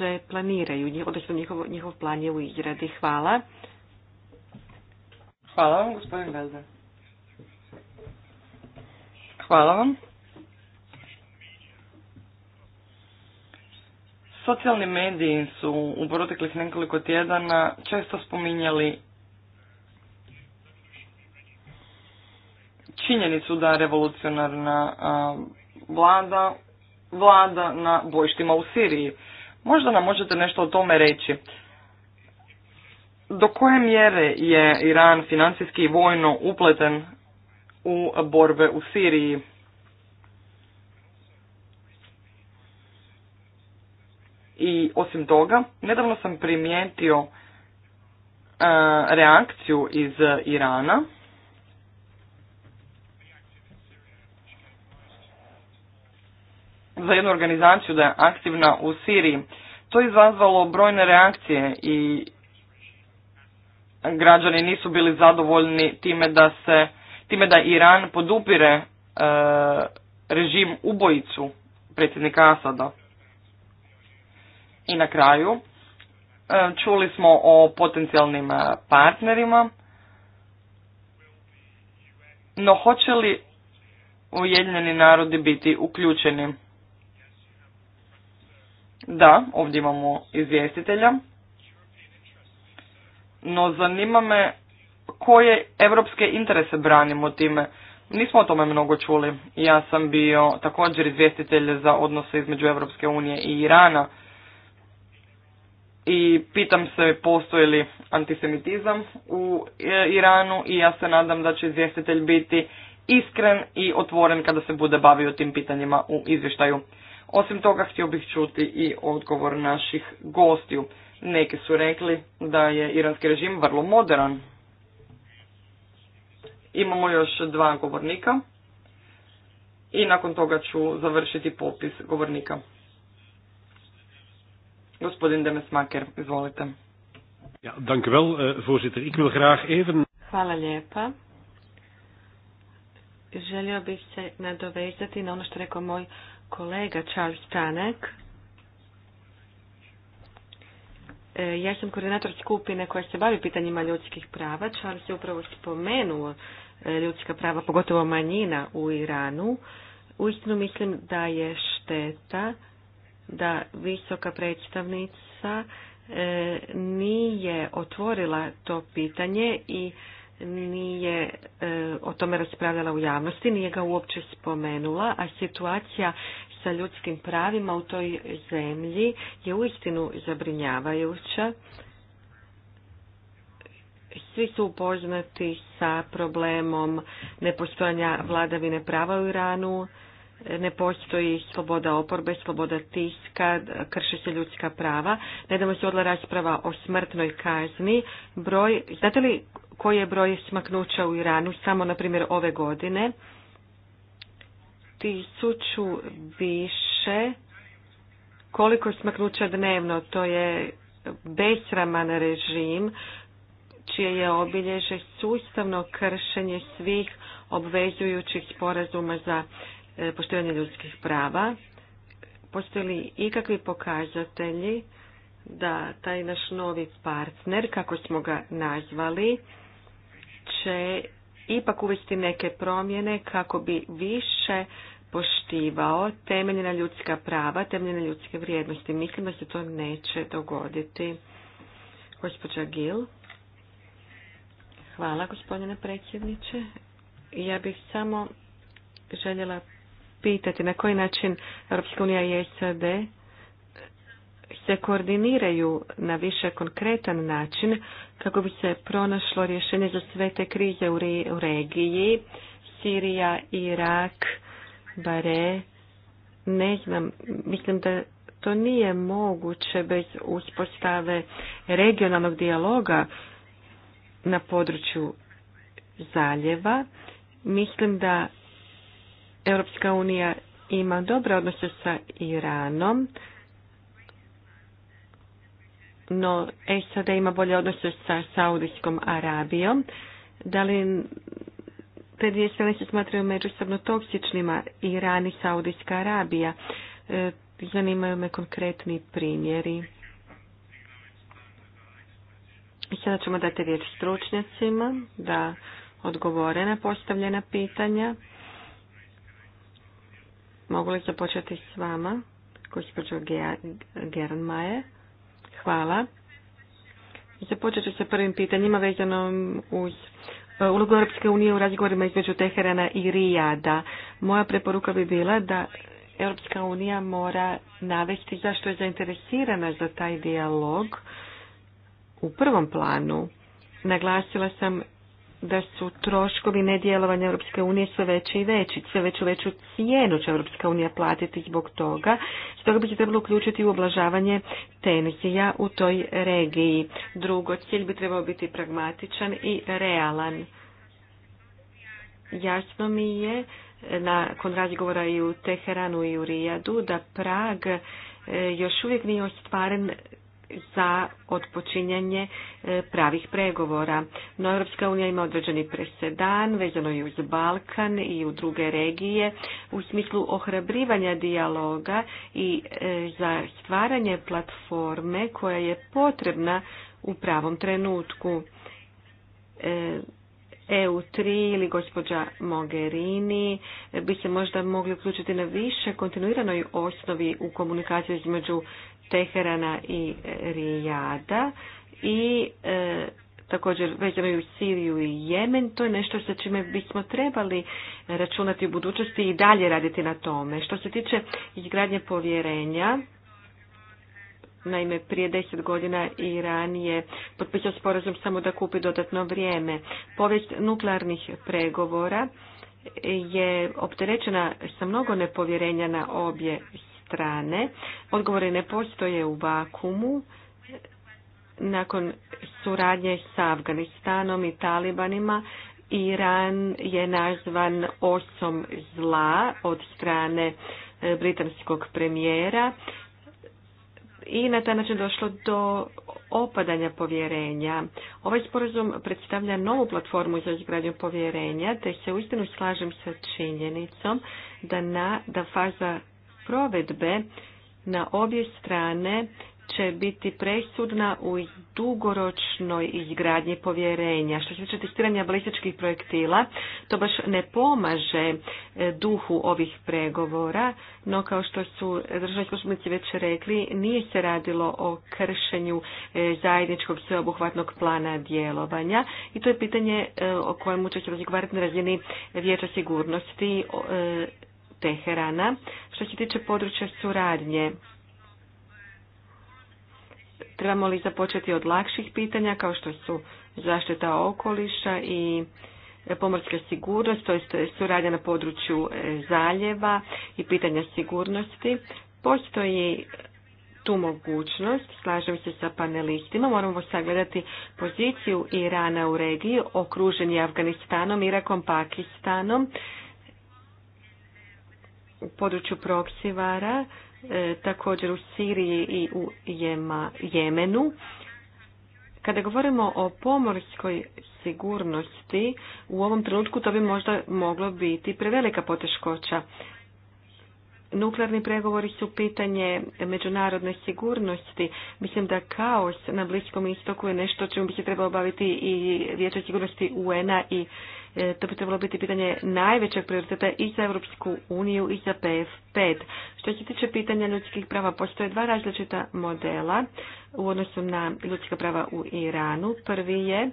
B: se planiraju, odnosno njihov, njihov plan je u izradi. Hvala.
D: Hvala vam, gospodin Velder. Hvala vam. Socijalni mediji su u proteklih nekoliko tjedana često spominjali činjenicu da revolucionarna vlada vlada na bojištima u Siriji. Možda nam možete nešto o tome reći. Do koje mjere je Iran financijski i vojno upleten u borbe u Siriji? I osim toga, nedavno sam primijetio e, reakciju iz Irana za jednu organizaciju da je aktivna u Siriji. To je izazvalo brojne reakcije i građani nisu bili zadovoljni time da se, time da Iran podupire e, režim ubojicu predsjednika Asada. I na kraju, e, čuli smo o potencijalnim e, partnerima, no hoće li Ujedinjeni narodi biti uključeni? Da, ovdje imamo izvjestitelja. No zanima me koje evropske interese branimo time. Nismo o tome mnogo čuli. Ja sam bio također izvjestitelj za odnose između Europske unije i Irana. I pitam se postoji li antisemitizam u e, Iranu i ja se nadam da će izvjestitelj biti iskren i otvoren kada se bude bavio tim pitanjima u izvještaju. Osim toga htio bih čuti i odgovor naših gostiju. Neki su rekli da je iranski režim vrlo modern. Imamo još dva govornika i nakon toga ću završiti popis govornika. Gospodin Demesmaker, izvolite. Ja,
A: dank eh, voorzitter. Ik wil graag even...
D: Hvala lijepa.
B: Želio bih se nadovezati na ono što rekao moj kolega Charles Tanek. E, ja sam koordinator skupine koja se bavi pitanjima ljudskih prava. Charles je upravo spomenuo e, ljudska prava, pogotovo manjina u Iranu. Uistinu mislim da je šteta da visoka predstavnica e, nije otvorila to pitanje i nije e, o tome raspravljala u javnosti, nije ga uopće spomenula, a situacija sa ljudskim pravima u toj zemlji je uistinu zabrinjavajuća. Svi su upoznati sa problemom nepostojanja vladavine prava u Iranu, ne postoji sloboda oporbe, sloboda tiska, krše se ljudska prava. Nedamo se odla rasprava o smrtnoj kazni. Broj, znate li koji je broj smaknuća u Iranu samo na primjer ove godine tisuću više koliko smaknuća dnevno to je besraman režim čije je obilježe sustavno kršenje svih obvezujućih sporazuma za e, poštivanje ljudskih prava. Postoje li ikakvi pokazatelji da taj naš novi partner, kako smo ga nazvali, će ipak uvesti neke promjene kako bi više poštivao temeljena ljudska prava, temeljene ljudske vrijednosti. Mislim da se to neće dogoditi. Gospođa Gil. Hvala gospodine predsjedniče. Ja bih samo željela pitati na koji način Europska unija i SAD se koordiniraju na više konkretan način kako bi se pronašlo rješenje za sve te krize u regiji. Sirija, Irak, Bare, ne znam, mislim da to nije moguće bez uspostave regionalnog dijaloga na području zaljeva. Mislim da Europska unija ima dobre odnose sa Iranom, no SAD ima bolje odnose sa Saudijskom Arabijom. Da li te dvije strane se smatraju međusobno toksičnima, Iran i Saudijska Arabija? E, zanimaju me konkretni primjeri. I sada ćemo dati riječ stručnjacima da odgovore na postavljena pitanja. Mogu li započeti s vama, gospođo Gernmajer? Hvala. Započet ću sa prvim pitanjima vezano uz e, ulogu Europske unije u razgovorima između Teherana i Rijada. Moja preporuka bi bila da Europska unija mora navesti zašto je zainteresirana za taj dijalog u prvom planu. Naglasila sam da su troškovi nedjelovanja Europske unije sve veći i veći. Sve veću veću cijenu će Europska unija platiti zbog toga. Stoga bi se trebalo uključiti u oblažavanje tenzija u toj regiji. Drugo, cilj bi trebao biti pragmatičan i realan. Jasno mi je, nakon razgovora i u Teheranu i u Rijadu, da Prag e, još uvijek nije ostvaren za otpočinjanje e, pravih pregovora. No, Europska unija ima određeni presedan vezano i uz Balkan i u druge regije u smislu ohrabrivanja dijaloga i e, za stvaranje platforme koja je potrebna u pravom trenutku. EU3 e ili gospođa Mogherini bi se možda mogli uključiti na više kontinuiranoj osnovi u komunikaciju između Teherana i Rijada i e, također vezano i u Siriju i Jemen, to je nešto sa čime bismo trebali računati u budućnosti i dalje raditi na tome. Što se tiče izgradnje povjerenja, Naime, prije deset godina Iran je potpisao sporazum samo da kupi dodatno vrijeme. Povijest nuklearnih pregovora je opterećena sa mnogo nepovjerenja na obje strane. Odgovori ne postoje u vakumu. Nakon suradnje sa Afganistanom i Talibanima, Iran je nazvan osom zla od strane e, britanskog premijera i na taj način došlo do opadanja povjerenja. Ovaj sporazum predstavlja novu platformu za izgradnju povjerenja, te se uistinu slažem sa činjenicom da, na, da faza provedbe na obje strane će biti presudna u dugoročnoj izgradnji povjerenja. Što se tiče testiranja balističkih projektila, to baš ne pomaže e, duhu ovih pregovora, no kao što su državni službenici već rekli, nije se radilo o kršenju e, zajedničkog sveobuhvatnog plana djelovanja i to je pitanje e, o kojemu će se razgovarati na razini Vijeća sigurnosti Teherana. Što se tiče područja suradnje, trebamo li započeti od lakših pitanja kao što su zaštita okoliša i pomorska sigurnost, to je suradnja na području e, zaljeva i pitanja sigurnosti. Postoji tu mogućnost, slažem se sa panelistima, moramo sagledati poziciju Irana u regiji, okružen Afganistanom, Irakom, Pakistanom u području Proksivara, e, također u Siriji i u Jemenu. Kada govorimo o pomorskoj sigurnosti, u ovom trenutku to bi možda moglo biti prevelika poteškoća. Nuklearni pregovori su pitanje međunarodne sigurnosti. Mislim da kaos na Bliskom istoku je nešto čemu bi se trebalo baviti i Vijeće sigurnosti UN-a i E, to bi trebalo biti pitanje najvećeg prioriteta i za Europsku uniju i za PF5. Što se tiče pitanja ljudskih prava, postoje dva različita modela u odnosu na ljudska prava u Iranu. Prvi je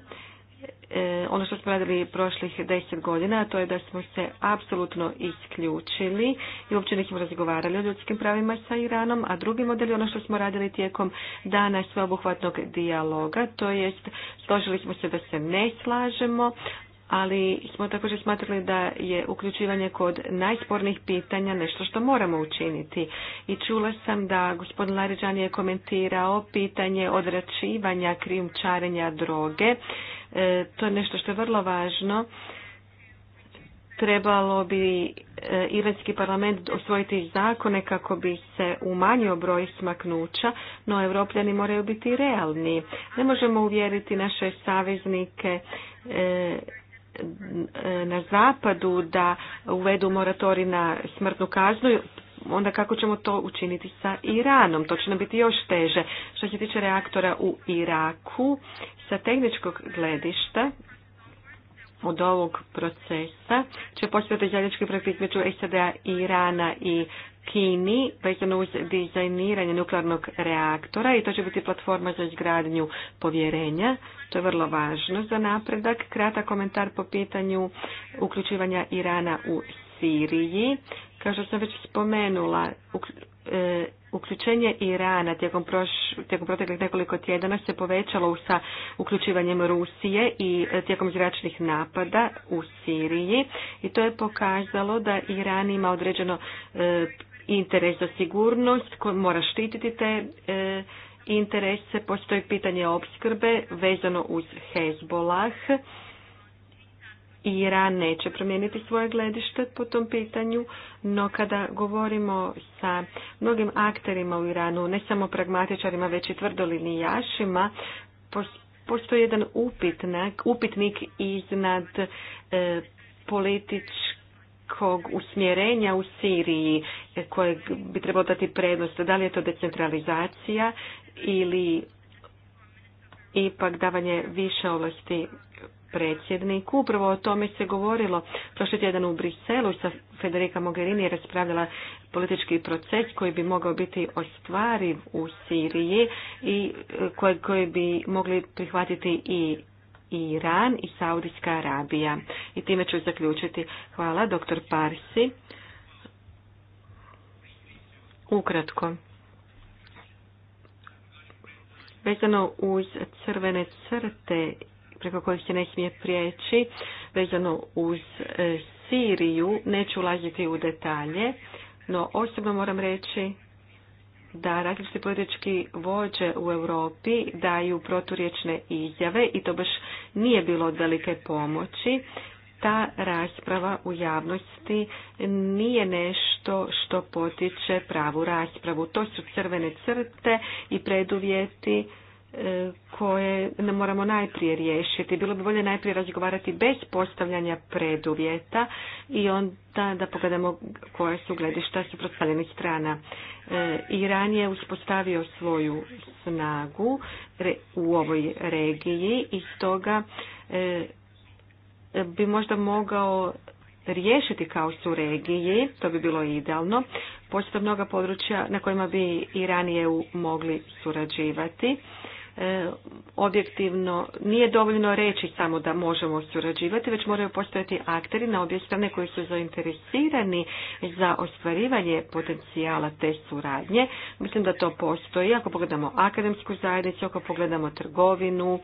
B: e, ono što smo radili prošlih deset godina, to je da smo se apsolutno isključili i uopće nismo razgovarali o ljudskim pravima sa Iranom, a drugi model je ono što smo radili tijekom dana sveobuhvatnog dijaloga, to jest složili smo se da se ne slažemo, ali smo također smatrali da je uključivanje kod najspornijih pitanja nešto što moramo učiniti. I čula sam da gospodin Lariđan je komentirao pitanje odračivanja krijumčarenja droge. E, to je nešto što je vrlo važno. Trebalo bi e, Iranski parlament osvojiti zakone kako bi se umanjio broj smaknuća, no evropljani moraju biti realni. Ne možemo uvjeriti naše saveznike e, na zapadu da uvedu moratori na smrtnu kaznu, onda kako ćemo to učiniti sa Iranom? To će nam biti još teže. Što se tiče reaktora u Iraku, sa tehničkog gledišta od ovog procesa će postaviti zajednički projekt među SAD-a Irana i Kini vezano uz dizajniranje nuklearnog reaktora i to će biti platforma za izgradnju povjerenja. To je vrlo važno za napredak. Kratak komentar po pitanju uključivanja Irana u Siriji. Kao što sam već spomenula, e, uključenje Irana tijekom, proš, tijekom proteklih nekoliko tjedana se povećalo sa uključivanjem Rusije i e, tijekom zračnih napada u Siriji i to je pokazalo da Iran ima određeno e, interes za sigurnost, mora štititi te e, interese, postoji pitanje opskrbe vezano uz Hezbolah. Iran neće promijeniti svoje gledište po tom pitanju, no kada govorimo sa mnogim akterima u Iranu, ne samo pragmatičarima, već i tvrdolinijašima, postoji jedan upitnik iznad e, kog usmjerenja u Siriji koje bi trebalo dati prednost, da li je to decentralizacija ili ipak davanje više ovlasti predsjedniku. Upravo o tome se govorilo prošli tjedan u Briselu sa Federica Mogherini je raspravljala politički proces koji bi mogao biti ostvariv u Siriji i e, koji bi mogli prihvatiti i Iran i Saudijska Arabija. I time ću zaključiti. Hvala, doktor Parsi. Ukratko. Vezano uz crvene crte preko kojih se ne smije prijeći, vezano uz e, Siriju, neću ulaziti u detalje, no osobno moram reći da različiti politički vođe u Europi daju proturječne izjave i to baš nije bilo od velike pomoći. Ta rasprava u javnosti nije nešto što potiče pravu raspravu. To su crvene crte i preduvjeti E, koje ne moramo najprije riješiti. Bilo bi bolje najprije razgovarati bez postavljanja preduvjeta i onda da pogledamo koje su gledišta suprotstavljenih strana. E, Iran je uspostavio svoju snagu u ovoj regiji i stoga e, bi možda mogao riješiti kao su regiji, to bi bilo idealno. Postoje mnoga područja na kojima bi i ranije mogli surađivati. E, objektivno nije dovoljno reći samo da možemo surađivati, već moraju postojati akteri na obje strane koji su zainteresirani za ostvarivanje potencijala te suradnje. Mislim da to postoji ako pogledamo akademsku zajednicu, ako pogledamo trgovinu,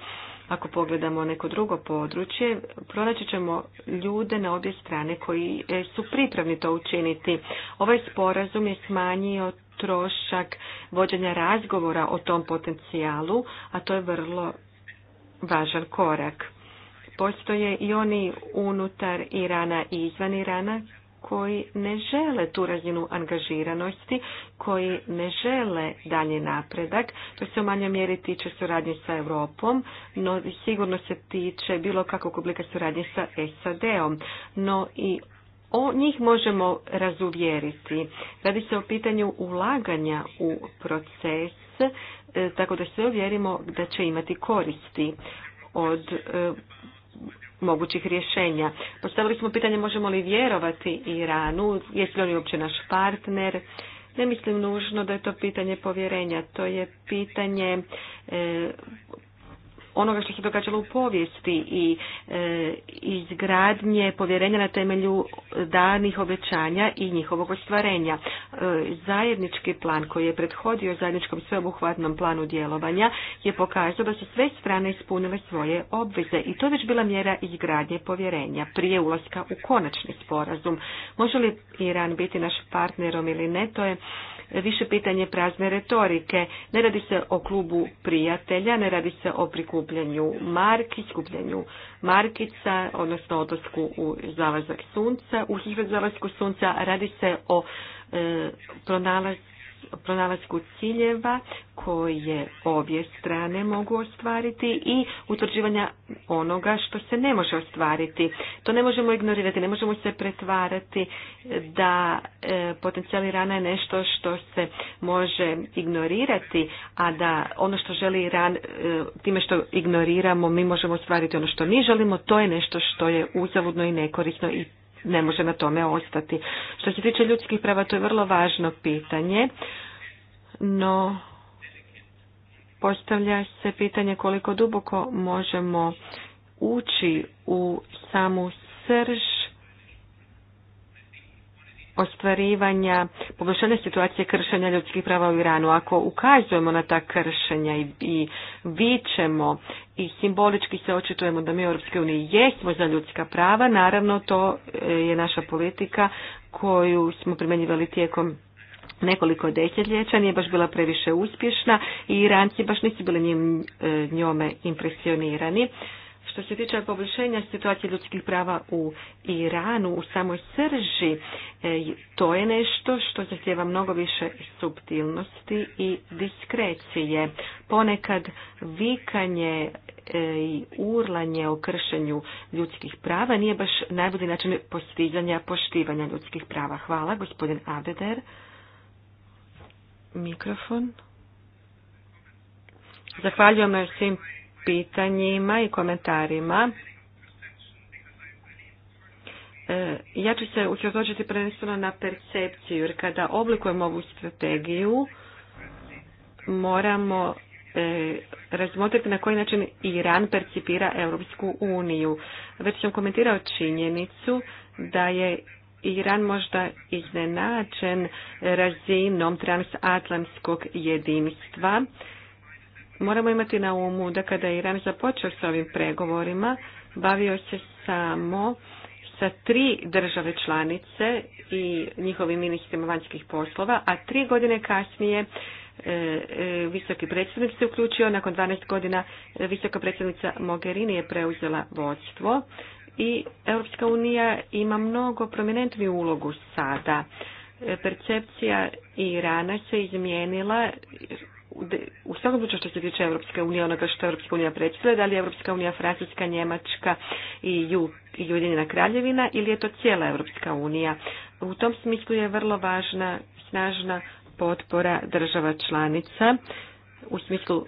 B: ako pogledamo neko drugo područje, pronaći ćemo ljude na obje strane koji e, su pripravni to učiniti. Ovaj sporazum je smanjio trošak vođenja razgovora o tom potencijalu, a to je vrlo važan korak. Postoje i oni unutar Irana i izvan Irana koji ne žele tu razinu angažiranosti, koji ne žele dalje napredak. To pa se u manjoj mjeri tiče suradnje sa Europom, no sigurno se tiče bilo kakvog oblika suradnje sa SAD-om. No i o njih možemo razuvjeriti. Radi se o pitanju ulaganja u proces, e, tako da se uvjerimo da će imati koristi od e, mogućih rješenja. Postavili smo pitanje možemo li vjerovati Iranu, Jesi li oni uopće naš partner. Ne mislim nužno da je to pitanje povjerenja, to je pitanje e, onoga što se događalo u povijesti i e, izgradnje povjerenja na temelju danih obećanja i njihovog ostvarenja. E, zajednički plan koji je prethodio zajedničkom sveobuhvatnom planu djelovanja je pokazao da su sve strane ispunile svoje obveze i to je već bila mjera izgradnje povjerenja prije ulaska u konačni sporazum. Može li Iran biti naš partnerom ili ne, to je više pitanje prazne retorike. Ne radi se o klubu prijatelja, ne radi se o prikupljanju marki, skupljanju markica, odnosno odlasku u zalazak sunca, u Zalazku sunca, radi se o e, pronalasku ciljeva koje obje strane mogu ostvariti i utvrđivanja onoga što se ne može ostvariti. To ne možemo ignorirati, ne možemo se pretvarati da e, potencijal rana je nešto što se može ignorirati, a da ono što želi ran, e, time što ignoriramo, mi možemo ostvariti ono što mi želimo, to je nešto što je uzavudno i nekorisno i ne može na tome ostati. Što se tiče ljudskih prava, to je vrlo važno pitanje, no postavlja se pitanje koliko duboko možemo ući u samu srž ostvarivanja poboljšanja situacije kršenja ljudskih prava u Iranu. Ako ukazujemo na ta kršenja i, i vičemo i simbolički se očitujemo da mi u EU jesmo za ljudska prava, naravno to e, je naša politika koju smo primjenjivali tijekom nekoliko desetljeća, nije baš bila previše uspješna i Iranci baš nisu bili e, njome impresionirani. Što se tiče poboljšenja situacije ljudskih prava u Iranu, u samoj srži, e, to je nešto što zahtjeva mnogo više subtilnosti i diskrecije. Ponekad vikanje e, i urlanje o kršenju ljudskih prava nije baš najbolji način postizanja poštivanja ljudskih prava. Hvala, gospodin Abeder. Mikrofon. Zahvaljujem na svim pitanjima i komentarima. E, ja ću se učezočiti prvenstveno na percepciju, jer kada oblikujemo ovu strategiju, moramo e, razmotriti na koji način Iran percipira Europsku uniju. Već sam komentirao činjenicu da je Iran možda iznenađen razinom transatlantskog jedinstva Moramo imati na umu da kada je Iran započeo s ovim pregovorima, bavio se samo sa tri države članice i njihovim ministrima vanjskih poslova, a tri godine kasnije e, e, visoki predsjednik se uključio. Nakon 12 godina e, visoka predsjednica Mogherini je preuzela vodstvo i Europska unija ima mnogo prominentniju ulogu sada. Percepcija Irana se izmijenila u svakom slučaju što se tiče Europske unije, onoga što Europska unija predstavlja, da li je Europska unija Francuska, Njemačka i Ujedinjena kraljevina ili je to cijela Europska unija. U tom smislu je vrlo važna, snažna potpora država članica u smislu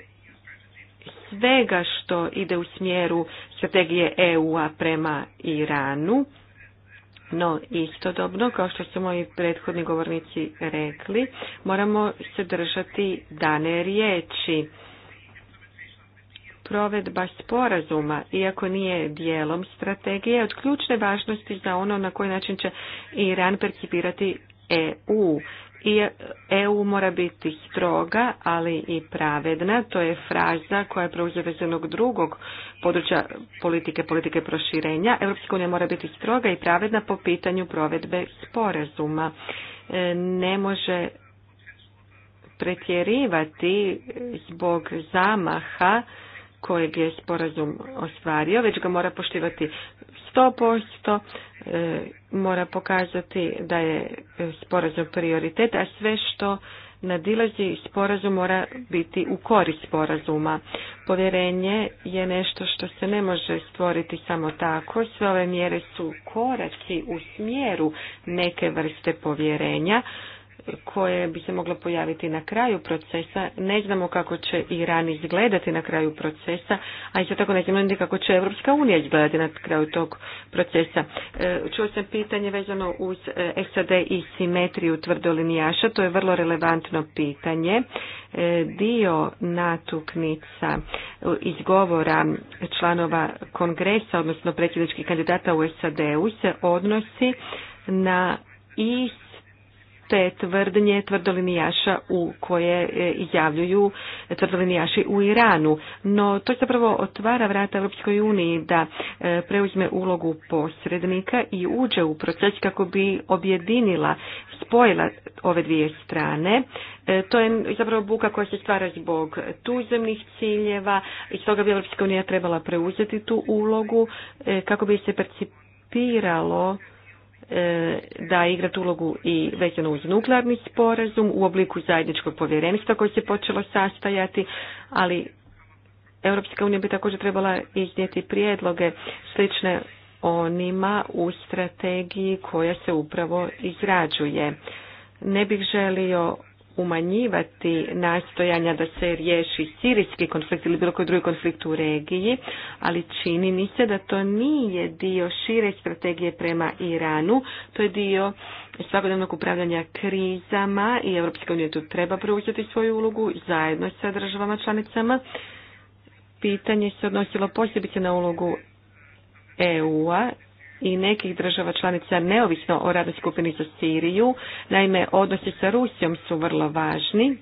B: svega što ide u smjeru strategije EU-a prema Iranu. No, istodobno, kao što su moji prethodni govornici rekli, moramo se držati dane riječi. Provedba sporazuma, iako nije dijelom strategije, od ključne važnosti za ono na koji način će Iran percipirati EU. EU mora biti stroga, ali i pravedna. To je fraza koja je preuzela iz jednog drugog područja politike, politike proširenja. Europska unija mora biti stroga i pravedna po pitanju provedbe sporazuma. E, ne može pretjerivati zbog zamaha kojeg je sporazum ostvario, već ga mora poštivati 100%, e, mora pokazati da je sporazum prioritet, a sve što nadilazi sporazum mora biti u korist sporazuma. Povjerenje je nešto što se ne može stvoriti samo tako. Sve ove mjere su koraci u smjeru neke vrste povjerenja koje bi se moglo pojaviti na kraju procesa. Ne znamo kako će Iran izgledati na kraju procesa, a isto tako ne znamo ni kako će Europska unija izgledati na kraju tog procesa. E, čuo sam pitanje vezano uz e, SAD i simetriju tvrdolinijaša, to je vrlo relevantno pitanje. E, dio natuknica izgovora članova kongresa, odnosno predsjedničkih kandidata u SAD-u se odnosi na i te tvrdnje tvrdolinijaša u koje e, javljuju tvrdolinijaši u Iranu. No to zapravo otvara vrata Europskoj uniji da e, preuzme ulogu posrednika i uđe u proces kako bi objedinila, spojila ove dvije strane. E, to je zapravo buka koja se stvara zbog tuzemnih ciljeva i stoga bi Europska unija trebala preuzeti tu ulogu kako bi se percipiralo E, da igrat ulogu i vezano uz nuklearni sporazum u obliku zajedničkog povjerenstva koje se počelo sastajati, ali Europska unija bi također trebala iznijeti prijedloge slične onima u strategiji koja se upravo izrađuje. Ne bih želio umanjivati nastojanja da se riješi sirijski konflikt ili bilo koji drugi konflikt u regiji, ali čini mi se da to nije dio šire strategije prema Iranu, to je dio svakodnevnog upravljanja krizama i Europska unija tu treba preuzeti svoju ulogu zajedno sa državama članicama. Pitanje se odnosilo posebice na ulogu EU-a i nekih država članica neovisno o radnoj skupini za Siriju. Naime, odnosi sa Rusijom su vrlo važni.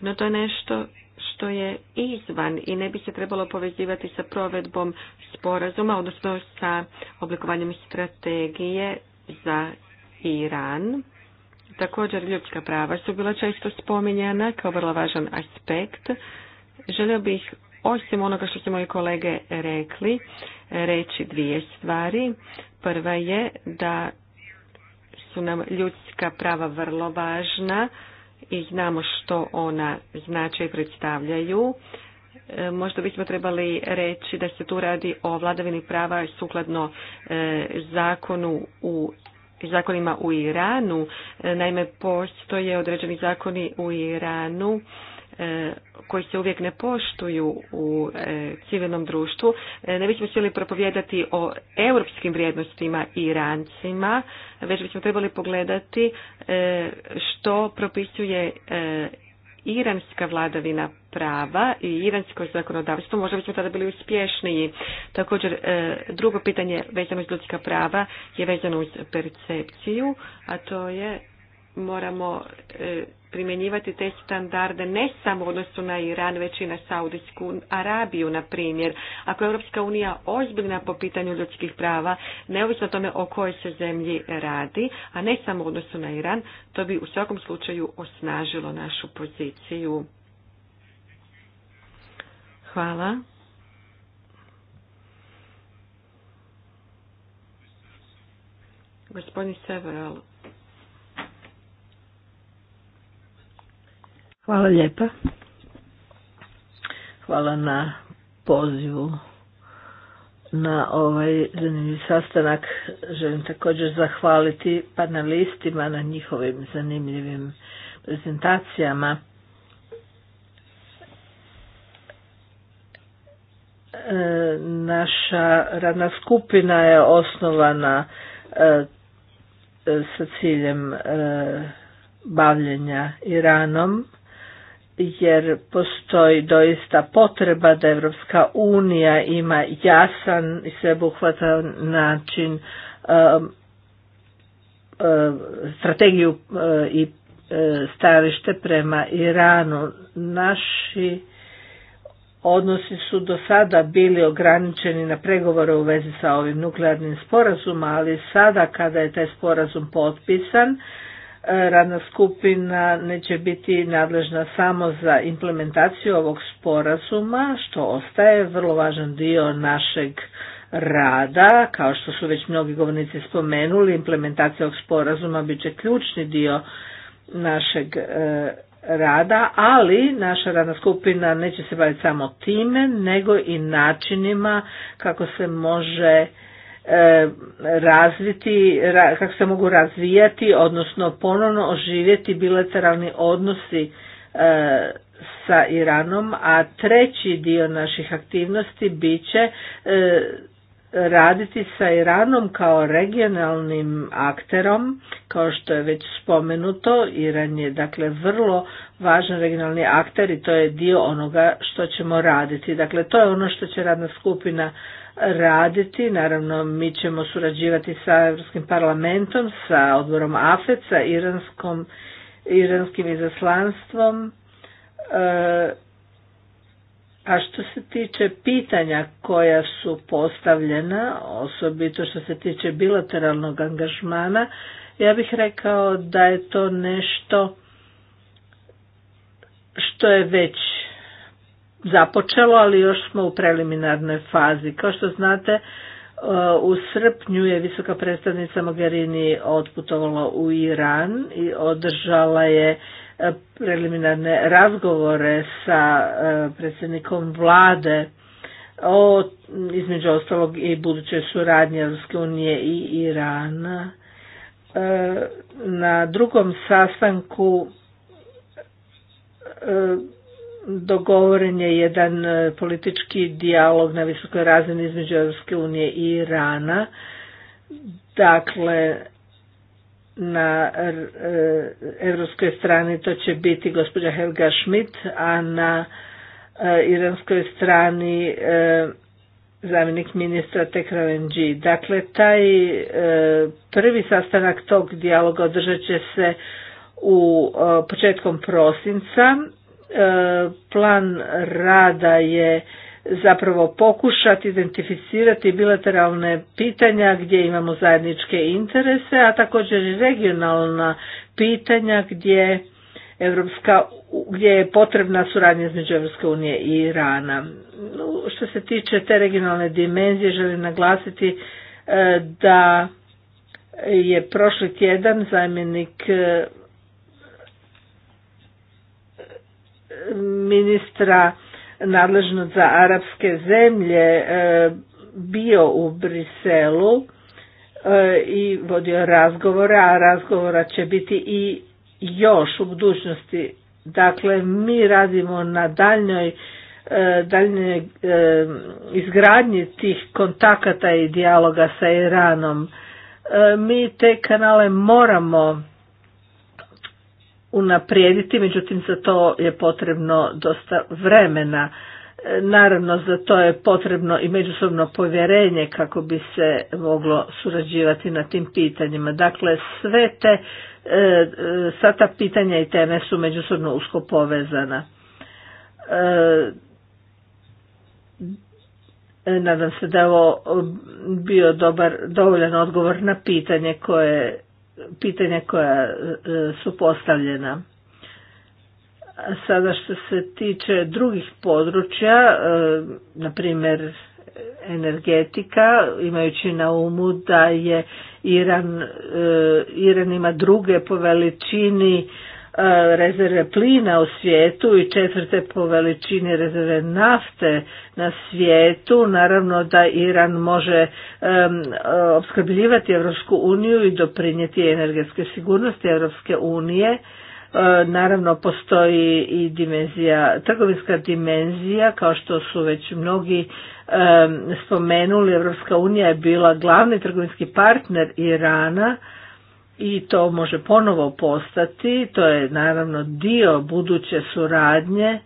B: No to je nešto što je izvan i ne bi se trebalo povezivati sa provedbom sporazuma, odnosno sa oblikovanjem strategije za Iran. Također ljudska prava su bila često spominjana kao vrlo važan aspekt. Želio bih, osim onoga što su moji kolege rekli, reći dvije stvari. Prva je da su nam ljudska prava vrlo važna i znamo što ona znače i predstavljaju. E, možda bismo trebali reći da se tu radi o vladavini prava sukladno e, zakonu u zakonima u Iranu. E, naime, postoje određeni zakoni u Iranu E, koji se uvijek ne poštuju u e, civilnom društvu. E, ne bismo htjeli propovijedati o europskim vrijednostima i Irancima, već bismo trebali pogledati što propisuje iranska vladavina prava i iransko zakonodavstvo, možda bismo tada bili uspješniji. Također, drugo pitanje vezano uz ljudska prava je vezano uz percepciju, a to je moramo e, primjenjivati te standarde ne samo u odnosu na Iran, već i na Saudijsku Arabiju, na primjer. Ako je Europska unija ozbiljna po pitanju ljudskih prava, neovisno o tome o kojoj se zemlji radi, a ne samo u odnosu na Iran, to bi u svakom slučaju osnažilo našu poziciju. Hvala. Gospodin Several
C: Hvala lijepa. Hvala na pozivu na ovaj zanimljiv sastanak. Želim također zahvaliti panelistima na njihovim zanimljivim prezentacijama. E, naša radna skupina je osnovana e, e, sa ciljem bavljenja Iranom jer postoji doista potreba da Evropska unija ima jasan i sveobuhvatan način um, um, strategiju uh, i uh, stajalište prema Iranu. Naši odnosi su do sada bili ograničeni na pregovore u vezi sa ovim nuklearnim sporazumom, ali sada kada je taj sporazum potpisan, radna skupina neće biti nadležna samo za implementaciju ovog sporazuma, što ostaje vrlo važan dio našeg rada, kao što su već mnogi govornici spomenuli, implementacija ovog sporazuma bit će ključni dio našeg e, rada, ali naša radna skupina neće se baviti samo time, nego i načinima kako se može E, razviti, kako se mogu razvijati, odnosno ponovno oživjeti bilateralni odnosi e, sa Iranom, a treći dio naših aktivnosti biće e, raditi sa Iranom kao regionalnim akterom, kao što je već spomenuto, Iran je dakle vrlo važan regionalni akter i to je dio onoga što ćemo raditi. Dakle, to je ono što će radna skupina raditi. Naravno, mi ćemo surađivati sa Europskim parlamentom, sa odborom AFET, sa iranskom, iranskim izaslanstvom. E, a što se tiče pitanja koja su postavljena, osobito što se tiče bilateralnog angažmana, ja bih rekao da je to nešto što je već započelo, ali još smo u preliminarnoj fazi. Kao što znate, e, u srpnju je visoka predstavnica Mogherini otputovala u Iran i održala je e, preliminarne razgovore sa e, predsjednikom vlade o između ostalog i budućoj suradnji Europske unije i Irana. Na drugom sastanku dogovoren je jedan e, politički dijalog na visokoj razini između Europske unije i Irana. Dakle, na e, europskoj strani to će biti gospođa Helga Schmidt, a na e, iranskoj strani zamjenik ministra Tekravenđi. Dakle, taj prvi sastanak tog dijaloga održat će se u početkom prosinca E, plan rada je zapravo pokušati identificirati bilateralne pitanja gdje imamo zajedničke interese, a također i regionalna pitanja gdje Evropska, gdje je potrebna suradnja između Europske unije i Irana. Što se tiče te regionalne dimenzije, želim naglasiti e, da je prošli tjedan zamjenik e, ministra nadležnog za arapske zemlje e, bio u Briselu e, i vodio razgovore, a razgovora će biti i još u budućnosti. Dakle, mi radimo na daljnjoj e, daljnje izgradnje tih kontakata i dijaloga sa Iranom. Mi te kanale moramo unaprijediti, međutim za to je potrebno dosta vremena. E, naravno za to je potrebno i međusobno povjerenje kako bi se moglo surađivati na tim pitanjima. Dakle sve te, e, e, sva ta pitanja i teme su međusobno usko povezana. Nadam se da je ovo bio dobar, dovoljan odgovor na pitanje koje pitanja koja e, su postavljena. Sada što se tiče drugih područja, e, na primjer energetika, imajući na umu da je Iran, e, Iran ima druge po veličini E, rezerve plina u svijetu i četvrte po veličini rezerve nafte na svijetu. Naravno da Iran može opskrbljivati Europsku uniju i doprinijeti energetske sigurnosti Europske unije. E, naravno postoji i dimenzija, trgovinska dimenzija kao što su već mnogi spomenuli, Europska unija je bila glavni trgovinski partner Irana i to može ponovo postati, to je naravno dio buduće suradnje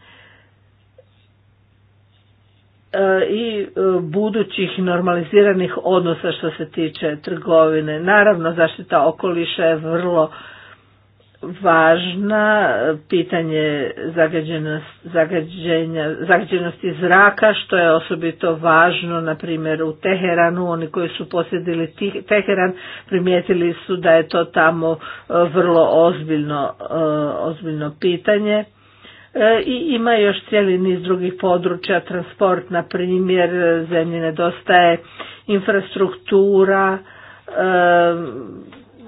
C: e, i e, budućih normaliziranih odnosa što se tiče trgovine. Naravno zaštita okoliša je vrlo važna pitanje zagađenosti zraka što je osobito važno na primjer u Teheranu oni koji su posjedili Teheran primijetili su da je to tamo e, vrlo ozbiljno e, ozbiljno pitanje e, i ima još cijeli niz drugih područja transport na primjer zemlji nedostaje infrastruktura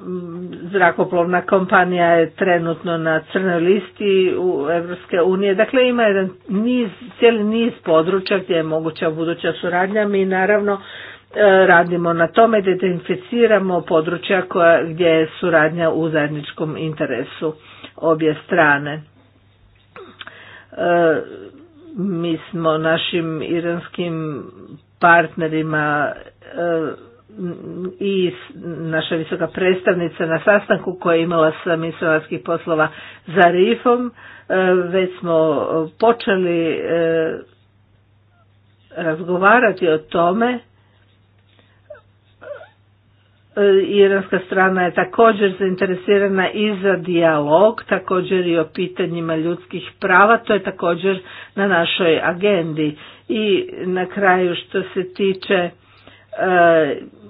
C: Mm, zrakoplovna kompanija je trenutno na crnoj listi u Evropske unije. Dakle, ima jedan niz, cijeli niz područja gdje je moguća buduća suradnja. Mi naravno e, radimo na tome da identificiramo područja koja, gdje je suradnja u zajedničkom interesu obje strane. E, mi smo našim iranskim partnerima e, i naša visoka predstavnica na sastanku koja je imala sa ministrom poslova za Rifom. E, već smo počeli e, razgovarati o tome. E, iranska strana je također zainteresirana i za dijalog, također i o pitanjima ljudskih prava, to je također na našoj agendi. I na kraju što se tiče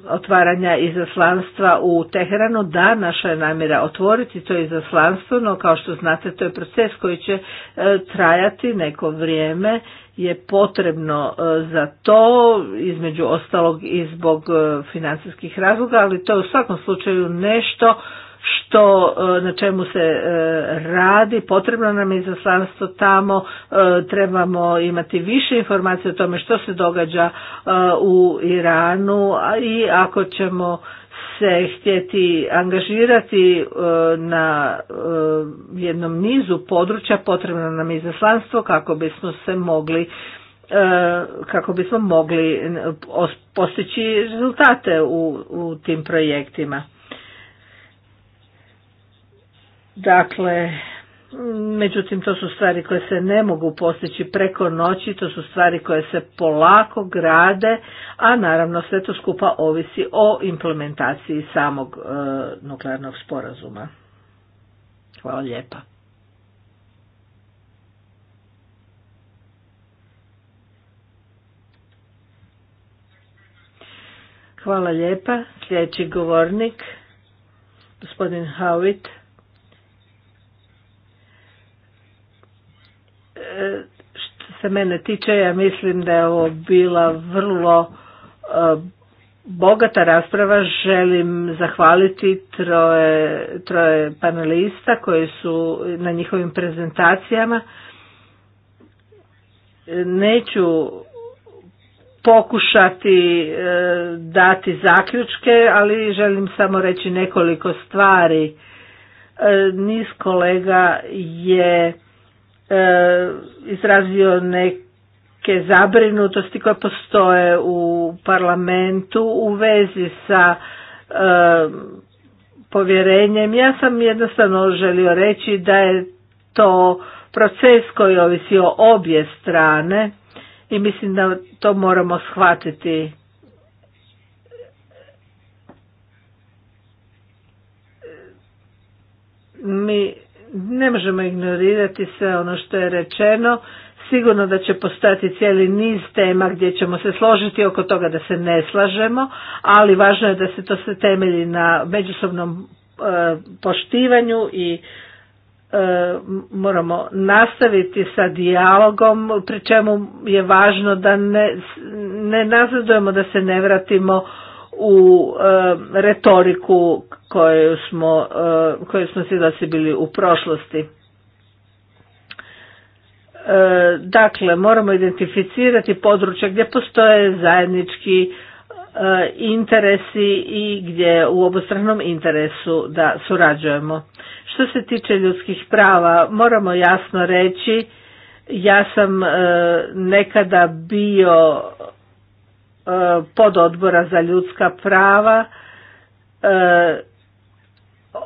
C: otvaranja izaslanstva u Teheranu. Da, naša je namjera otvoriti to izaslanstvo, no kao što znate to je proces koji će e, trajati neko vrijeme je potrebno e, za to, između ostalog i zbog e, financijskih razloga, ali to je u svakom slučaju nešto što, e, na čemu se e, radi, potrebno nam je izaslanstvo tamo, e, trebamo imati više informacije o tome što se događa u Iranu i ako ćemo se htjeti angažirati na jednom nizu područja potrebno nam je izaslanstvo kako bismo se mogli kako bismo mogli postići rezultate u tim projektima. Dakle, međutim to su stvari koje se ne mogu postići preko noći, to su stvari koje se polako grade, a naravno sve to skupa ovisi o implementaciji samog e, nuklearnog sporazuma. Hvala lijepa. Hvala lijepa. Sljedeći govornik, gospodin Howitt. Što se mene tiče, ja mislim da je ovo bila vrlo e, bogata rasprava. Želim zahvaliti troje, troje panelista koji su na njihovim prezentacijama. Neću pokušati e, dati zaključke, ali želim samo reći nekoliko stvari. E, niz kolega je E, izrazio neke zabrinutosti koje postoje u parlamentu u vezi sa e, povjerenjem. Ja sam jednostavno želio reći da je to proces koji ovisi o obje strane i mislim da to moramo shvatiti. Mi ne možemo ignorirati sve ono što je rečeno. Sigurno da će postati cijeli niz tema gdje ćemo se složiti oko toga da se ne slažemo, ali važno je da se to se temelji na međusobnom e, poštivanju i e, moramo nastaviti sa dijalogom, pri čemu je važno da ne, ne nazadujemo da se ne vratimo u e, retoriku koju smo, e, smo bili u prošlosti. E, dakle, moramo identificirati područje gdje postoje zajednički e, interesi i gdje u obostranom interesu da surađujemo. Što se tiče ljudskih prava, moramo jasno reći, ja sam nekada bio E, pododbora za ljudska prava. E,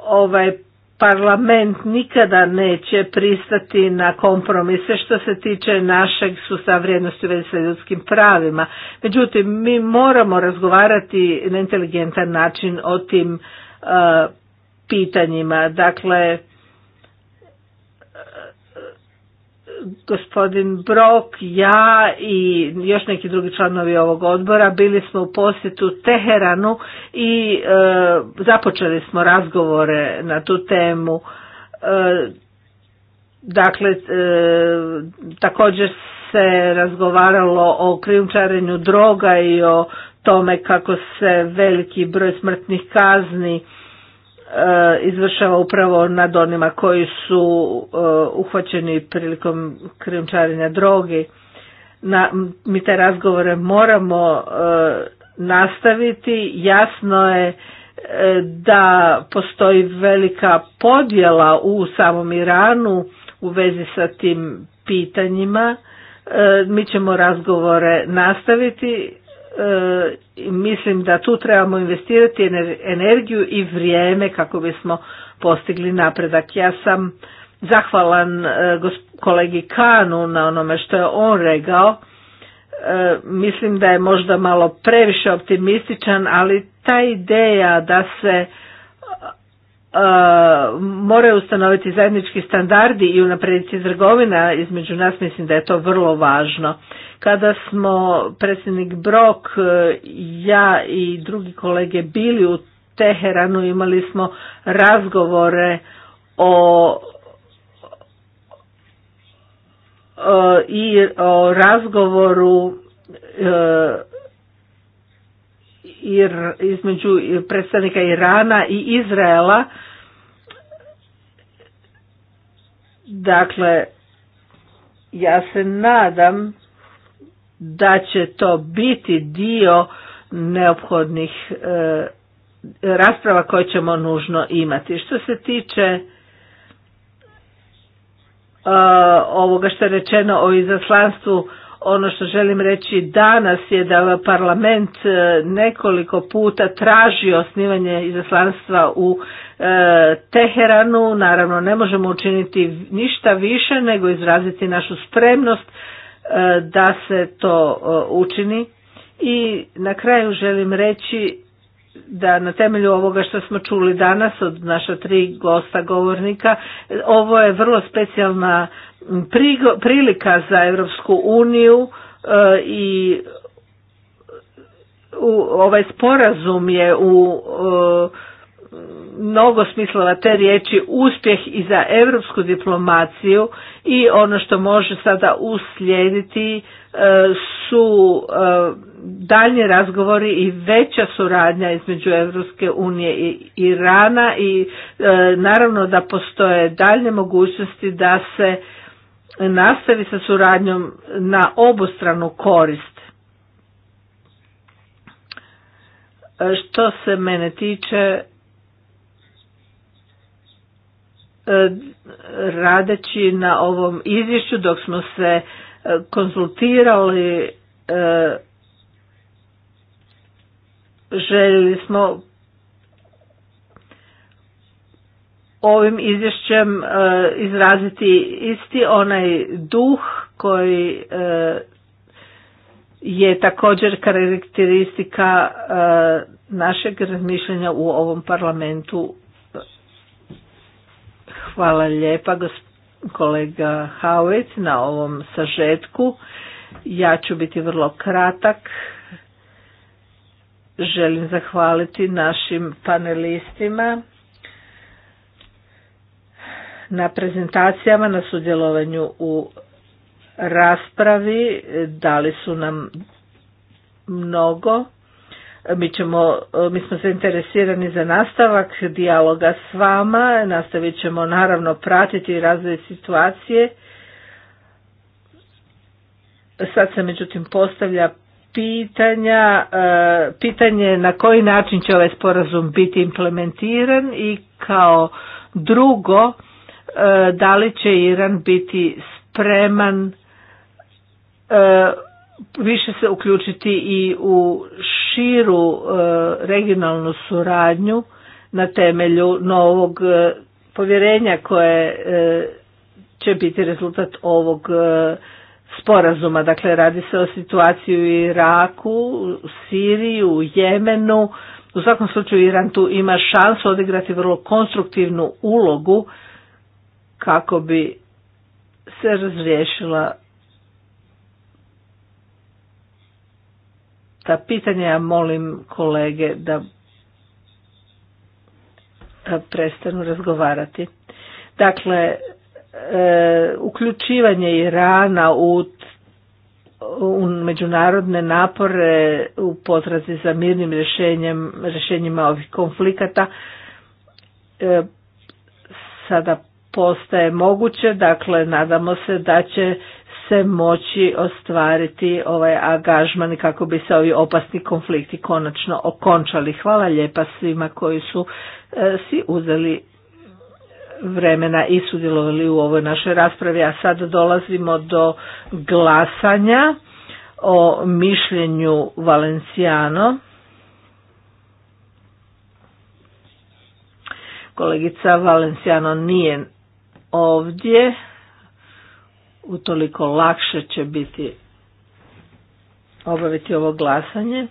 C: ovaj parlament nikada neće pristati na kompromise što se tiče našeg sustava vrijednosti u vezi sa ljudskim pravima. Međutim, mi moramo razgovarati na inteligentan način o tim e, pitanjima. Dakle, gospodin Brok, ja i još neki drugi članovi ovog odbora bili smo u posjetu Teheranu i e, započeli smo razgovore na tu temu. E, dakle, e, također se razgovaralo o krijumčarenju droga i o tome kako se veliki broj smrtnih kazni E, izvršava upravo nad onima koji su e, uhvaćeni prilikom krijumčarenja drogi. Na, mi te razgovore moramo e, nastaviti. Jasno je da postoji velika podjela u samom Iranu u vezi sa tim pitanjima. Mi ćemo razgovore nastaviti E, mislim da tu trebamo investirati energiju i vrijeme kako bismo postigli napredak. Ja sam zahvalan e, kolegi Kanu na onome što je on rekao e, Mislim da je možda malo previše optimističan, ali ta ideja da se moraju ustanoviti zajednički standardi i unaprijediti trgovina između nas, mislim da je to vrlo važno. Kada smo predsjednik Brok, e, ja i drugi kolege bili u Teheranu, imali smo razgovore o e, i o razgovoru e, između predstavnika Irana i Izraela. Dakle, ja se nadam da će to biti dio neophodnih e, rasprava koje ćemo nužno imati. Što se tiče e, ovoga što je rečeno o izaslanstvu, ono što želim reći danas je da parlament e, nekoliko puta traži osnivanje izaslanstva u Teheranu. Naravno ne možemo učiniti ništa više nego izraziti našu spremnost E, da se to e, učini i na kraju želim reći da na temelju ovoga što smo čuli danas od naša tri gosta govornika, ovo je vrlo specijalna prilika za Europsku uniju e, i ovaj sporazum je u mnogo smislova te riječi uspjeh i za europsku diplomaciju i ono što može sada uslijediti e, su e, daljnji razgovori i veća suradnja između Evropske unije i Irana i e, naravno da postoje daljne mogućnosti da se nastavi sa suradnjom na obostranu korist. Što se mene tiče, E, radeći na ovom izvješću dok smo se e, konzultirali e, željeli smo ovim izvješćem izraziti isti onaj duh koji je također karakteristika našeg razmišljanja u ovom parlamentu Hvala lijepa kolega Haovic na ovom sažetku. Ja ću biti vrlo kratak. Želim zahvaliti našim panelistima na prezentacijama, na sudjelovanju u raspravi. Dali su nam mnogo. Mi, ćemo, e, mi smo zainteresirani za nastavak dijaloga s vama, nastavit ćemo naravno pratiti razvoj situacije. Sad se međutim postavlja pitanja, e, pitanje na koji način će ovaj sporazum biti implementiran i kao drugo e, da li će Iran biti spreman više se uključiti i u širu e, regionalnu suradnju na temelju novog e, povjerenja koje e, će biti rezultat ovog sporazuma. Dakle, radi se o situaciji u Iraku, Siriji, u Jemenu. U svakom slučaju Iran tu ima šansu odigrati vrlo konstruktivnu ulogu kako bi se razriješila ta pitanja, ja molim kolege da prestanu razgovarati. Dakle, e, uključivanje Irana u, međunarodne napore u potrazi za mirnim rješenjem, rješenjima ovih konflikata e, sada postaje moguće, dakle nadamo se da će se moći ostvariti ovaj agažman kako bi se ovi opasni konflikti konačno okončali. Hvala lijepa svima koji su e, si uzeli vremena i sudjelovali u ovoj našoj raspravi, a sad dolazimo do glasanja o mišljenju Valenciano. Kolegica Valenciano nije ovdje utoliko lakše će biti obaviti ovo glasanje.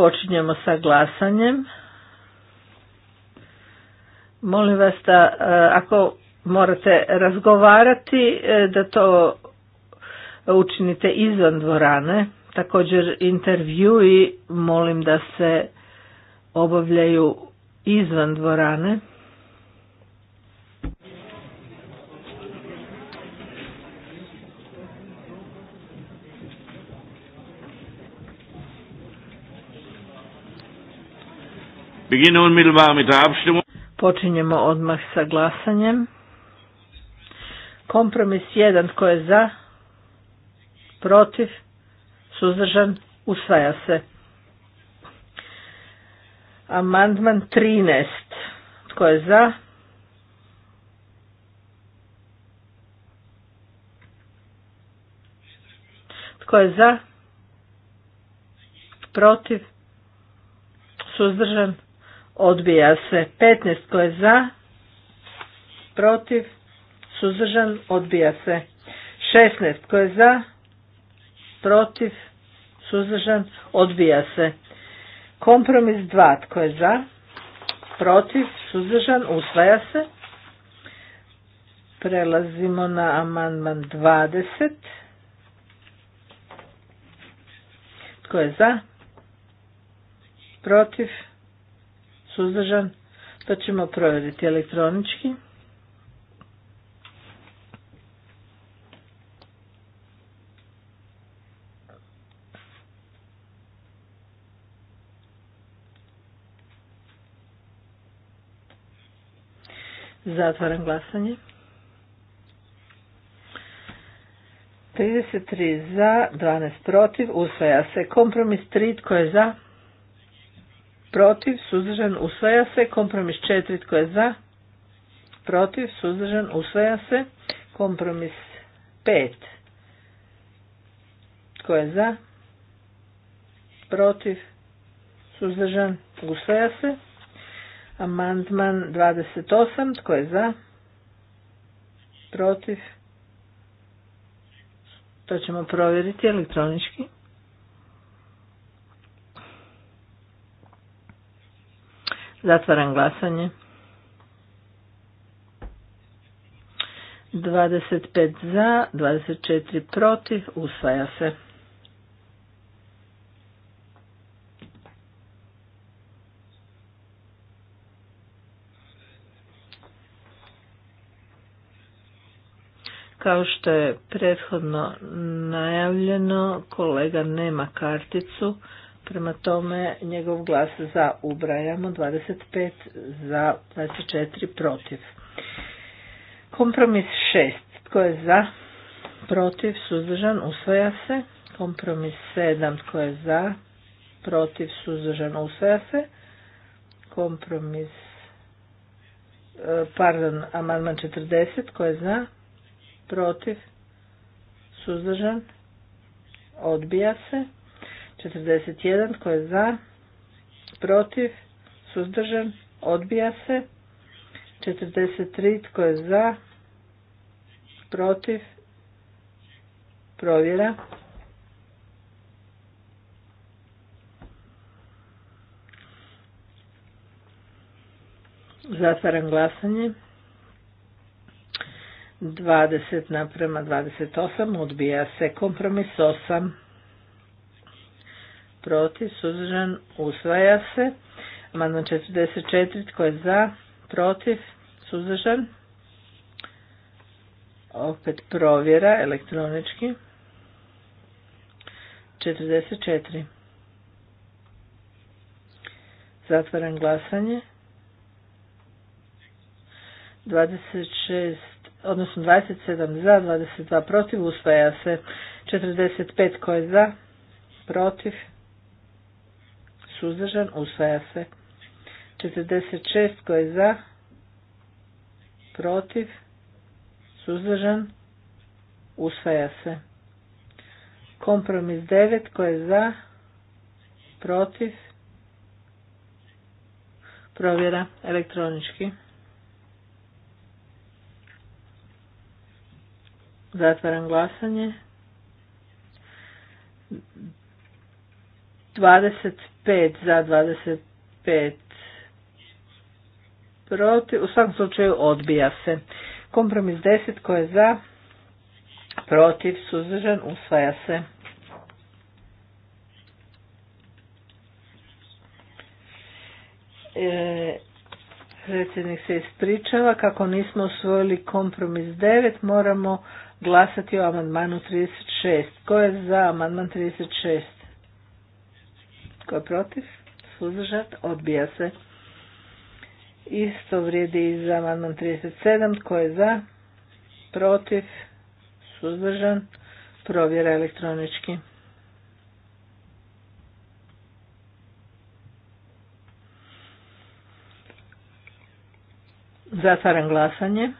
C: Počinjemo sa glasanjem. Molim vas da e, ako morate razgovarati e, da to učinite izvan dvorane. Također intervjui molim da se obavljaju izvan dvorane. Počinjemo odmah sa glasanjem. Kompromis 1 tko je za, protiv, suzdržan, usvaja se. Amandman 13 tko je za, Tko je za? Protiv? Suzdržan? odbija se 15 tko je za protiv suzdržan odbija se 16 tko je za protiv suzdržan odbija se kompromis 2 tko je za protiv suzdržan usvaja se prelazimo na amandman 20 tko je za protiv suzdržan, to pa ćemo provjeriti elektronički. Zatvaram glasanje. 33 za, 12 protiv, usvaja se kompromis 3, tko je za, protiv, suzdržan, usvaja se. Kompromis četiri, tko je za, protiv, suzdržan, usvaja se. Kompromis pet, tko je za, protiv, suzdržan, usvaja se. Amandman 28 tko je za, protiv, to ćemo provjeriti elektronički. Zatvaram glasanje. 25 za, 24 protiv, usvaja se. Kao što je prethodno najavljeno, kolega nema karticu, Prema tome njegov glas za ubrajamo, 25 za, 24 protiv. Kompromis 6. Tko je za? Protiv, suzdržan, usvaja se. Kompromis 7. Tko je za? Protiv, suzdržan, usvaja se. Kompromis, e, pardon, amandman 40. Tko je za? Protiv, suzdržan, odbija se. 41 ko je za, protiv, suzdržan, odbija se. 43 ko je za, protiv, provjera. Zatvaram glasanje. 20 naprema 28 odbija se kompromis 8 protiv, suzdržan, usvaja se. Amandman 44, tko je za, protiv, suzdržan. Opet provjera elektronički. 44. Zatvaram glasanje. 26, odnosno 27 za, 22 protiv, usvaja se 45 koje za, protiv, suzdržan, usvaja se. 46 tko je za, protiv, suzdržan, usvaja se. Kompromis 9 tko je za, protiv, provjera elektronički. Zatvaram glasanje. 5 za 25 protiv, u svakom slučaju odbija se. Kompromis 10 koje je za, protiv, suzdržan, usvaja se. E, predsjednik se ispričava, kako nismo usvojili kompromis 9, moramo glasati o amandmanu 36. Ko je za amandman 36? Tko je protiv? Suzdržan? Odbija se. Isto vrijedi i za amandman 37. Tko je za? Protiv? Suzdržan? Provjera elektronički. Zatvaram glasanje.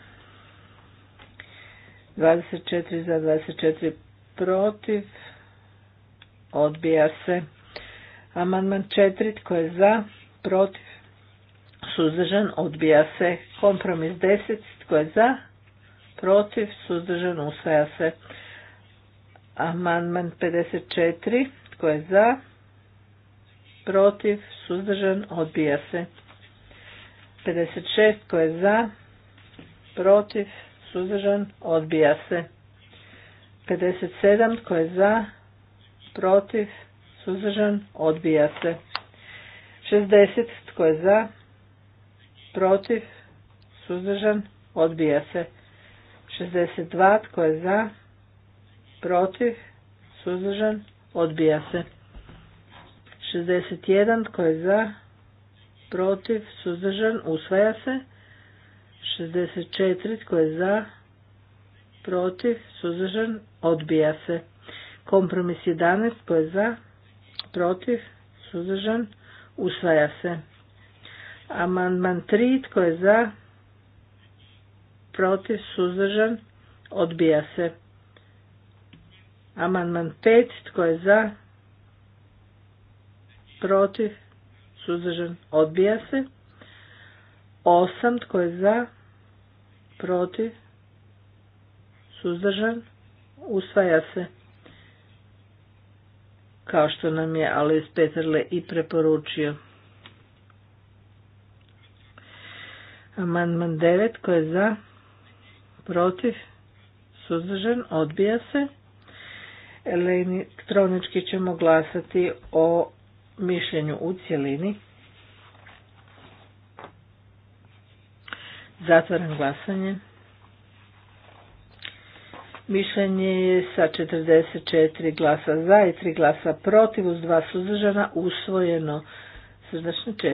C: 24 za 24 protiv. Odbija se. Amandman četiri tko je za, protiv, suzdržan, odbija se. Kompromis deset tko je za, protiv, suzdržan, usvaja se. Amandman 54 tko je za, protiv, suzdržan, odbija se. 56 tko je za, protiv, suzdržan, odbija se. 57 tko je za, protiv, suzdržan, odbija se. 60 tko je za, protiv, suzdržan, odbija se. 62 tko je za, protiv, suzdržan, odbija se. 61 tko je za, protiv, suzdržan, usvaja se. 64 tko je za, protiv, suzdržan, odbija se. Kompromis 11 tko je za, protiv, suzdržan, usvaja se. Amandman 3, tko je za, protiv, suzdržan, odbija se. Amandman 5, tko je za, protiv, suzdržan, odbija se. 8, tko je za, protiv, suzdržan, usvaja se kao što nam je Alois Peterle i preporučio. Amandman 9 koji je za, protiv, suzdržan, odbija se. Elektronički ćemo glasati o mišljenju u cjelini. Zatvaram glasanje. Mišljenje je sa 44 glasa za i 3 glasa protiv uz 2 suzdržana usvojeno. Srdačno